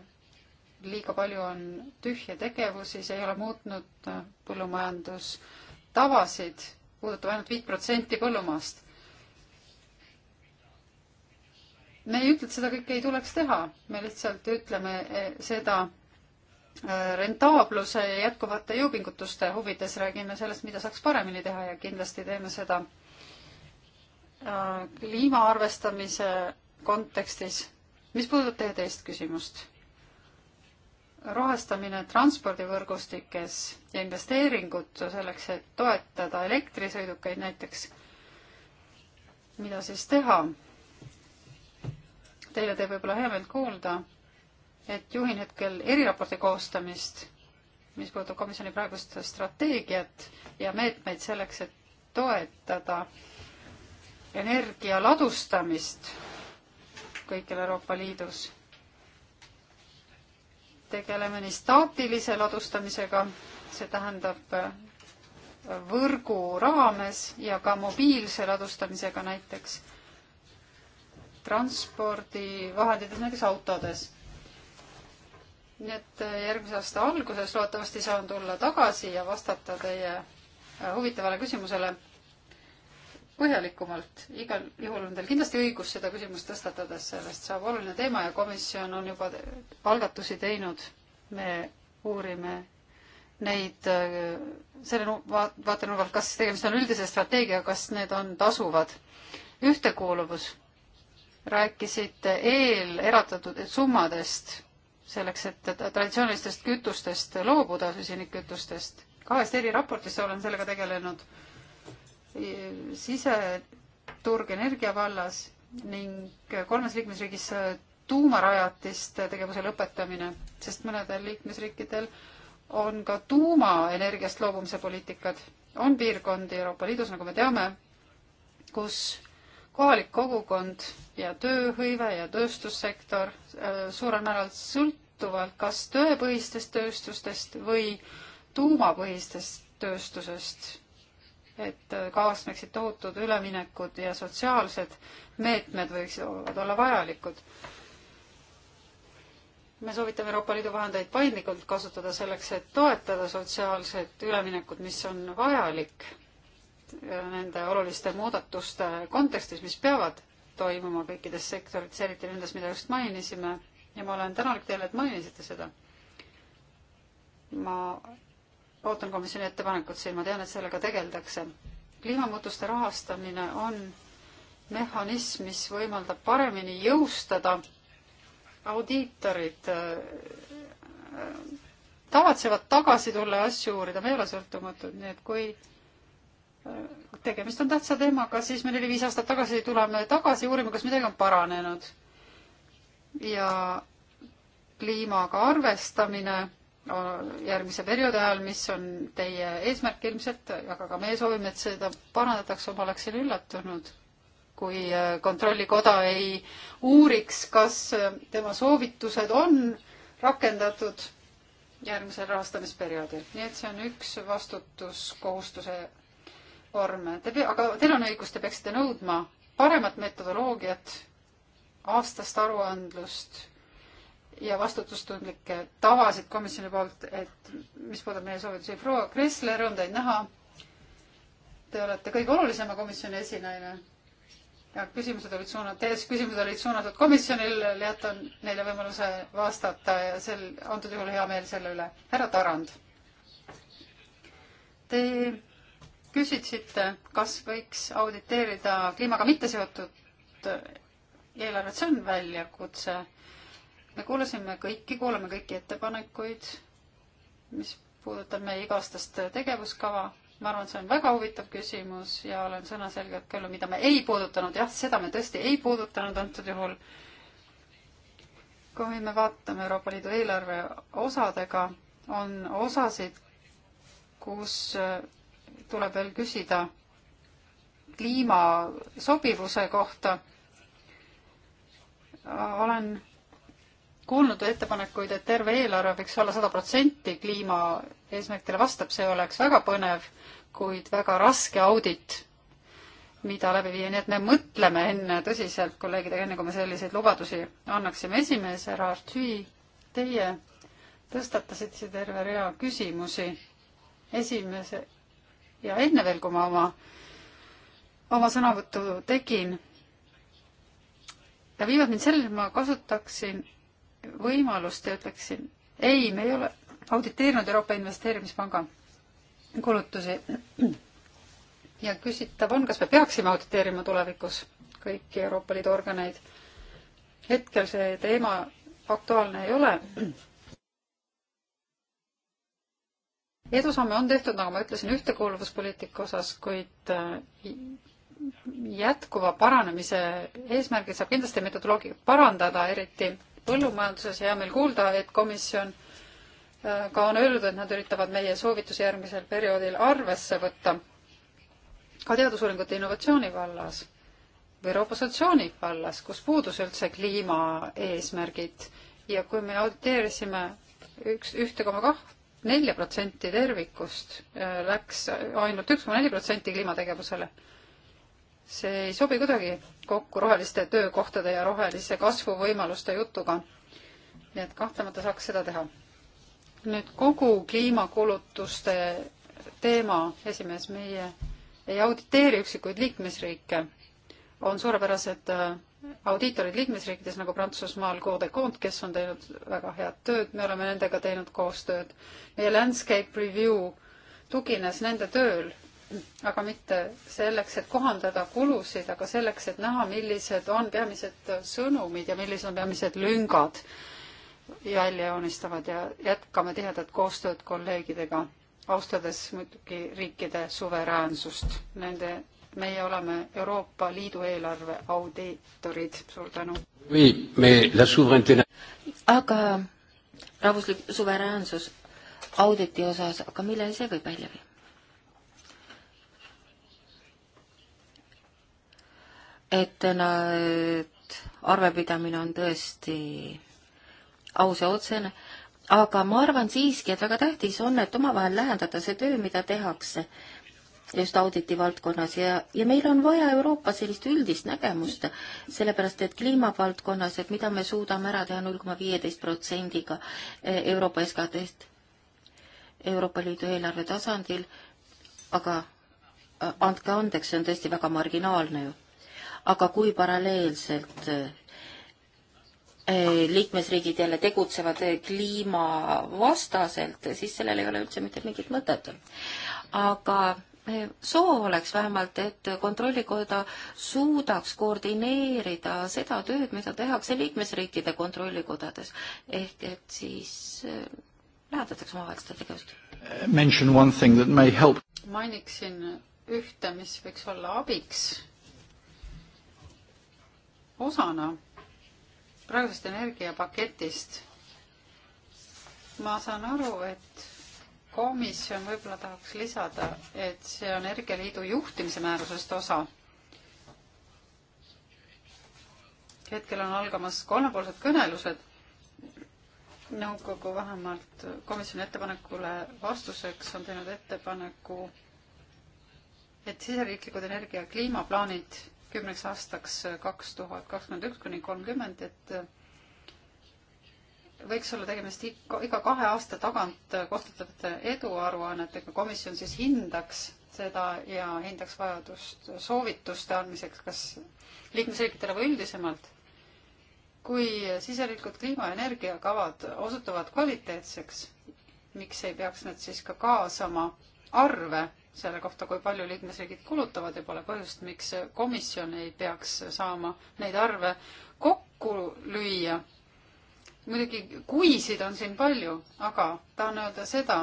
D: liiga palju on tühje tegevusi, see ei ole muutnud põllumajandustavasid, puudutab ainult viit protsenti põllumaast. me ei ütle, et seda kõike ei tuleks teha, me lihtsalt ütleme e, seda e, rentaabluse ja jätkuvate jõupingutuste huvides, räägime sellest, mida saaks paremini teha ja kindlasti teeme seda e, kliima arvestamise kontekstis. mis puudutab teie teist küsimust rahastamine transpordivõrgustikes ja investeeringud selleks, et toetada elektrisõidukeid näiteks. mida siis teha? Teile teeb võib-olla hea meelt kuulda, et juhin hetkel eriraporti koostamist, mis puudutab komisjoni praegust strateegiat ja meetmeid selleks, et toetada energia ladustamist kõikjal Euroopa Liidus tegeleme nii staatilise ladustamisega, see tähendab äh, võrgu raames ja ka mobiilse ladustamisega näiteks transpordivahendites, näiteks autodes. nii et äh, järgmise aasta alguses loodetavasti saan tulla tagasi ja vastata teie äh, huvitavale küsimusele põhjalikumalt. igal juhul on teil kindlasti õigus seda küsimust tõstatades, sellest saab oluline teema ja komisjon on juba algatusi teinud. me uurime neid äh, selle vaatenurgalt, kas tegemist on üldise strateegiaga, kas need on tasuvad. ühtekuuluvus, rääkisite eel eraldatud summadest selleks, et traditsioonilistest kütustest loobuda, süsinikkütustest. kahest eri raportist olen sellega tegelenud siseturg energia vallas ning kolmes liikmesriigis tuumarajatiste tegevuse lõpetamine, sest mõnedel liikmesriikidel on ka tuumaenergiast loobumise poliitikad. on piirkondi Euroopa Liidus, nagu me teame, kus kohalik kogukond ja tööhõive ja tööstussektor äh, suurel määral sõltuvalt kas tõepõhistest tööstustest või tuumapõhistest tööstusest et kaasneksid tohutud üleminekud ja sotsiaalsed meetmed võiksid olla vajalikud. me soovitame Euroopa Liidu vahendeid paindlikult kasutada selleks, et toetada sotsiaalset üleminekut, mis on vajalik nende oluliste muudatuste kontekstis, mis peavad toimuma kõikides sektorites, eriti nendes, mida just mainisime ja ma olen tänulik teile, et mainisite seda. ma ootan komisjoni ettepanekut siin, ma tean, et sellega tegeldakse. kliimamuutuste rahastamine on mehhanism, mis võimaldab paremini jõustada audiitorid äh, tavatsevad tagasi tulla ja asju uurida, me ei ole sõltumatud, nii et kui äh, tegemist on tähtsa teemaga, siis me neli-viis aastat tagasi tuleme tagasi, uurime, kas midagi on paranenud. ja kliimaga arvestamine järgmise perioodi ajal, mis on teie eesmärk ilmselt, aga ka meie soovime, et seda parandatakse, ma oleksin üllatunud, kui äh, Kontrollikoda ei uuriks, kas äh, tema soovitused on rakendatud järgmisel rahastamisperioodil, nii et see on üks vastutuskohustuse vorme. Te pea-, aga teil on õigus, te peaksite nõudma paremat metodoloogiat, aastast aruandlust ja vastutustundlikke tavasid komisjoni poolt, et mis puudutab meie soovitusi. proua Kressler, rõõm teid näha. Te olete kõige olulisema komisjoni esinaine. ja küsimused olid suunatud, teie küsimused olid suunatud komisjonile, jätan neile võimaluse vastata ja sel, antud juhul hea meel selle üle. härra Tarand. Te küsisite, kas võiks auditeerida kliimaga mitte seotud eelarvet, see on väljakutse me kuulasime kõiki, kuulame kõiki ettepanekuid, mis puudutab meie igastast tegevuskava. ma arvan, et see on väga huvitav küsimus ja olen sõnaselgelt küll, mida me ei puudutanud, jah, seda me tõesti ei puudutanud antud juhul. kui me vaatame Euroopa Liidu eelarve osadega, on osasid, kus tuleb veel küsida kliima sobivuse kohta. olen kuulnud ettepanekuid, et terve eelarve võiks olla sada protsenti kliimaeesmärkidele vastab, see oleks väga põnev, kuid väga raske audit, mida läbi viia, nii et me mõtleme enne tõsiselt kolleegidega, enne kui me selliseid lubadusi annaksime. esimees, härra Artüi, teie tõstatasite terve rea küsimusi esimese ja enne veel, kui ma oma, oma sõnavõttu tegin ja viivad mind selleni, et ma kasutaksin võimalust ja ütleksin, ei, me ei ole auditeerinud Euroopa Investeerimispanga kulutusi. ja küsitav on, kas me peaksime auditeerima tulevikus kõiki Euroopa Liidu organeid. hetkel see teema aktuaalne ei ole. edusamme on tehtud, nagu ma ütlesin, ühtekuuluvuspoliitika osas, kuid äh, jätkuva paranemise eesmärgil saab kindlasti metodoloogiat parandada, eriti põllumajanduses ja hea meel kuulda, et komisjon äh, ka on öelnud, et nad üritavad meie soovitusi järgmisel perioodil arvesse võtta ka teadusuuringute innovatsiooni vallas või robotatsiooni vallas, kus puudus üldse kliimaeesmärgid ja kui me auditeerisime üks, ühte koma kaht, nelja protsenti tervikust äh, läks ainult üks koma neli protsenti kliimategevusele see ei sobi kuidagi kokku roheliste töökohtade ja rohelise kasvuvõimaluste jutuga. nii et kahtlemata saaks seda teha. nüüd kogu kliimakulutuste teema, esimees, meie ei auditeeri üksikuid liikmesriike, on suurepärased äh, audiitorid liikmesriikides nagu Prantsusmaal, kes on teinud väga head tööd, me oleme nendega teinud koostööd. meie landscape review tugines nende tööl aga mitte selleks, et kohandada kulusid, aga selleks, et näha, millised on peamised sõnumid ja millised on peamised lüngad välja joonistavad ja jätkame tihedat koostööd kolleegidega, austades muidugi riikide suveräänsust. Nende, meie oleme Euroopa Liidu eelarve
B: audiitorid, suur tänu. aga rahvuslik suveräänsus auditi osas, aga milleni see võib välja viia? et nad, arvepidamine on tõesti aus ja otsene, aga ma arvan siiski, et väga tähtis on, et omavahel lähendada see töö, mida tehakse just auditi valdkonnas ja, ja meil on vaja Euroopas sellist üldist nägemust, sellepärast et kliimavaldkonnas, et mida me suudame ära teha null koma viieteist protsendiga Euroopa SKT-st Euroopa Liidu eelarve tasandil, aga äh, andke andeks, see on tõesti väga marginaalne ju aga kui paralleelselt eh, eh, liikmesriigid jälle tegutsevad eh, kliimavastaselt, siis sellel ei ole üldse mitte mingit mõtet. aga soov oleks vähemalt, et Kontrollikoda suudaks koordineerida seda tööd, mida tehakse liikmesriikide kontrollikodades. ehk et siis lähedatakse omavahel seda tegevust.
D: mainiksin ühte, mis võiks olla abiks osana praegusest energiapaketist. ma saan aru, et komisjon võib-olla tahaks lisada, et see on Energialiidu juhtimise määrusest osa. hetkel on algamas kolmepoolsed kõnelused nõukogu vähemalt komisjoni ettepanekule vastuseks on teinud ettepaneku, et siseriiklikud energia- ja kliimaplaanid kümneks aastaks kaks tuhat kakskümmend üks kuni kolmkümmend, et äh, võiks olla tegemist iga kahe aasta tagant kostatavate eduaruannetega, komisjon siis hindaks seda ja hindaks vajadust soovituste andmiseks, kas liikmesriikidele või üldisemalt. kui siseriiklikud kliima- ja energiakavad osutuvad kvaliteetseks, miks ei peaks nad siis ka kaasama arve selle kohta, kui palju liikmesriigid kulutavad ja pole põhjust, miks komisjon ei peaks saama neid arve kokku lüüa. muidugi kuisid on siin palju, aga tahan öelda seda,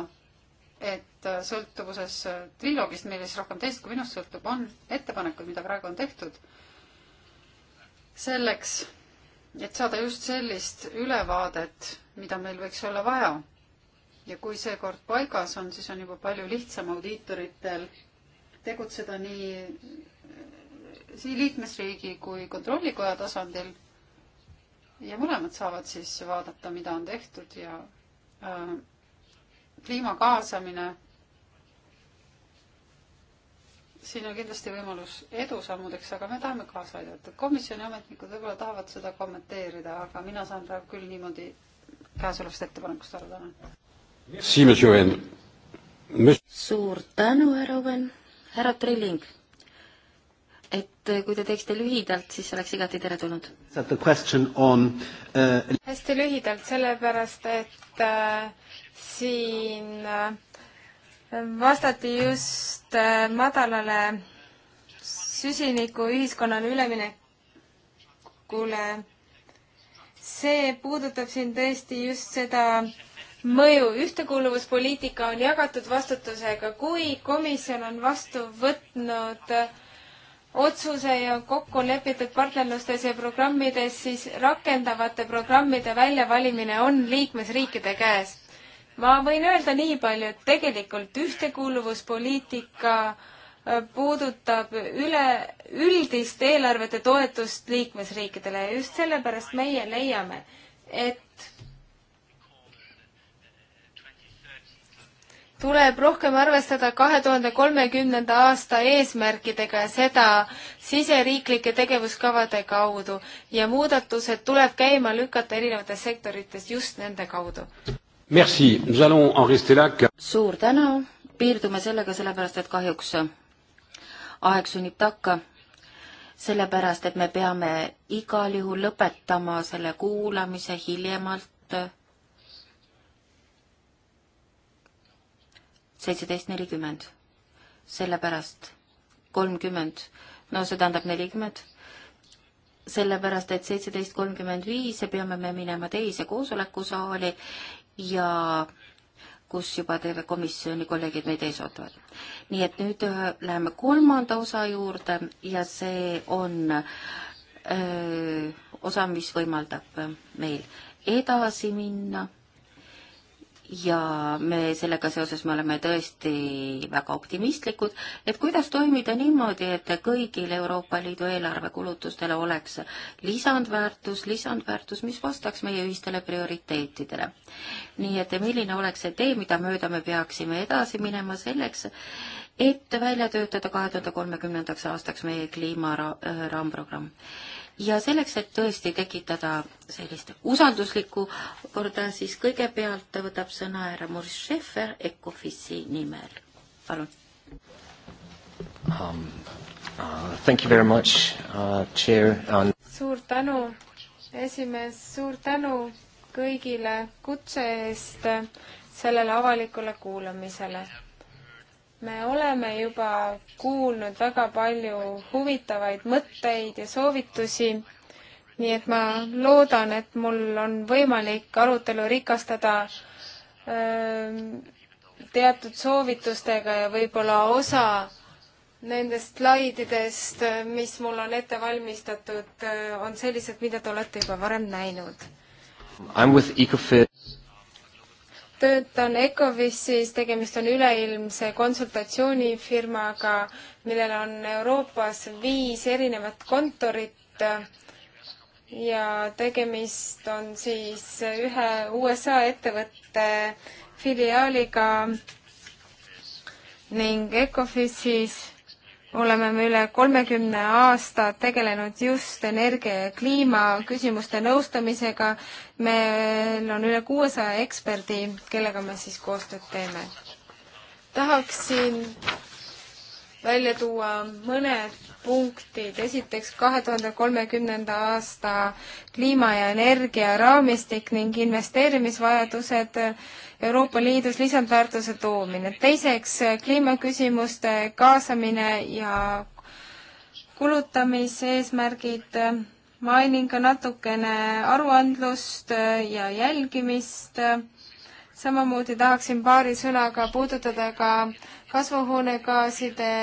D: et sõltuvuses triloogist, milles rohkem teist kui minust sõltub, on ettepanekud, mida praegu on tehtud selleks, et saada just sellist ülevaadet, mida meil võiks olla vaja ja kui see kord paigas on, siis on juba palju lihtsam audiitoritel tegutseda nii siin liikmesriigi kui kontrollikoja tasandil. ja mõlemad saavad siis vaadata, mida on tehtud ja äh, kliima kaasamine. siin on kindlasti võimalus edusammudeks, aga me tahame kaasa aidata. komisjoni ametnikud võib-olla tahavad seda kommenteerida, aga mina saan praegu küll niimoodi käesolevast ettepanekust aru
A: täna
B: suur tänu, härra Owen, härra Trilling. et eh, kui te teeksite lühidalt, siis oleks
C: igati teretulnud. Uh... hästi lühidalt, sellepärast et äh, siin äh, vastati just äh, madalale süsiniku ühiskonnale üleminekule. see puudutab siin tõesti just seda äh, mõju. ühtekuuluvuspoliitika on jagatud vastutusega. kui komisjon on vastu võtnud otsuse ja kokku lepitud partnerlustes ja programmides, siis rakendavate programmide väljavalimine on liikmesriikide käes. ma võin öelda nii palju, et tegelikult ühtekuuluvuspoliitika äh, puudutab üle, üldist eelarvete toetust liikmesriikidele ja just sellepärast meie leiame, et tuleb rohkem arvestada kahe tuhande kolmekümnenda aasta eesmärkidega ja seda siseriiklike tegevuskavade kaudu ja muudatused tuleb käima lükata erinevates sektorites just nende kaudu. suur tänu, piirdume sellega sellepärast,
B: et kahjuks aeg sunnib takka, sellepärast et me peame igal juhul lõpetama selle kuulamise hiljemalt seitseteist nelikümmend, sellepärast kolmkümmend, no see tähendab nelikümmend, sellepärast et seitseteist kolmkümmend viis peame me minema teise koosolekusaali ja kus juba terve komisjoni kolleegid meid ees ootavad. nii et nüüd äh, läheme kolmanda osa juurde ja see on öö, äh, osa, mis võimaldab äh, meil edasi minna ja me sellega seoses me oleme tõesti väga optimistlikud, et kuidas toimida niimoodi, et kõigil Euroopa Liidu eelarvekulutustele oleks lisandväärtus, lisandväärtus, mis vastaks meie ühistele prioriteetidele. nii et milline oleks see tee, mida mööda me peaksime edasi minema selleks, et välja töötada kahe tuhande kolmekümnendaks aastaks meie kliimaraamprogramm äh, ra ja selleks, et tõesti tekitada sellist usalduslikku korda, siis kõigepealt võtab sõna härra Maurice Schäfer Ecofisi nimel. palun
C: um,. Uh, thank you very much uh,, chair on.... Um, suur tänu, esimees, suur tänu kõigile kutse eest sellele avalikule kuulamisele me oleme juba kuulnud väga palju huvitavaid mõtteid ja soovitusi, nii et ma loodan, et mul on võimalik arutelu rikastada öö, ähm, teatud soovitustega ja võib-olla osa nendest slaididest, mis mul on ette valmistatud, äh, on sellised, mida te olete juba varem näinud töötan ECOWIS-is, tegemist on üleilmse konsultatsioonifirmaga, millel on Euroopas viis erinevat kontorit ja tegemist on siis ühe USA ettevõtte filiaaliga ning ECOWIS-is oleme me üle kolmekümne aasta tegelenud just energia ja kliima küsimuste nõustamisega. meil on üle kuuesaja eksperdi, kellega me siis koostööd teeme. tahaksin välja tuua mõned punktid. esiteks kahe tuhande kolmekümnenda aasta kliima ja energia raamistik ning investeerimisvajadused Euroopa Liidus lisandväärtuse toomine. teiseks kliimaküsimuste kaasamine ja kulutamiseesmärgid. mainin ka natukene aruandlust ja jälgimist samamoodi tahaksin paari sõnaga puudutada ka kasvuhoonegaaside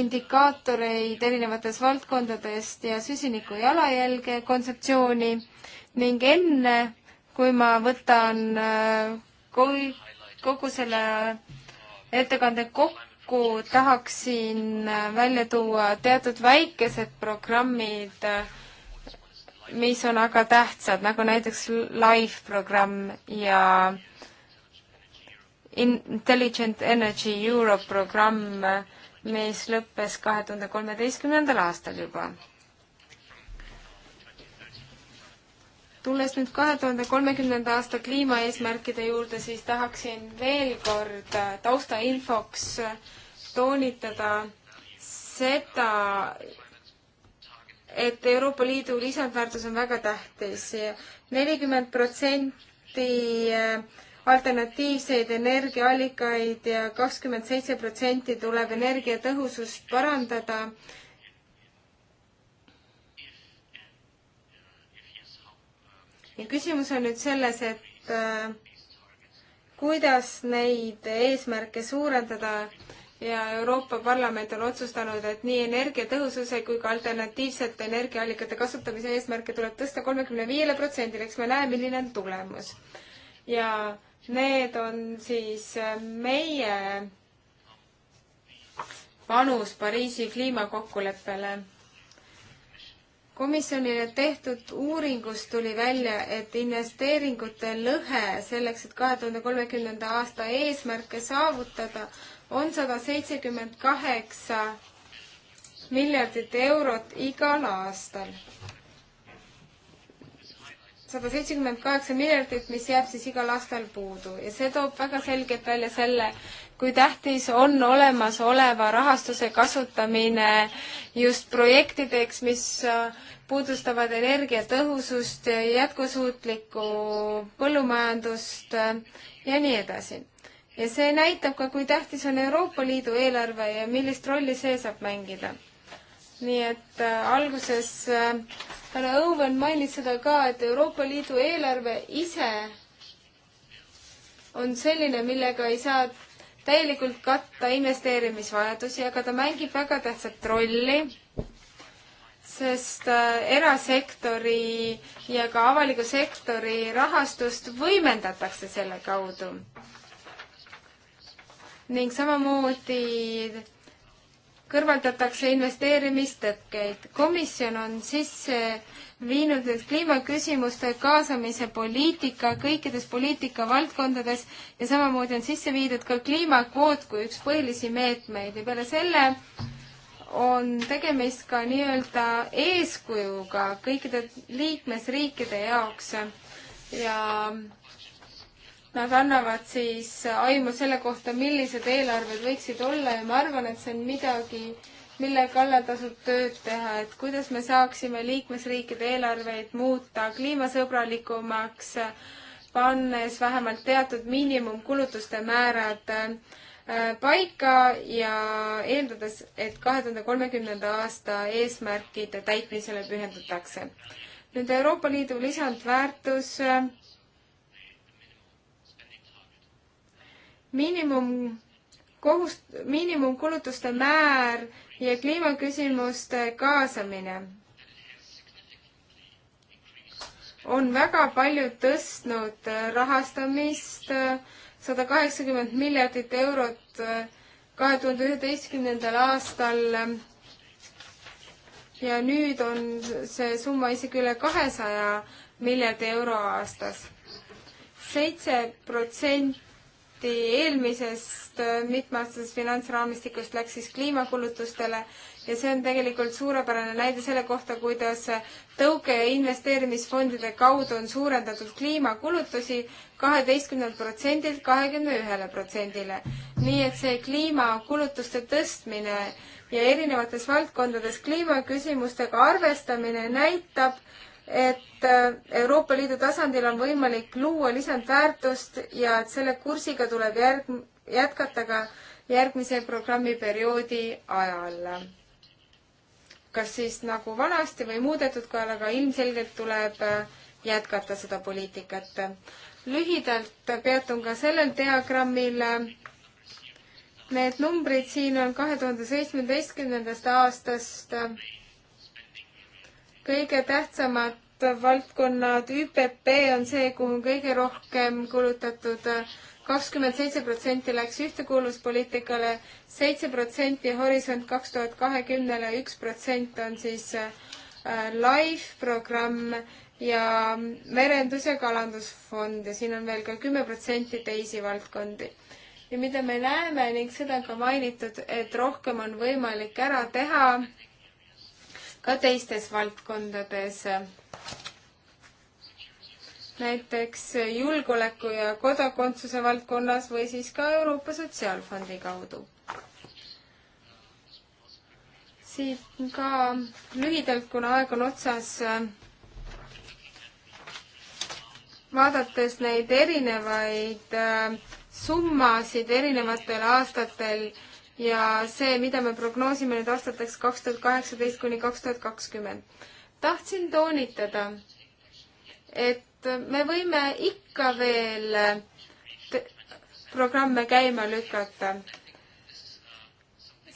C: indikaatoreid erinevatest valdkondadest ja süsiniku jalajälge kontseptsiooni ning enne, kui ma võtan äh, kogu selle ettekande kokku, tahaksin äh, välja tuua teatud väikesed programmid, äh, mis on aga tähtsad, nagu näiteks live programm ja Intelligent Energy Europe programm, mis lõppes kahe tuhande kolmeteistkümnendal aastal juba. tulles nüüd kahe tuhande kolmekümnenda aasta kliimaeesmärkide juurde, siis tahaksin veel kord taustainfoks toonitada seda, et Euroopa Liidu lisandväärtus on väga tähtis. nelikümmend protsenti alternatiivseid energiaallikaid ja kakskümmend seitse protsenti tuleb energiatõhusust parandada. ja küsimus on nüüd selles, et äh, kuidas neid eesmärke suurendada ja Euroopa Parlament on otsustanud, et nii energiatõhususe kui ka alternatiivsete energiaallikate kasutamise eesmärke tuleb tõsta kolmekümne viiele protsendile, eks me näe, milline on tulemus. ja Need on siis äh, meie panus Pariisi kliimakokkuleppele. komisjonile tehtud uuringust tuli välja, et investeeringute lõhe selleks, et kahe tuhande kolmekümnenda aasta eesmärke saavutada, on sada seitsekümmend kaheksa miljardit eurot igal aastal sada seitsekümmend kaheksa miljardit, mis jääb siis igal aastal puudu ja see toob väga selgelt välja selle, kui tähtis on olemasoleva rahastuse kasutamine just projektideks, mis äh, puudustavad energiatõhusust, jätkusuutlikku põllumajandust äh, ja nii edasi. ja see näitab ka, kui tähtis on Euroopa Liidu eelarve ja millist rolli see saab mängida. nii et äh, alguses äh, härra Õuven mainis seda ka, et Euroopa Liidu eelarve ise on selline, millega ei saa täielikult katta investeerimisvajadusi, aga ta mängib väga tähtsat rolli, sest äh, erasektori ja ka avaliku sektori rahastust võimendatakse selle kaudu. ning samamoodi kõrvaldatakse investeerimistõkkeid. komisjon on sisse viinud nüüd kliimaküsimuste kaasamise poliitika kõikides poliitikavaldkondades ja samamoodi on sisse viidud ka kliimakvoot kui üks põhilisi meetmeid ja peale selle on tegemist ka nii-öelda eeskujuga kõikide liikmesriikide jaoks ja Nad annavad siis aimu selle kohta, millised eelarved võiksid olla ja ma arvan, et see on midagi, mille kallal tasub tööd teha, et kuidas me saaksime liikmesriikide eelarveid muuta kliimasõbralikumaks, pannes vähemalt teatud miinimumkulutuste määrad äh, paika ja eeldades, et kahe tuhande kolmekümnenda aasta eesmärkide täitmisele pühendutakse. nüüd Euroopa Liidu lisandväärtus äh, miinimum kohust-, miinimumkulutuste määr ja kliimaküsimuste kaasamine on väga palju tõstnud äh, rahastamist, äh, sada kaheksakümmend miljardit eurot äh, kahe tuhande üheteistkümnendal aastal. ja nüüd on see summa isegi üle kahesaja miljardi euro aastas. seitse protsenti protsenti eelmisest äh, mitmeaastasest finantsraamistikust läks siis kliimakulutustele ja see on tegelikult suurepärane näide selle kohta, kuidas äh, tõuke- ja investeerimisfondide kaudu on suurendatud kliimakulutusi kaheteistkümnelt protsendilt kahekümne ühele protsendile. nii et see kliimakulutuste tõstmine ja erinevates valdkondades kliimaküsimustega arvestamine näitab, et äh, Euroopa Liidu tasandil on võimalik luua lisandväärtust ja et selle kursiga tuleb järg-, jätkata ka järgmise programmiperioodi ajal. kas siis nagu vanasti või muudetud kujul, aga ilmselgelt tuleb äh, jätkata seda poliitikat. lühidalt peatun ka sellel diagrammil. Need numbrid siin on kahe tuhande seitsmeteistkümnendast aastast kõige tähtsamad valdkonnad, ÜPP on see, kuhu on kõige rohkem kulutatud kakskümmend seitse protsenti läks ühtekuuluvuspoliitikale, seitse protsenti Horisont kaks tuhat kahekümnele, üks protsent on siis äh, LIFE programm ja merendus- ja kalandusfond ja siin on veel ka kümme protsenti teisi valdkondi. ja mida me näeme ning seda on ka mainitud, et rohkem on võimalik ära teha ka teistes valdkondades. näiteks julgeoleku ja kodakondsuse valdkonnas või siis ka Euroopa Sotsiaalfondi kaudu. siit ka lühidalt, kuna aeg on otsas, vaadates neid erinevaid äh, summasid erinevatel aastatel ja see, mida me prognoosime nüüd aastateks kaks tuhat kaheksateist kuni kaks tuhat kakskümmend. tahtsin toonitada, et me võime ikka veel programme käima lükata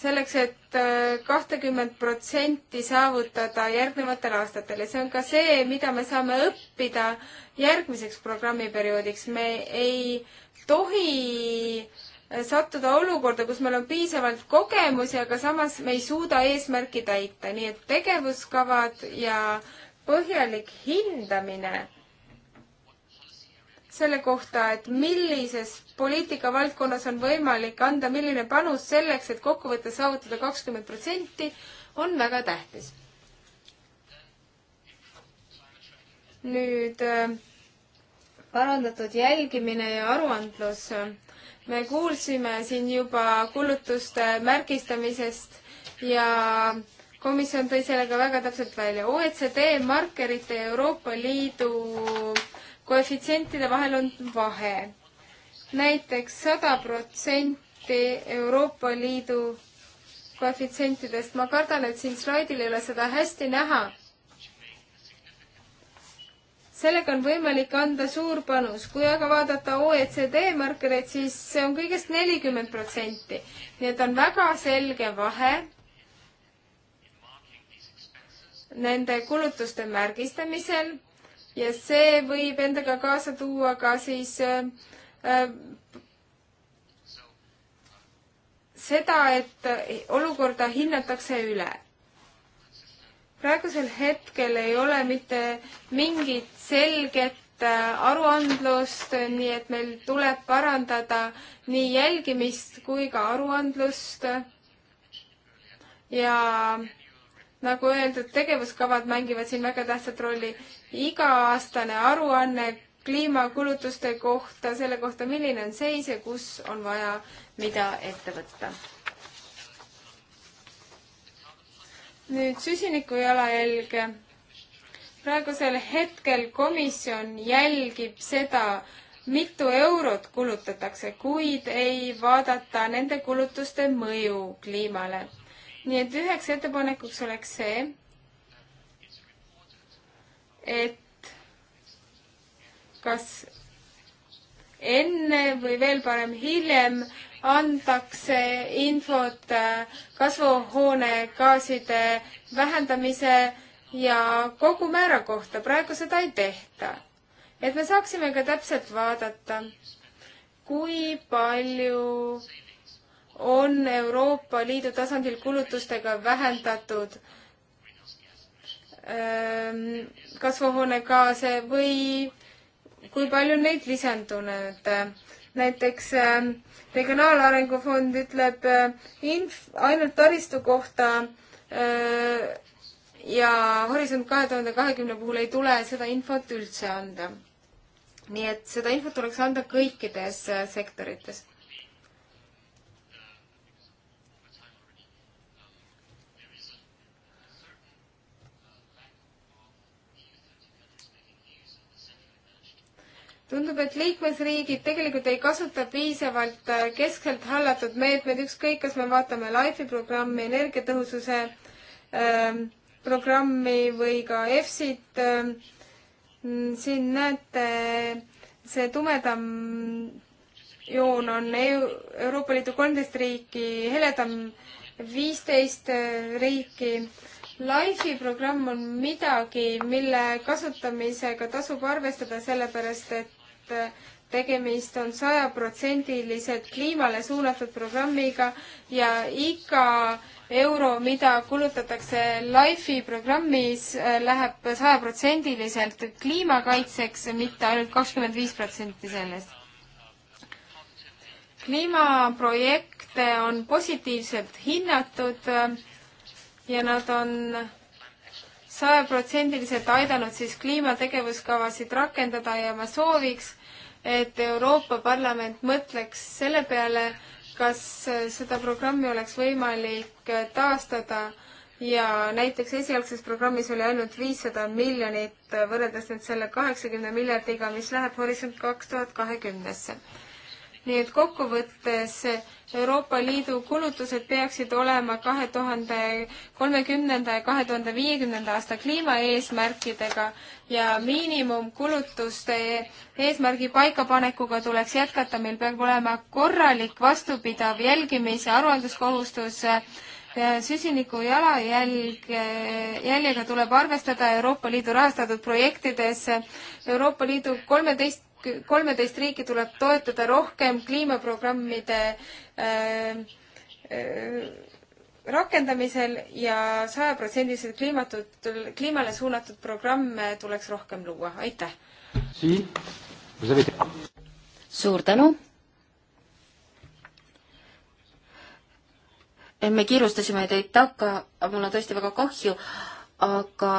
C: selleks et, et äh, kahtekümmet protsenti saavutada järgnevatel aastatel ja see on ka see, mida me saame õppida järgmiseks programmiperioodiks. me ei tohi äh, sattuda olukorda, kus meil on piisavalt kogemusi, aga samas me ei suuda eesmärki täita, nii et tegevuskavad ja põhjalik hindamine selle kohta, et millises poliitikavaldkonnas on võimalik anda milline panus selleks, et kokkuvõttes saavutada kakskümmend protsenti, on väga tähtis. nüüd äh, parandatud jälgimine ja aruandlus me kuulsime siin juba kulutuste märgistamisest ja komisjon tõi selle ka väga täpselt välja. OECD markerite ja Euroopa Liidu koefitsientide vahel on vahe näiteks. näiteks sada protsenti Euroopa Liidu koefitsientidest, ma kardan, et siin slaidil ei ole seda hästi näha, sellega on võimalik anda suur panus. kui aga vaadata OECD markereid, siis see on kõigest nelikümmend protsenti. nii et on väga selge vahe nende kulutuste märgistamisel ja see võib endaga kaasa tuua ka siis äh, äh, seda, et olukorda hinnatakse üle praegusel hetkel ei ole mitte mingit selget äh, aruandlust, nii et meil tuleb parandada nii jälgimist kui ka aruandlust. ja nagu öeldud, tegevuskavad mängivad siin väga tähtsat rolli. iga-aastane aruanne kliimakulutuste kohta, selle kohta, milline on seis ja kus on vaja mida ette võtta nüüd süsiniku jalajälg. praegusel hetkel komisjon jälgib seda, mitu eurot kulutatakse, kuid ei vaadata nende kulutuste mõju kliimale. nii et üheks ettepanekuks oleks see, et kas enne või veel parem hiljem antakse infot äh, kasvuhoonegaaside vähendamise ja kogumäära kohta. praegu seda ei tehta. et me saaksime ka täpselt vaadata, kui palju on Euroopa Liidu tasandil kulutustega vähendatud ähm, kasvuhoonegaase või kui palju neid lisandunud näiteks ähm, Regionaalarengu Fond ütleb äh, inf-, ainult taristu kohta äh, ja Horisont kahe tuhande kahekümne puhul ei tule seda infot üldse anda. nii et seda infot tuleks anda kõikides äh, sektorites. tundub, et liikmesriigid tegelikult ei kasuta piisavalt äh, keskselt hallatud meetmeid, ükskõik, kas me vaatame LIFE programmi, energiatõhususe äh, programmi või ka EFSit äh,. siin näete, see tumedam joon on EU, Euroopa Liidu kolmteist riiki, heledam viisteist äh, riiki Life'i programm on midagi, mille kasutamisega tasub arvestada, sellepärast et et tegemist on sajaprotsendiliselt kliimale suunatud programmiga ja iga euro, mida kulutatakse LIFE programmis läheb, läheb sajaprotsendiliselt kliimakaitseks, mitte ainult kakskümmend viis protsenti sellest. kliimaprojekte on positiivselt hinnatud ja nad on sajaprotsendiliselt aidanud siis kliimategevuskavasid rakendada ja ma sooviks, et Euroopa Parlament mõtleks selle peale, kas seda programmi oleks võimalik taastada ja näiteks esialgses programmis oli ainult viissada miljonit, võrreldes nüüd selle kaheksakümne miljardiga, mis läheb Horisont kaks tuhat kahekümnesse nii et kokkuvõttes Euroopa Liidu kulutused peaksid olema kahe tuhande kolmekümnenda ja kahe tuhande viiekümnenda aasta kliimaeesmärkidega ja miinimumkulutuste eesmärgi paikapanekuga tuleks jätkata, meil peab olema korralik vastupidav jälgimis- ja aruandluskohustus süsiniku jalajälg, jäljega tuleb arvestada Euroopa Liidu rahastatud projektides. Euroopa Liidu kolmeteist, kolmeteist riiki tuleb toetada rohkem kliimaprogrammide äh, äh, rakendamisel ja sajaprotsendiliselt kliimatud, kliimale suunatud programme tuleks rohkem luua, aitäh!
B: suur tänu! me kiirustasime teid takka, mul on tõesti väga kahju, aga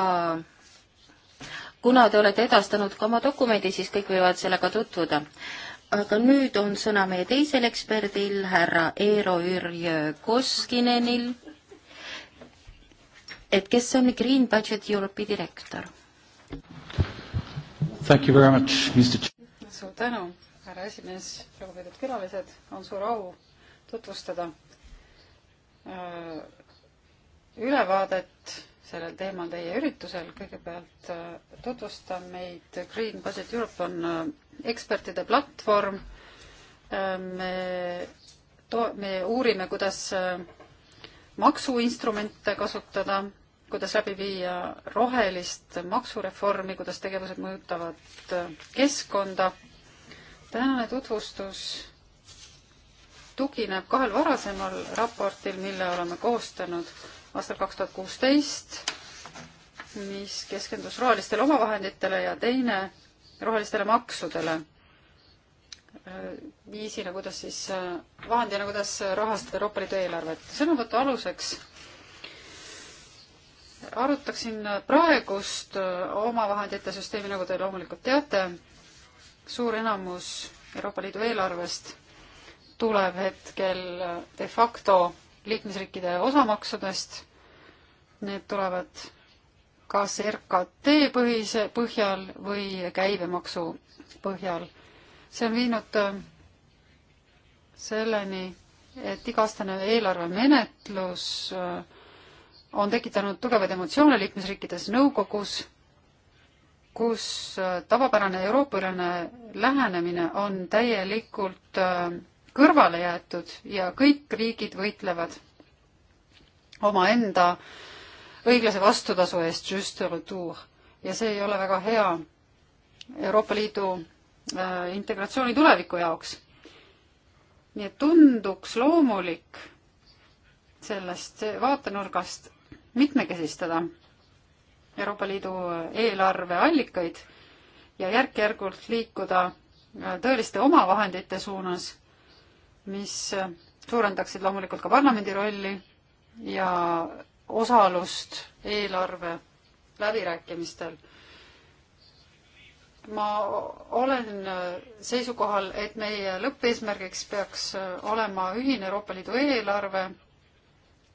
B: kuna te olete edastanud ka oma dokumendi, siis kõik võivad sellega tutvuda. aga nüüd on sõna meie teisel eksperdil, härra Eero Jürje Koskinenil, et kes on Green Budget Europe'i direktor.
A: Thank you very much, Mr.
D: suur tänu, härra esimees, lugupeetud külalised, on suur au tutvustada Äh, ülevaadet sellel teemal teie üritusel. kõigepealt äh, tutvustan meid. Green Budget Europe on äh, ekspertide platvorm. me to-, me uurime, kuidas maksuinstrumente kasutada, kuidas läbi viia rohelist maksureformi, kuidas tegevused mõjutavad keskkonda. tänane tutvustus tugineb kahel varasemal raportil, mille oleme koostanud aastal kaks tuhat kuusteist, mis keskendus rohelistele omavahenditele ja teine rohelistele maksudele. viisina, kuidas siis, vahendina, kuidas rahastada Euroopa Liidu eelarvet. sõnavõtu aluseks arutaksin praegust omavahendite süsteemi, nagu te loomulikult teate, suur enamus Euroopa Liidu eelarvest tuleb hetkel de facto liikmesriikide osamaksudest. Need tulevad kas RKT põhise, põhjal või käibemaksu põhjal. see on viinud äh, selleni, et iga-aastane eelarvemenetlus äh, on tekitanud tugevaid emotsioone liikmesriikides nõukogus, kus äh, tavapärane Euroopa-ülene lähenemine on täielikult kõrvale jäetud ja kõik riigid võitlevad omaenda õiglase vastutasu eest just retour ja see ei ole väga hea Euroopa Liidu äh, integratsiooni tuleviku jaoks. nii et tunduks loomulik sellest vaatenurgast mitmekesistada Euroopa Liidu eelarveallikaid ja järk-järgult liikuda äh, tõeliste omavahendite suunas mis suurendaksid loomulikult ka parlamendi rolli ja osalust eelarve läbirääkimistel. ma olen seisukohal, et meie lõppeesmärgiks peaks olema ühine Euroopa Liidu eelarve,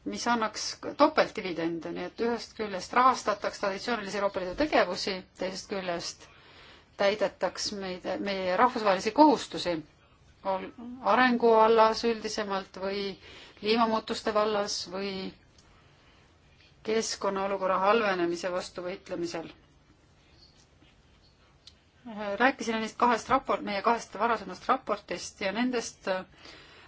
D: mis annaks topeltdividende, nii et ühest küljest rahastataks traditsioonilisi Euroopa Liidu tegevusi, teisest küljest täidetaks meid, meie rahvusvahelisi kohustusi arengu vallas üldisemalt või kliimamuutuste vallas või keskkonnaolukorra halvenemise vastu võitlemisel. rääkisin neist kahest raport, meie kahest varasemast raportist ja nendest äh,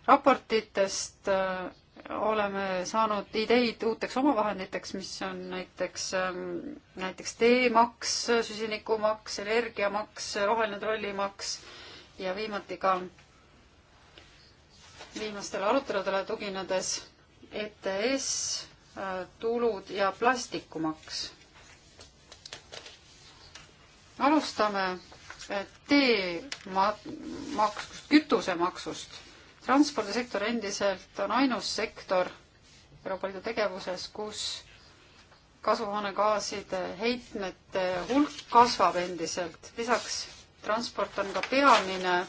D: raportitest äh, oleme saanud ideid uuteks omavahenditeks, mis on näiteks, ähm, näiteks teemaks, süsinikumaks, energiamaks, roheline trollimaks ja viimati ka viimastele aruteludele tuginedes ETS, äh, tulud ja plastikumaks. alustame äh, teemaksust, kütusemaksust. transpordisektor endiselt on ainus sektor Euroopa Liidu tegevuses, kus kasvuhoonegaaside heitmete hulk kasvab endiselt. lisaks transport on ka peamine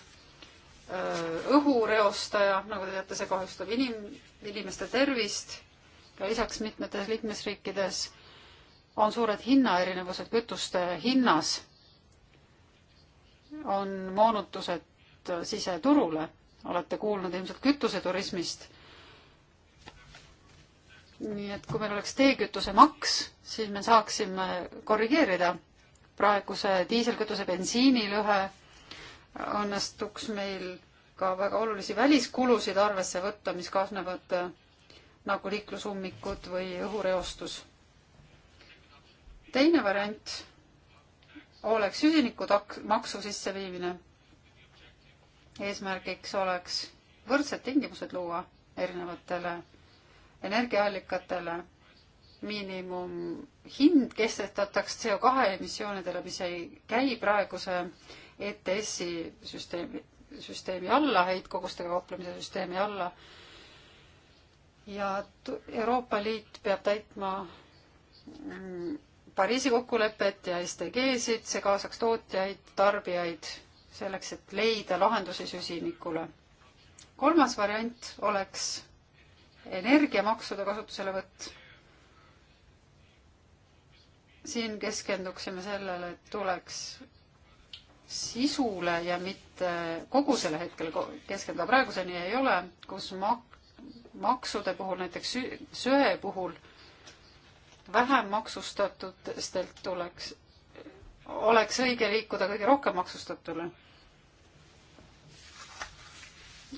D: Äh, õhureostaja, nagu te teate, see kahjustab inim-, inimeste tervist ja lisaks mitmetes liikmesriikides on suured hinnaerinevused kütuste hinnas, on moonutused äh, siseturule, olete kuulnud ilmselt kütuseturismist. nii et kui meil oleks teekütusemaks, siis me saaksime korrigeerida praeguse diiselkütuse bensiinilõhe õnnestuks meil ka väga olulisi väliskulusid arvesse võtta, mis kaasnevad äh, nagu liiklusummikud või õhureostus. teine variant oleks süsinikumaksu sisseviimine. eesmärgiks oleks võrdsed tingimused luua erinevatele energiaallikatele, miinimumhind kehtestataks CO2 emissioonide läbi, see ei käi praeguse ETS-i süsteemi, süsteemi alla, heitkogustega kauplemise süsteemi alla. ja Euroopa Liit peab täitma mm, Pariisi kokkulepet ja STG-sid, see kaasaks tootjaid, tarbijaid selleks, et leida lahendusi süsinikule. kolmas variant oleks energiamaksude kasutuselevõtt. siin keskenduksime sellele, et tuleks sisule ja mitte kogusele hetkel keskenduda. praegusel nii ei ole, kus mak-, maksude puhul, näiteks söe puhul vähem maksustatutestelt tuleks, oleks õige liikuda kõige rohkem maksustatule.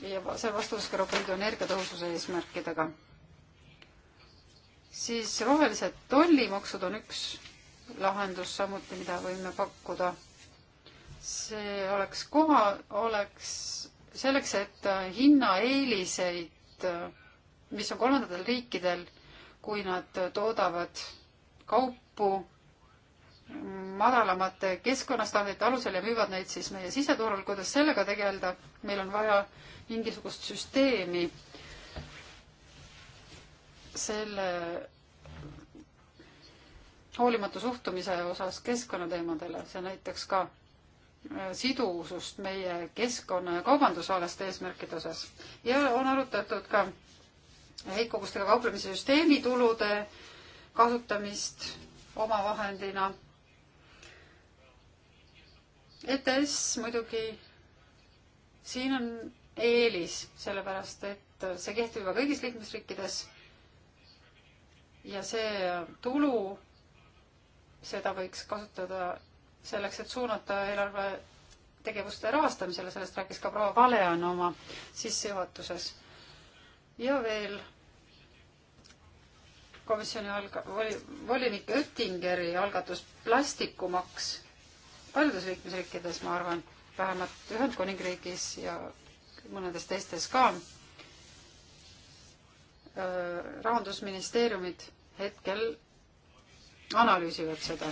D: ja see vastus ka Euroopa Liidu energiatõhususe eesmärkidega. siis rohelised tollimaksud on üks lahendus samuti, mida võime pakkuda see oleks koha, oleks selleks, et äh, hinnaeeliseid, äh, mis on kolmandatel riikidel, kui nad äh, toodavad kaupu mm, madalamate keskkonnastandardite alusel ja müüvad neid siis meie siseturul, kuidas sellega tegeleda, meil on vaja mingisugust süsteemi selle hoolimatu suhtumise osas keskkonnateemadele, see näiteks ka sidusust meie keskkonna ja kaubandusalaste eesmärkide osas ja on arutatud ka heitkogustega kauplemise süsteemi tulude kasutamist omavahendina. ETS muidugi, siin on eelis, sellepärast et see kehtib juba kõigis liikmesriikides ja see tulu, seda võiks kasutada selleks, et suunata eelarve tegevuste rahastamisele, sellest rääkis ka proua Kalean oma sissejuhatuses. ja veel komisjoni alg-, voli-, volinik Oettingeri algatus plastikumaks paljudes liikmesriikides, ma arvan, vähemalt Ühendkuningriigis ja mõnedes teistes ka. Äh, rahandusministeeriumid hetkel analüüsivad seda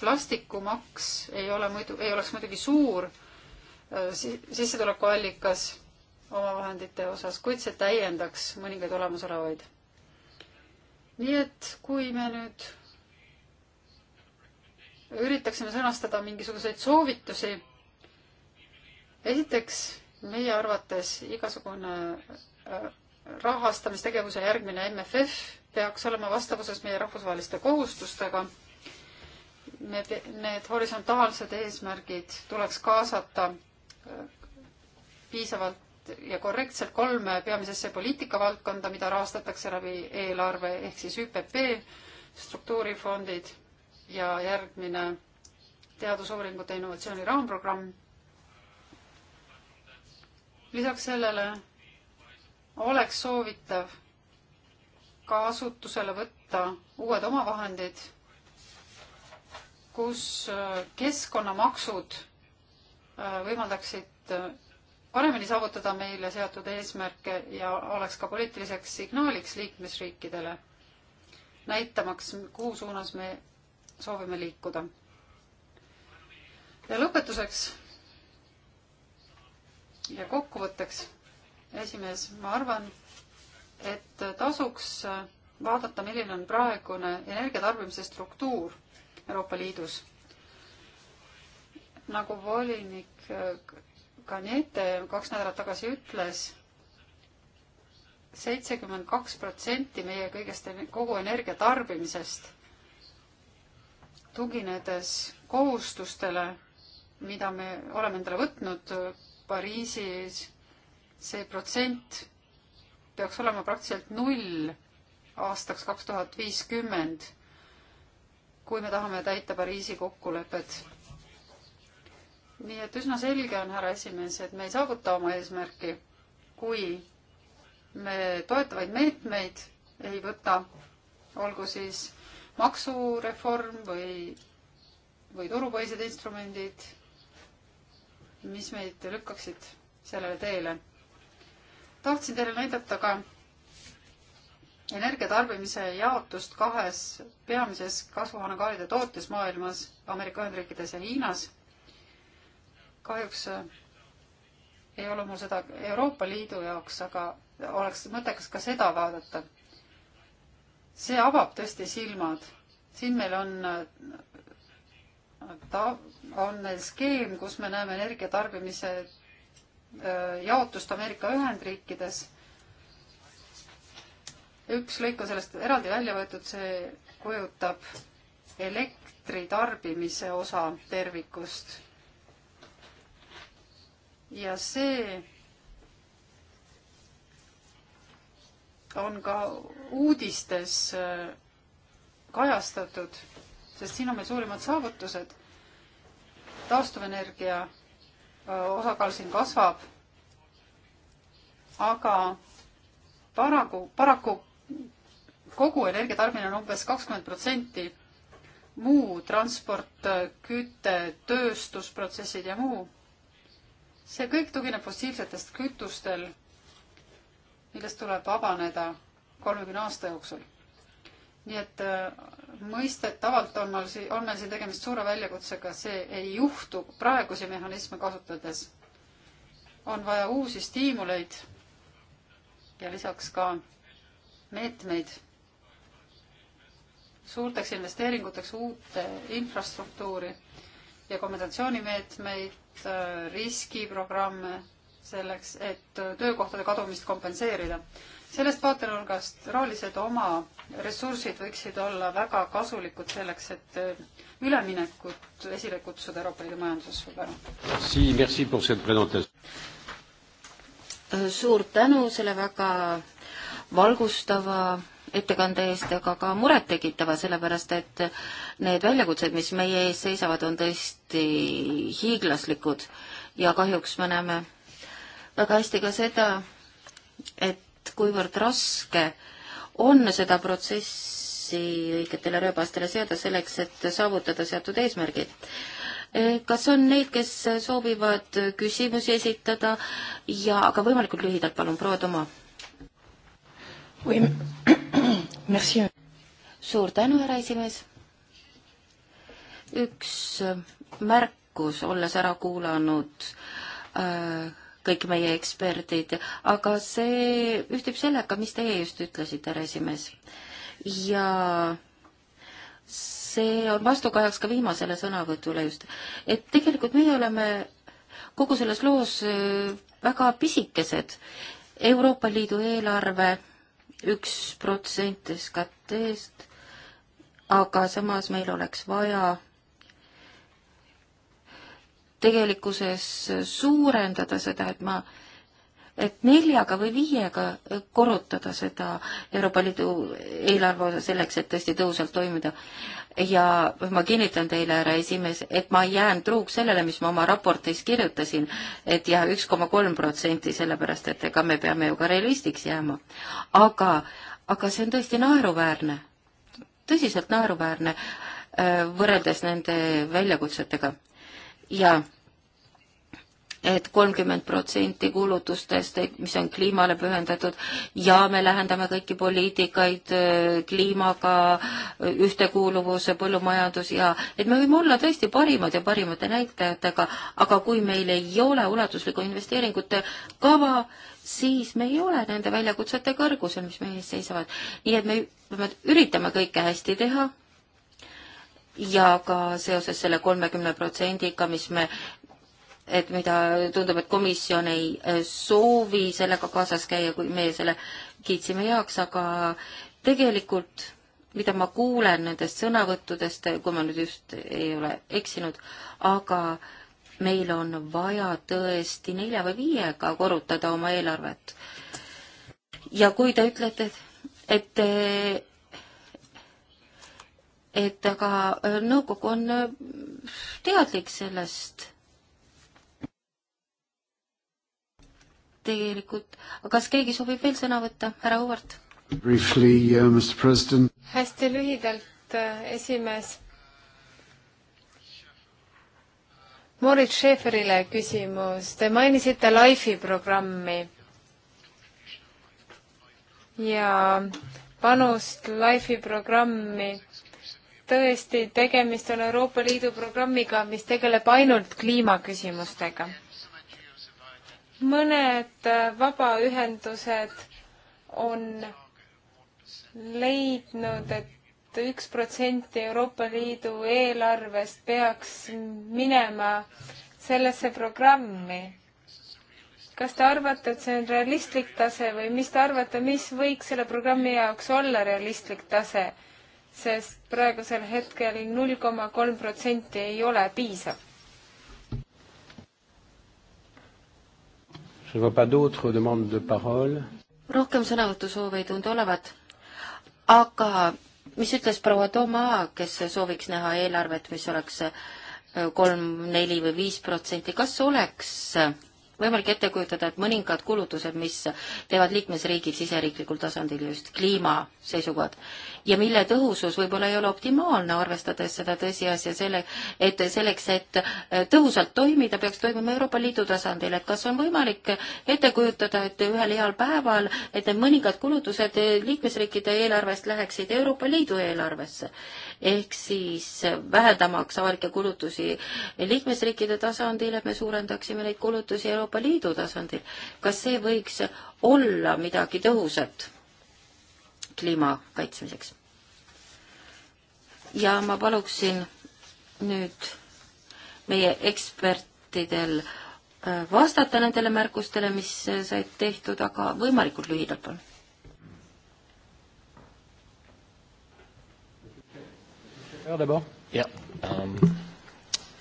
D: plastikumaks ei ole muidu, ei oleks muidugi suur äh, sissetulekuallikas omavahendite osas, kuid see täiendaks mõningaid olemasolevaid. nii et kui me nüüd üritaksime sõnastada mingisuguseid soovitusi, esiteks meie arvates igasugune äh, rahastamistegevuse järgmine MFF peaks olema vastavuses meie rahvusvaheliste kohustustega me, need horisontaalsed eesmärgid tuleks kaasata äh, piisavalt ja korrektselt kolme peamisesse poliitikavaldkonda, mida rahastatakse läbi eelarve ehk siis ÜPP, struktuurifondid ja järgmine teadusuuringute innovatsiooni raamprogramm. lisaks sellele oleks soovitav kasutusele võtta uued omavahendid kus äh, keskkonnamaksud äh, võimaldaksid äh, paremini saavutada meile seatud eesmärke ja oleks ka poliitiliseks signaaliks liikmesriikidele, näitamaks, kuhu suunas me soovime liikuda. ja lõpetuseks ja kokkuvõtteks, esimees, ma arvan, et tasuks vaadata, milline on praegune energiatarbimise struktuur Euroopa Liidus. nagu volinik äh, Kanete kaks nädalat tagasi ütles, seitsekümmend kaks protsenti meie kõigest, kogu energia tarbimisest tuginedes kohustustele, mida me oleme endale võtnud äh, Pariisis, see protsent peaks olema praktiliselt null aastaks kaks tuhat viiskümmend kui me tahame täita Pariisi kokkulepet. nii et üsna selge on, härra esimees, et me ei saavuta oma eesmärki, kui me toetavaid meetmeid ei võta, olgu siis maksureform või, või turupõhised instrumendid, mis meid lükkaksid sellele teele. tahtsin teile näidata ka energiatarbimise jaotust kahes peamises kasvuhoonegaalide tootes maailmas, Ameerika Ühendriikides ja Hiinas. kahjuks äh, ei ole mul seda Euroopa Liidu jaoks, aga oleks mõttekas ka seda vaadata. see avab tõesti silmad. siin meil on äh, ta on meil skeem, kus me näeme energiatarbimise äh, jaotust Ameerika Ühendriikides üks lõik on sellest eraldi välja võetud, see kujutab elektritarbimise osa tervikust. ja see on ka uudistes äh, kajastatud, sest siin on meil suurimad saavutused. taastuvenergia äh, osakaal siin kasvab, aga paraku, paraku kogu energia tarbimine on umbes kakskümmend protsenti, muu transport, küte, tööstusprotsessid ja muu. see kõik tugineb fossiilsetest kütustel, millest tuleb vabaneda kolmekümne aasta jooksul. nii et äh, mõistetavalt on mul, on meil siin tegemist suure väljakutsega, see ei juhtu praegusi mehhanisme kasutades. on vaja uusi stiimuleid ja lisaks ka meetmeid suurteks investeeringuteks uute infrastruktuuri ja kompensatsioonimeetmeid, äh, riskiprogramme selleks, et äh, töökohtade kadumist kompenseerida. sellest vaatenurgast rohelised oma ressursid võiksid olla väga kasulikud selleks, et äh, üleminekut esile kutsuda Euroopa Liidu majanduses. suur
A: tänu.
B: suur tänu selle väga valgustava ettekande eest, aga ka murettekitava, sellepärast et need väljakutsed, mis meie ees seisavad, on tõesti hiiglaslikud ja kahjuks me näeme väga hästi ka seda, et kuivõrd raske on seda protsessi õigetele rööbastele seada selleks, et saavutada seatud eesmärgid. Eh, kas on neid, kes soovivad küsimusi esitada ja, aga võimalikult lühidalt, palun, proua Toma <coughs> suur tänu, härra esimees. üks äh, märkus, olles ära kuulanud äh, kõik meie eksperdid, aga see ühtib sellega, mis teie just ütlesite, härra esimees. ja see on vastukajaks ka viimasele sõnavõtule just, et tegelikult meie oleme kogu selles loos äh, väga pisikesed. Euroopa Liidu eelarve üks protsent SKT-st, aga samas meil oleks vaja tegelikkuses suurendada seda, et ma, et neljaga või viiega korrutada seda Euroopa Liidu eelarve osa selleks, et tõesti tõhusalt toimida ja ma kinnitan teile, härra esimees, et ma jään truuks sellele, mis ma oma raportis kirjutasin, et jah, üks koma kolm protsenti, sellepärast et ega me peame ju ka realistiks jääma. aga, aga see on tõesti naeruväärne, tõsiselt naeruväärne äh, võrreldes nende väljakutsetega. ja et kolmkümmend protsenti kulutustest, mis on kliimale pühendatud ja me lähendame kõiki poliitikaid äh, kliimaga, äh, ühtekuuluvuse, põllumajandus ja et me võime olla tõesti parimad ja parimate näitajatega, aga kui meil ei ole ulatuslikku investeeringute kava, siis me ei ole nende väljakutsete kõrgusel, mis meie ees seisavad. nii et me peame, üritame kõike hästi teha ja ka seoses selle kolmekümne protsendiga, mis me et mida tundub, et komisjon ei äh, soovi sellega kaasas käia, kui meie selle kiitsime heaks, aga tegelikult mida ma kuulen nendest sõnavõttudest, kui ma nüüd just ei ole eksinud, aga meil on vaja tõesti nelja või viiega korrutada oma eelarvet. ja kui te ütlete, et, et et aga nõukogu on teadlik sellest tegelikult, kas keegi soovib veel sõna võtta, härra Howard?
A: Briefly uh,, Mr President.
C: hästi lühidalt, äh, esimees. Moritz Schäferile küsimus, te mainisite LIFE programmi ja panust LIFE programmi tõesti, tegemist on Euroopa Liidu programmiga, mis tegeleb ainult kliimaküsimustega mõned vabaühendused on leidnud, et üks protsent Euroopa Liidu eelarvest peaks minema sellesse programmi. kas te arvate, et see on realistlik tase või mis te arvate, mis võiks selle programmi jaoks olla realistlik tase? sest praegusel hetkel null koma kolm protsenti ei ole piisav.
A: rohkem
B: sõnavõtusoove ei tundu olevat, aga mis ütles proua Toomaa, kes sooviks näha eelarvet, mis oleks kolm, neli või viis protsenti, kas oleks võimalik ette kujutada, et mõningad kulutused, mis teevad liikmesriigid siseriiklikul tasandil just kliima seisukohad ja mille tõhusus võib-olla ei ole optimaalne, arvestades seda tõsiasja selle, et selleks, et äh, tõhusalt toimida, peaks toimima Euroopa Liidu tasandil, et kas on võimalik ette kujutada, et ühel heal päeval, et need mõningad kulutused liikmesriikide eelarvest läheksid Euroopa Liidu eelarvesse ehk siis vähendamaks avalikke kulutusi liikmesriikide tasandil, et me suurendaksime neid kulutusi Euroopa Liidu tasandil. kas see võiks olla midagi tõhusat kliima kaitsmiseks? ja ma paluksin nüüd meie ekspertidel äh, vastata nendele märkustele, mis said tehtud, aga võimalikult lühidalt, palun
A: d'abord. Yeah. Um,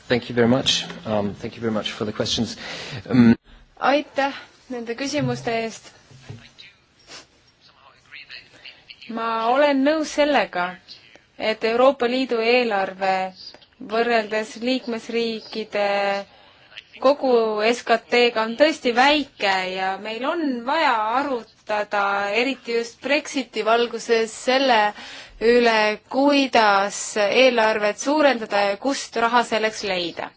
D: thank you very much um,. Thank you very much for the questions um....
C: aitäh nende küsimuste eest. ma olen nõus sellega, et Euroopa Liidu eelarve võrreldes liikmesriikide kogu SKT-ga on tõesti väike ja meil on vaja arut-, arutada, eriti just Brexiti valguses selle üle, kuidas eelarvet suurendada ja kust raha selleks leida.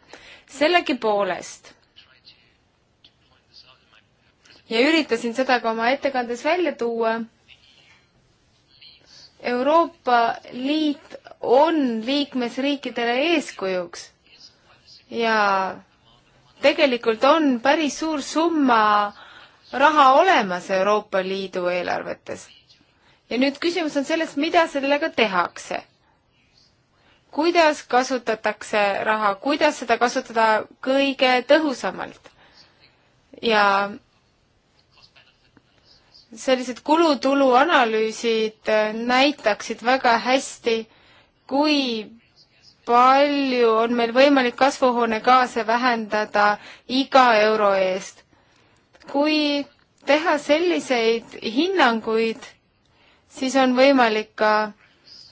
C: sellegipoolest ja üritasin seda ka oma ettekandes välja tuua. Euroopa Liit on liikmesriikidele eeskujuks ja tegelikult on päris suur summa raha olemas Euroopa Liidu eelarvetes. ja nüüd küsimus on selles, mida sellega tehakse. kuidas kasutatakse raha, kuidas seda kasutada kõige tõhusamalt? ja sellised kulutulu analüüsid äh, näitaksid väga hästi, kui palju on meil võimalik kasvuhoonegaase vähendada iga euro eest kui teha selliseid hinnanguid, siis on võimalik ka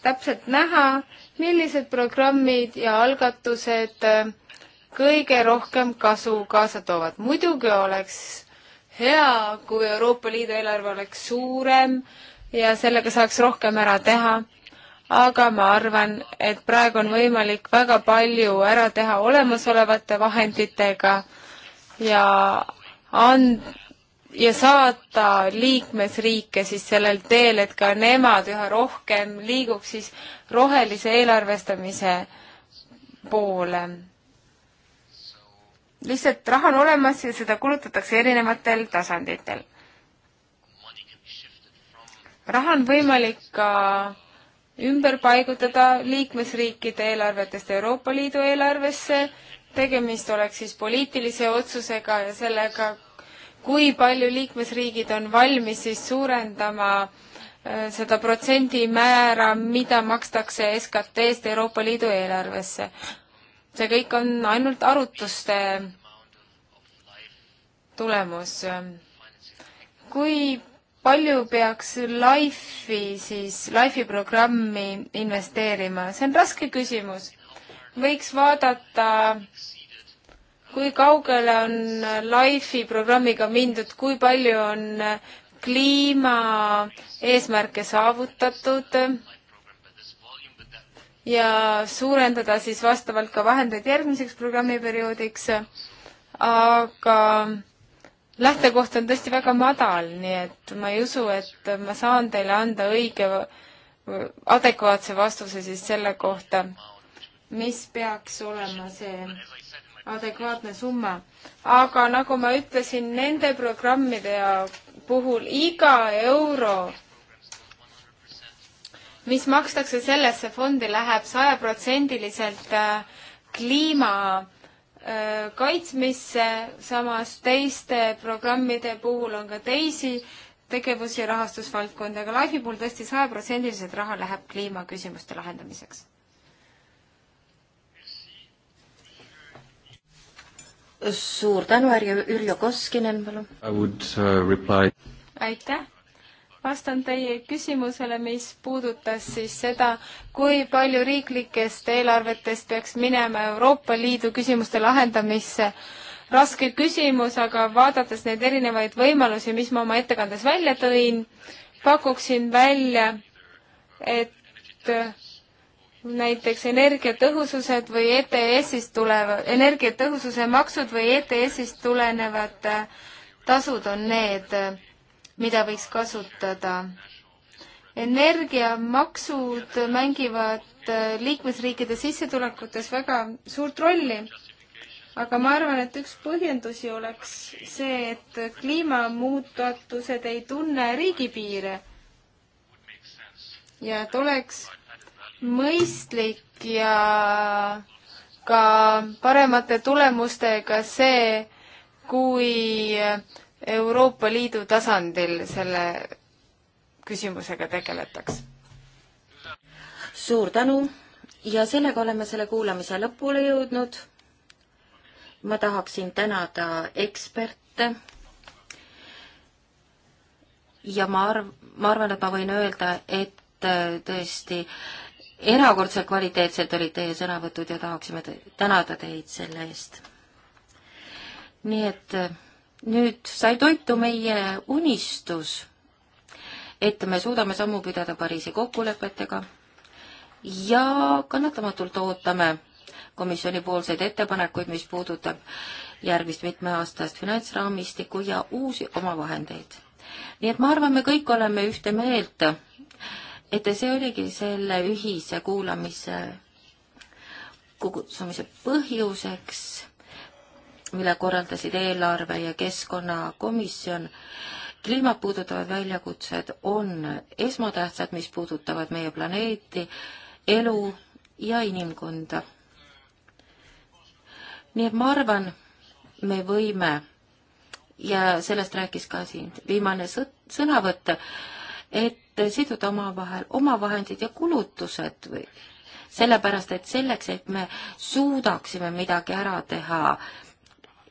C: täpselt näha, millised programmid ja algatused äh, kõige rohkem kasu kaasa toovad. muidugi oleks hea, kui Euroopa Liidu eelarve oleks suurem ja sellega saaks rohkem ära teha, aga ma arvan, et praegu on võimalik väga palju ära teha olemasolevate vahenditega ja and- ja saata liikmesriike siis sellel teel, et ka nemad üha rohkem liiguks siis rohelise eelarvestamise poole. lihtsalt raha on olemas ja seda kulutatakse erinevatel tasanditel. raha on võimalik ka ümber paigutada liikmesriikide eelarvetest Euroopa Liidu eelarvesse, tegemist oleks siis poliitilise otsusega ja sellega kui palju liikmesriigid on valmis siis suurendama äh, seda protsendimäära, mida makstakse SKT-st Euroopa Liidu eelarvesse. see kõik on ainult arutluste tulemus. kui palju peaks Life'i siis, Life'i programmi investeerima, see on raske küsimus. võiks vaadata äh, kui kaugele on LIFE programmiga mindud, kui palju on kliimaeesmärke saavutatud ja suurendada siis vastavalt ka vahendeid järgmiseks programmiperioodiks, aga lähtekoht on tõesti väga madal, nii et ma ei usu, et ma saan teile anda õige, adekvaatse vastuse siis selle kohta, mis peaks olema see adekvaatne summa. aga nagu ma ütlesin, nende programmide puhul iga euro, mis makstakse sellesse fondi läheb, läheb sajaprotsendiliselt äh, kliima äh, kaitsmisse, samas teiste programmide puhul on ka teisi tegevusi ja rahastusvaldkondi, aga Life'i puhul tõesti sajaprotsendiliselt raha läheb kliimaküsimuste lahendamiseks
B: suur tänu, härra
C: Ürjo Koskinen, palun.
A: I would uh, reply.
C: aitäh vastan teie küsimusele, mis puudutas siis seda, kui palju riiklikest eelarvetest peaks minema Euroopa Liidu küsimuste lahendamisse. raske küsimus, aga vaadates neid erinevaid võimalusi, mis ma oma ettekandes välja tõin, pakuksin välja, et näiteks energiatõhusused või ETS-ist tulevad, energiatõhususe maksud või ETS-ist tulenevad äh, tasud on need, äh, mida võiks kasutada. energiamaksud mängivad äh, liikmesriikide sissetulekutes väga suurt rolli, aga ma arvan, et üks põhjendusi oleks see, et kliimamuudatused ei tunne riigipiire ja et oleks mõistlik ja ka paremate tulemustega see, kui Euroopa Liidu tasandil selle küsimusega tegeletaks.
B: suur tänu ja sellega oleme selle kuulamise lõpule jõudnud. ma tahaksin tänada eksperte ja ma arv-, ma arvan, et ma võin öelda, et äh, tõesti äh, erakordselt kvaliteetsed olid teie sõnavõtud ja tahaksime te tänada teid selle eest. nii et äh, nüüd sai toitu meie unistus, et me suudame sammu pidada Pariisi kokkulepetega ja kannatamatult ootame komisjoni poolseid ettepanekuid, mis puudutab järgmist mitmeaastast finantsraamistikku ja uusi omavahendeid. nii et ma arvan, me kõik oleme ühte meelt et see oligi selle ühise kuulamise kutsumise põhjuseks, mille korraldasid eelarve ja keskkonnakomisjon. kliimat puudutavad väljakutsed on esmatähtsad, mis puudutavad meie planeeti, elu ja inimkonda. nii et ma arvan, me võime ja sellest rääkis ka siin viimane sõnavõtt, et siduda omavahel omavahendid ja kulutused või sellepärast, et selleks, et me suudaksime midagi ära teha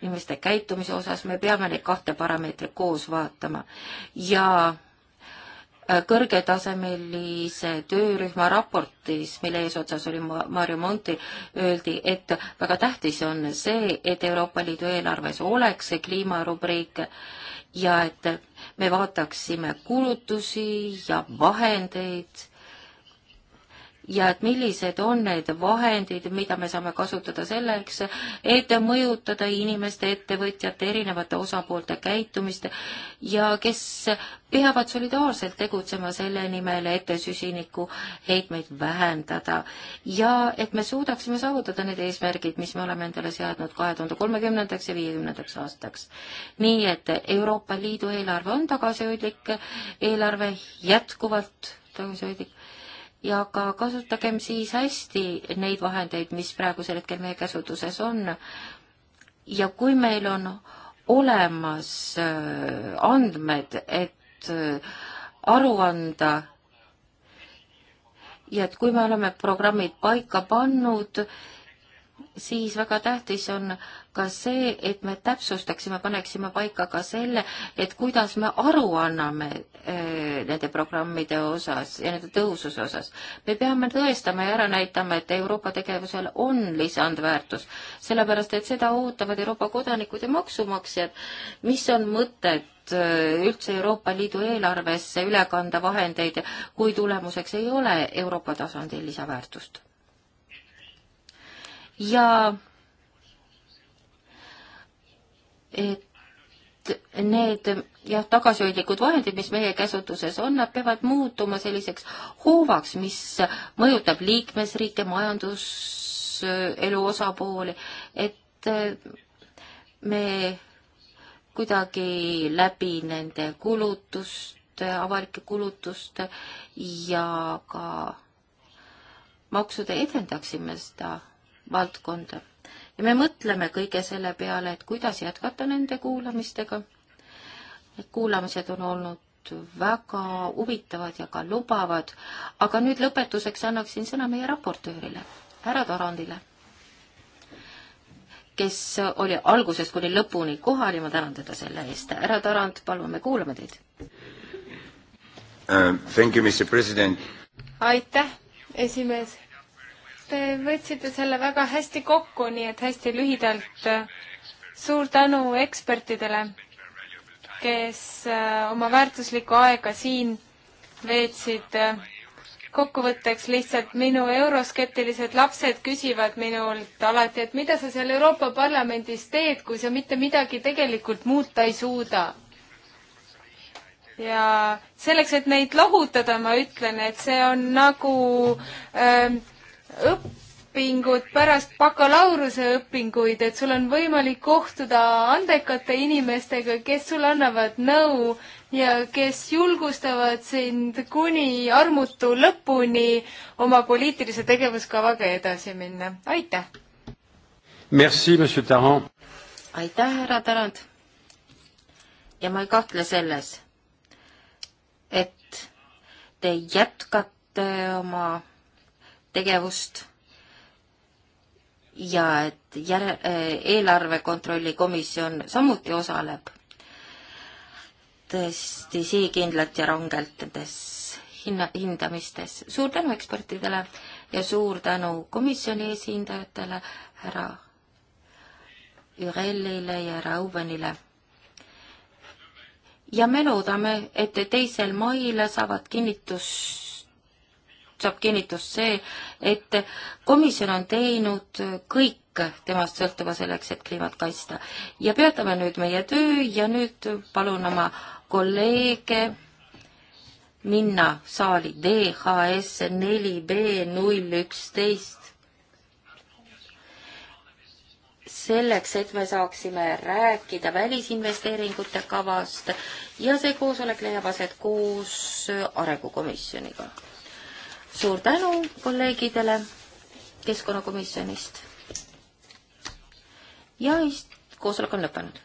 B: inimeste käitumise osas, me peame neid kahte parameetrit koos vaatama ja äh, kõrgetasemelise töörühma raportis, mille eesotsas oli Mario Monti, öeldi, et väga tähtis on see, et Euroopa Liidu eelarves oleks see kliimarubriik ja et me vaataksime kulutusi ja vahendeid ja et millised on need vahendid, mida me saame kasutada selleks, et mõjutada inimeste, ettevõtjate, erinevate osapoolte käitumist ja kes peavad solidaarselt tegutsema selle nimel, et süsiniku heitmeid vähendada. ja et me suudaksime saavutada need eesmärgid, mis me oleme endale seadnud kahe tuhande kolmekümnendaks ja viiekümnendaks aastaks. nii et Euroopa Liidu eelarve on tagasihoidlik, eelarve jätkuvalt tagasihoidlik ja ka kasutagem siis hästi neid vahendeid, mis praegusel hetkel meie käsutuses on. ja kui meil on olemas äh, andmed, et äh, aru anda ja et kui me oleme programmid paika pannud, siis väga tähtis on ka see, et me täpsustaksime, paneksime paika ka selle, et kuidas me aru anname eh, nende programmide osas ja nende tõhususe osas. me peame tõestama ja ära näitama, et Euroopa tegevusel on lisandväärtus, sellepärast et seda ootavad Euroopa kodanikud ja maksumaksjad. mis on mõtet eh, üldse Euroopa Liidu eelarvesse üle kanda vahendeid, kui tulemuseks ei ole Euroopa tasandil lisaväärtust? ja et need jah, tagasihoidlikud vahendid, mis meie käsutuses on, nad peavad muutuma selliseks hoovaks, mis mõjutab liikmesriike, majanduselu osapooli, et me kuidagi läbi nende kulutuste, avalike kulutuste ja ka maksude edendaksime seda valdkonda. ja me mõtleme kõige selle peale, et kuidas jätkata nende kuulamistega. Need kuulamised on olnud väga huvitavad ja ka lubavad, aga nüüd lõpetuseks annaksin sõna meie raportöörile, härra Tarandile, kes oli algusest kuni lõpuni kohal ja ma tänan teda selle eest. härra Tarand, palun,
C: me kuulame teid
A: uh,. Thank you, Mr President.
C: aitäh, esimees Te võtsite selle väga hästi kokku, nii et hästi lühidalt suur tänu ekspertidele, kes äh, oma väärtuslikku aega siin veetsid. kokkuvõtteks lihtsalt minu euroskeptilised lapsed küsivad minult alati, et mida sa seal Euroopa Parlamendis teed, kui sa mitte midagi tegelikult muuta ei suuda ja selleks, et neid lohutada, ma ütlen, et see on nagu ähm, õpingud pärast bakalaureuseõpinguid, et sul on võimalik kohtuda andekate inimestega, kes sulle annavad nõu ja kes julgustavad sind kuni armutu lõpuni oma poliitilise tegevuskavaga edasi minna. aitäh!
A: Merci, monsieur Tarand!
C: aitäh, härra Tarand! ja ma ei kahtle
B: selles, et te jätkate oma tegevust ja et järe, eh, eelarve kontrolli komisjon samuti osaleb tõesti sihikindlalt ja rangelt nendes hinna, hindamistes. suur tänu ekspertidele ja suur tänu komisjoni esindajatele, härra Jürellile ja härra Uvenile. ja me loodame, et teisel mail saavad kinnitust saab kinnitust see, et komisjon on teinud kõik temast sõltuva selleks, et kliimat kaitsta. ja peatame nüüd meie töö ja nüüd palun oma kolleege minna saali DHS neli B null üksteist. selleks, et me saaksime rääkida välisinvesteeringute kavast ja see koosolek leiab aset koos Arengukomisjoniga suur tänu kolleegidele keskkonnakomisjonist ja koosolek on lõppenud.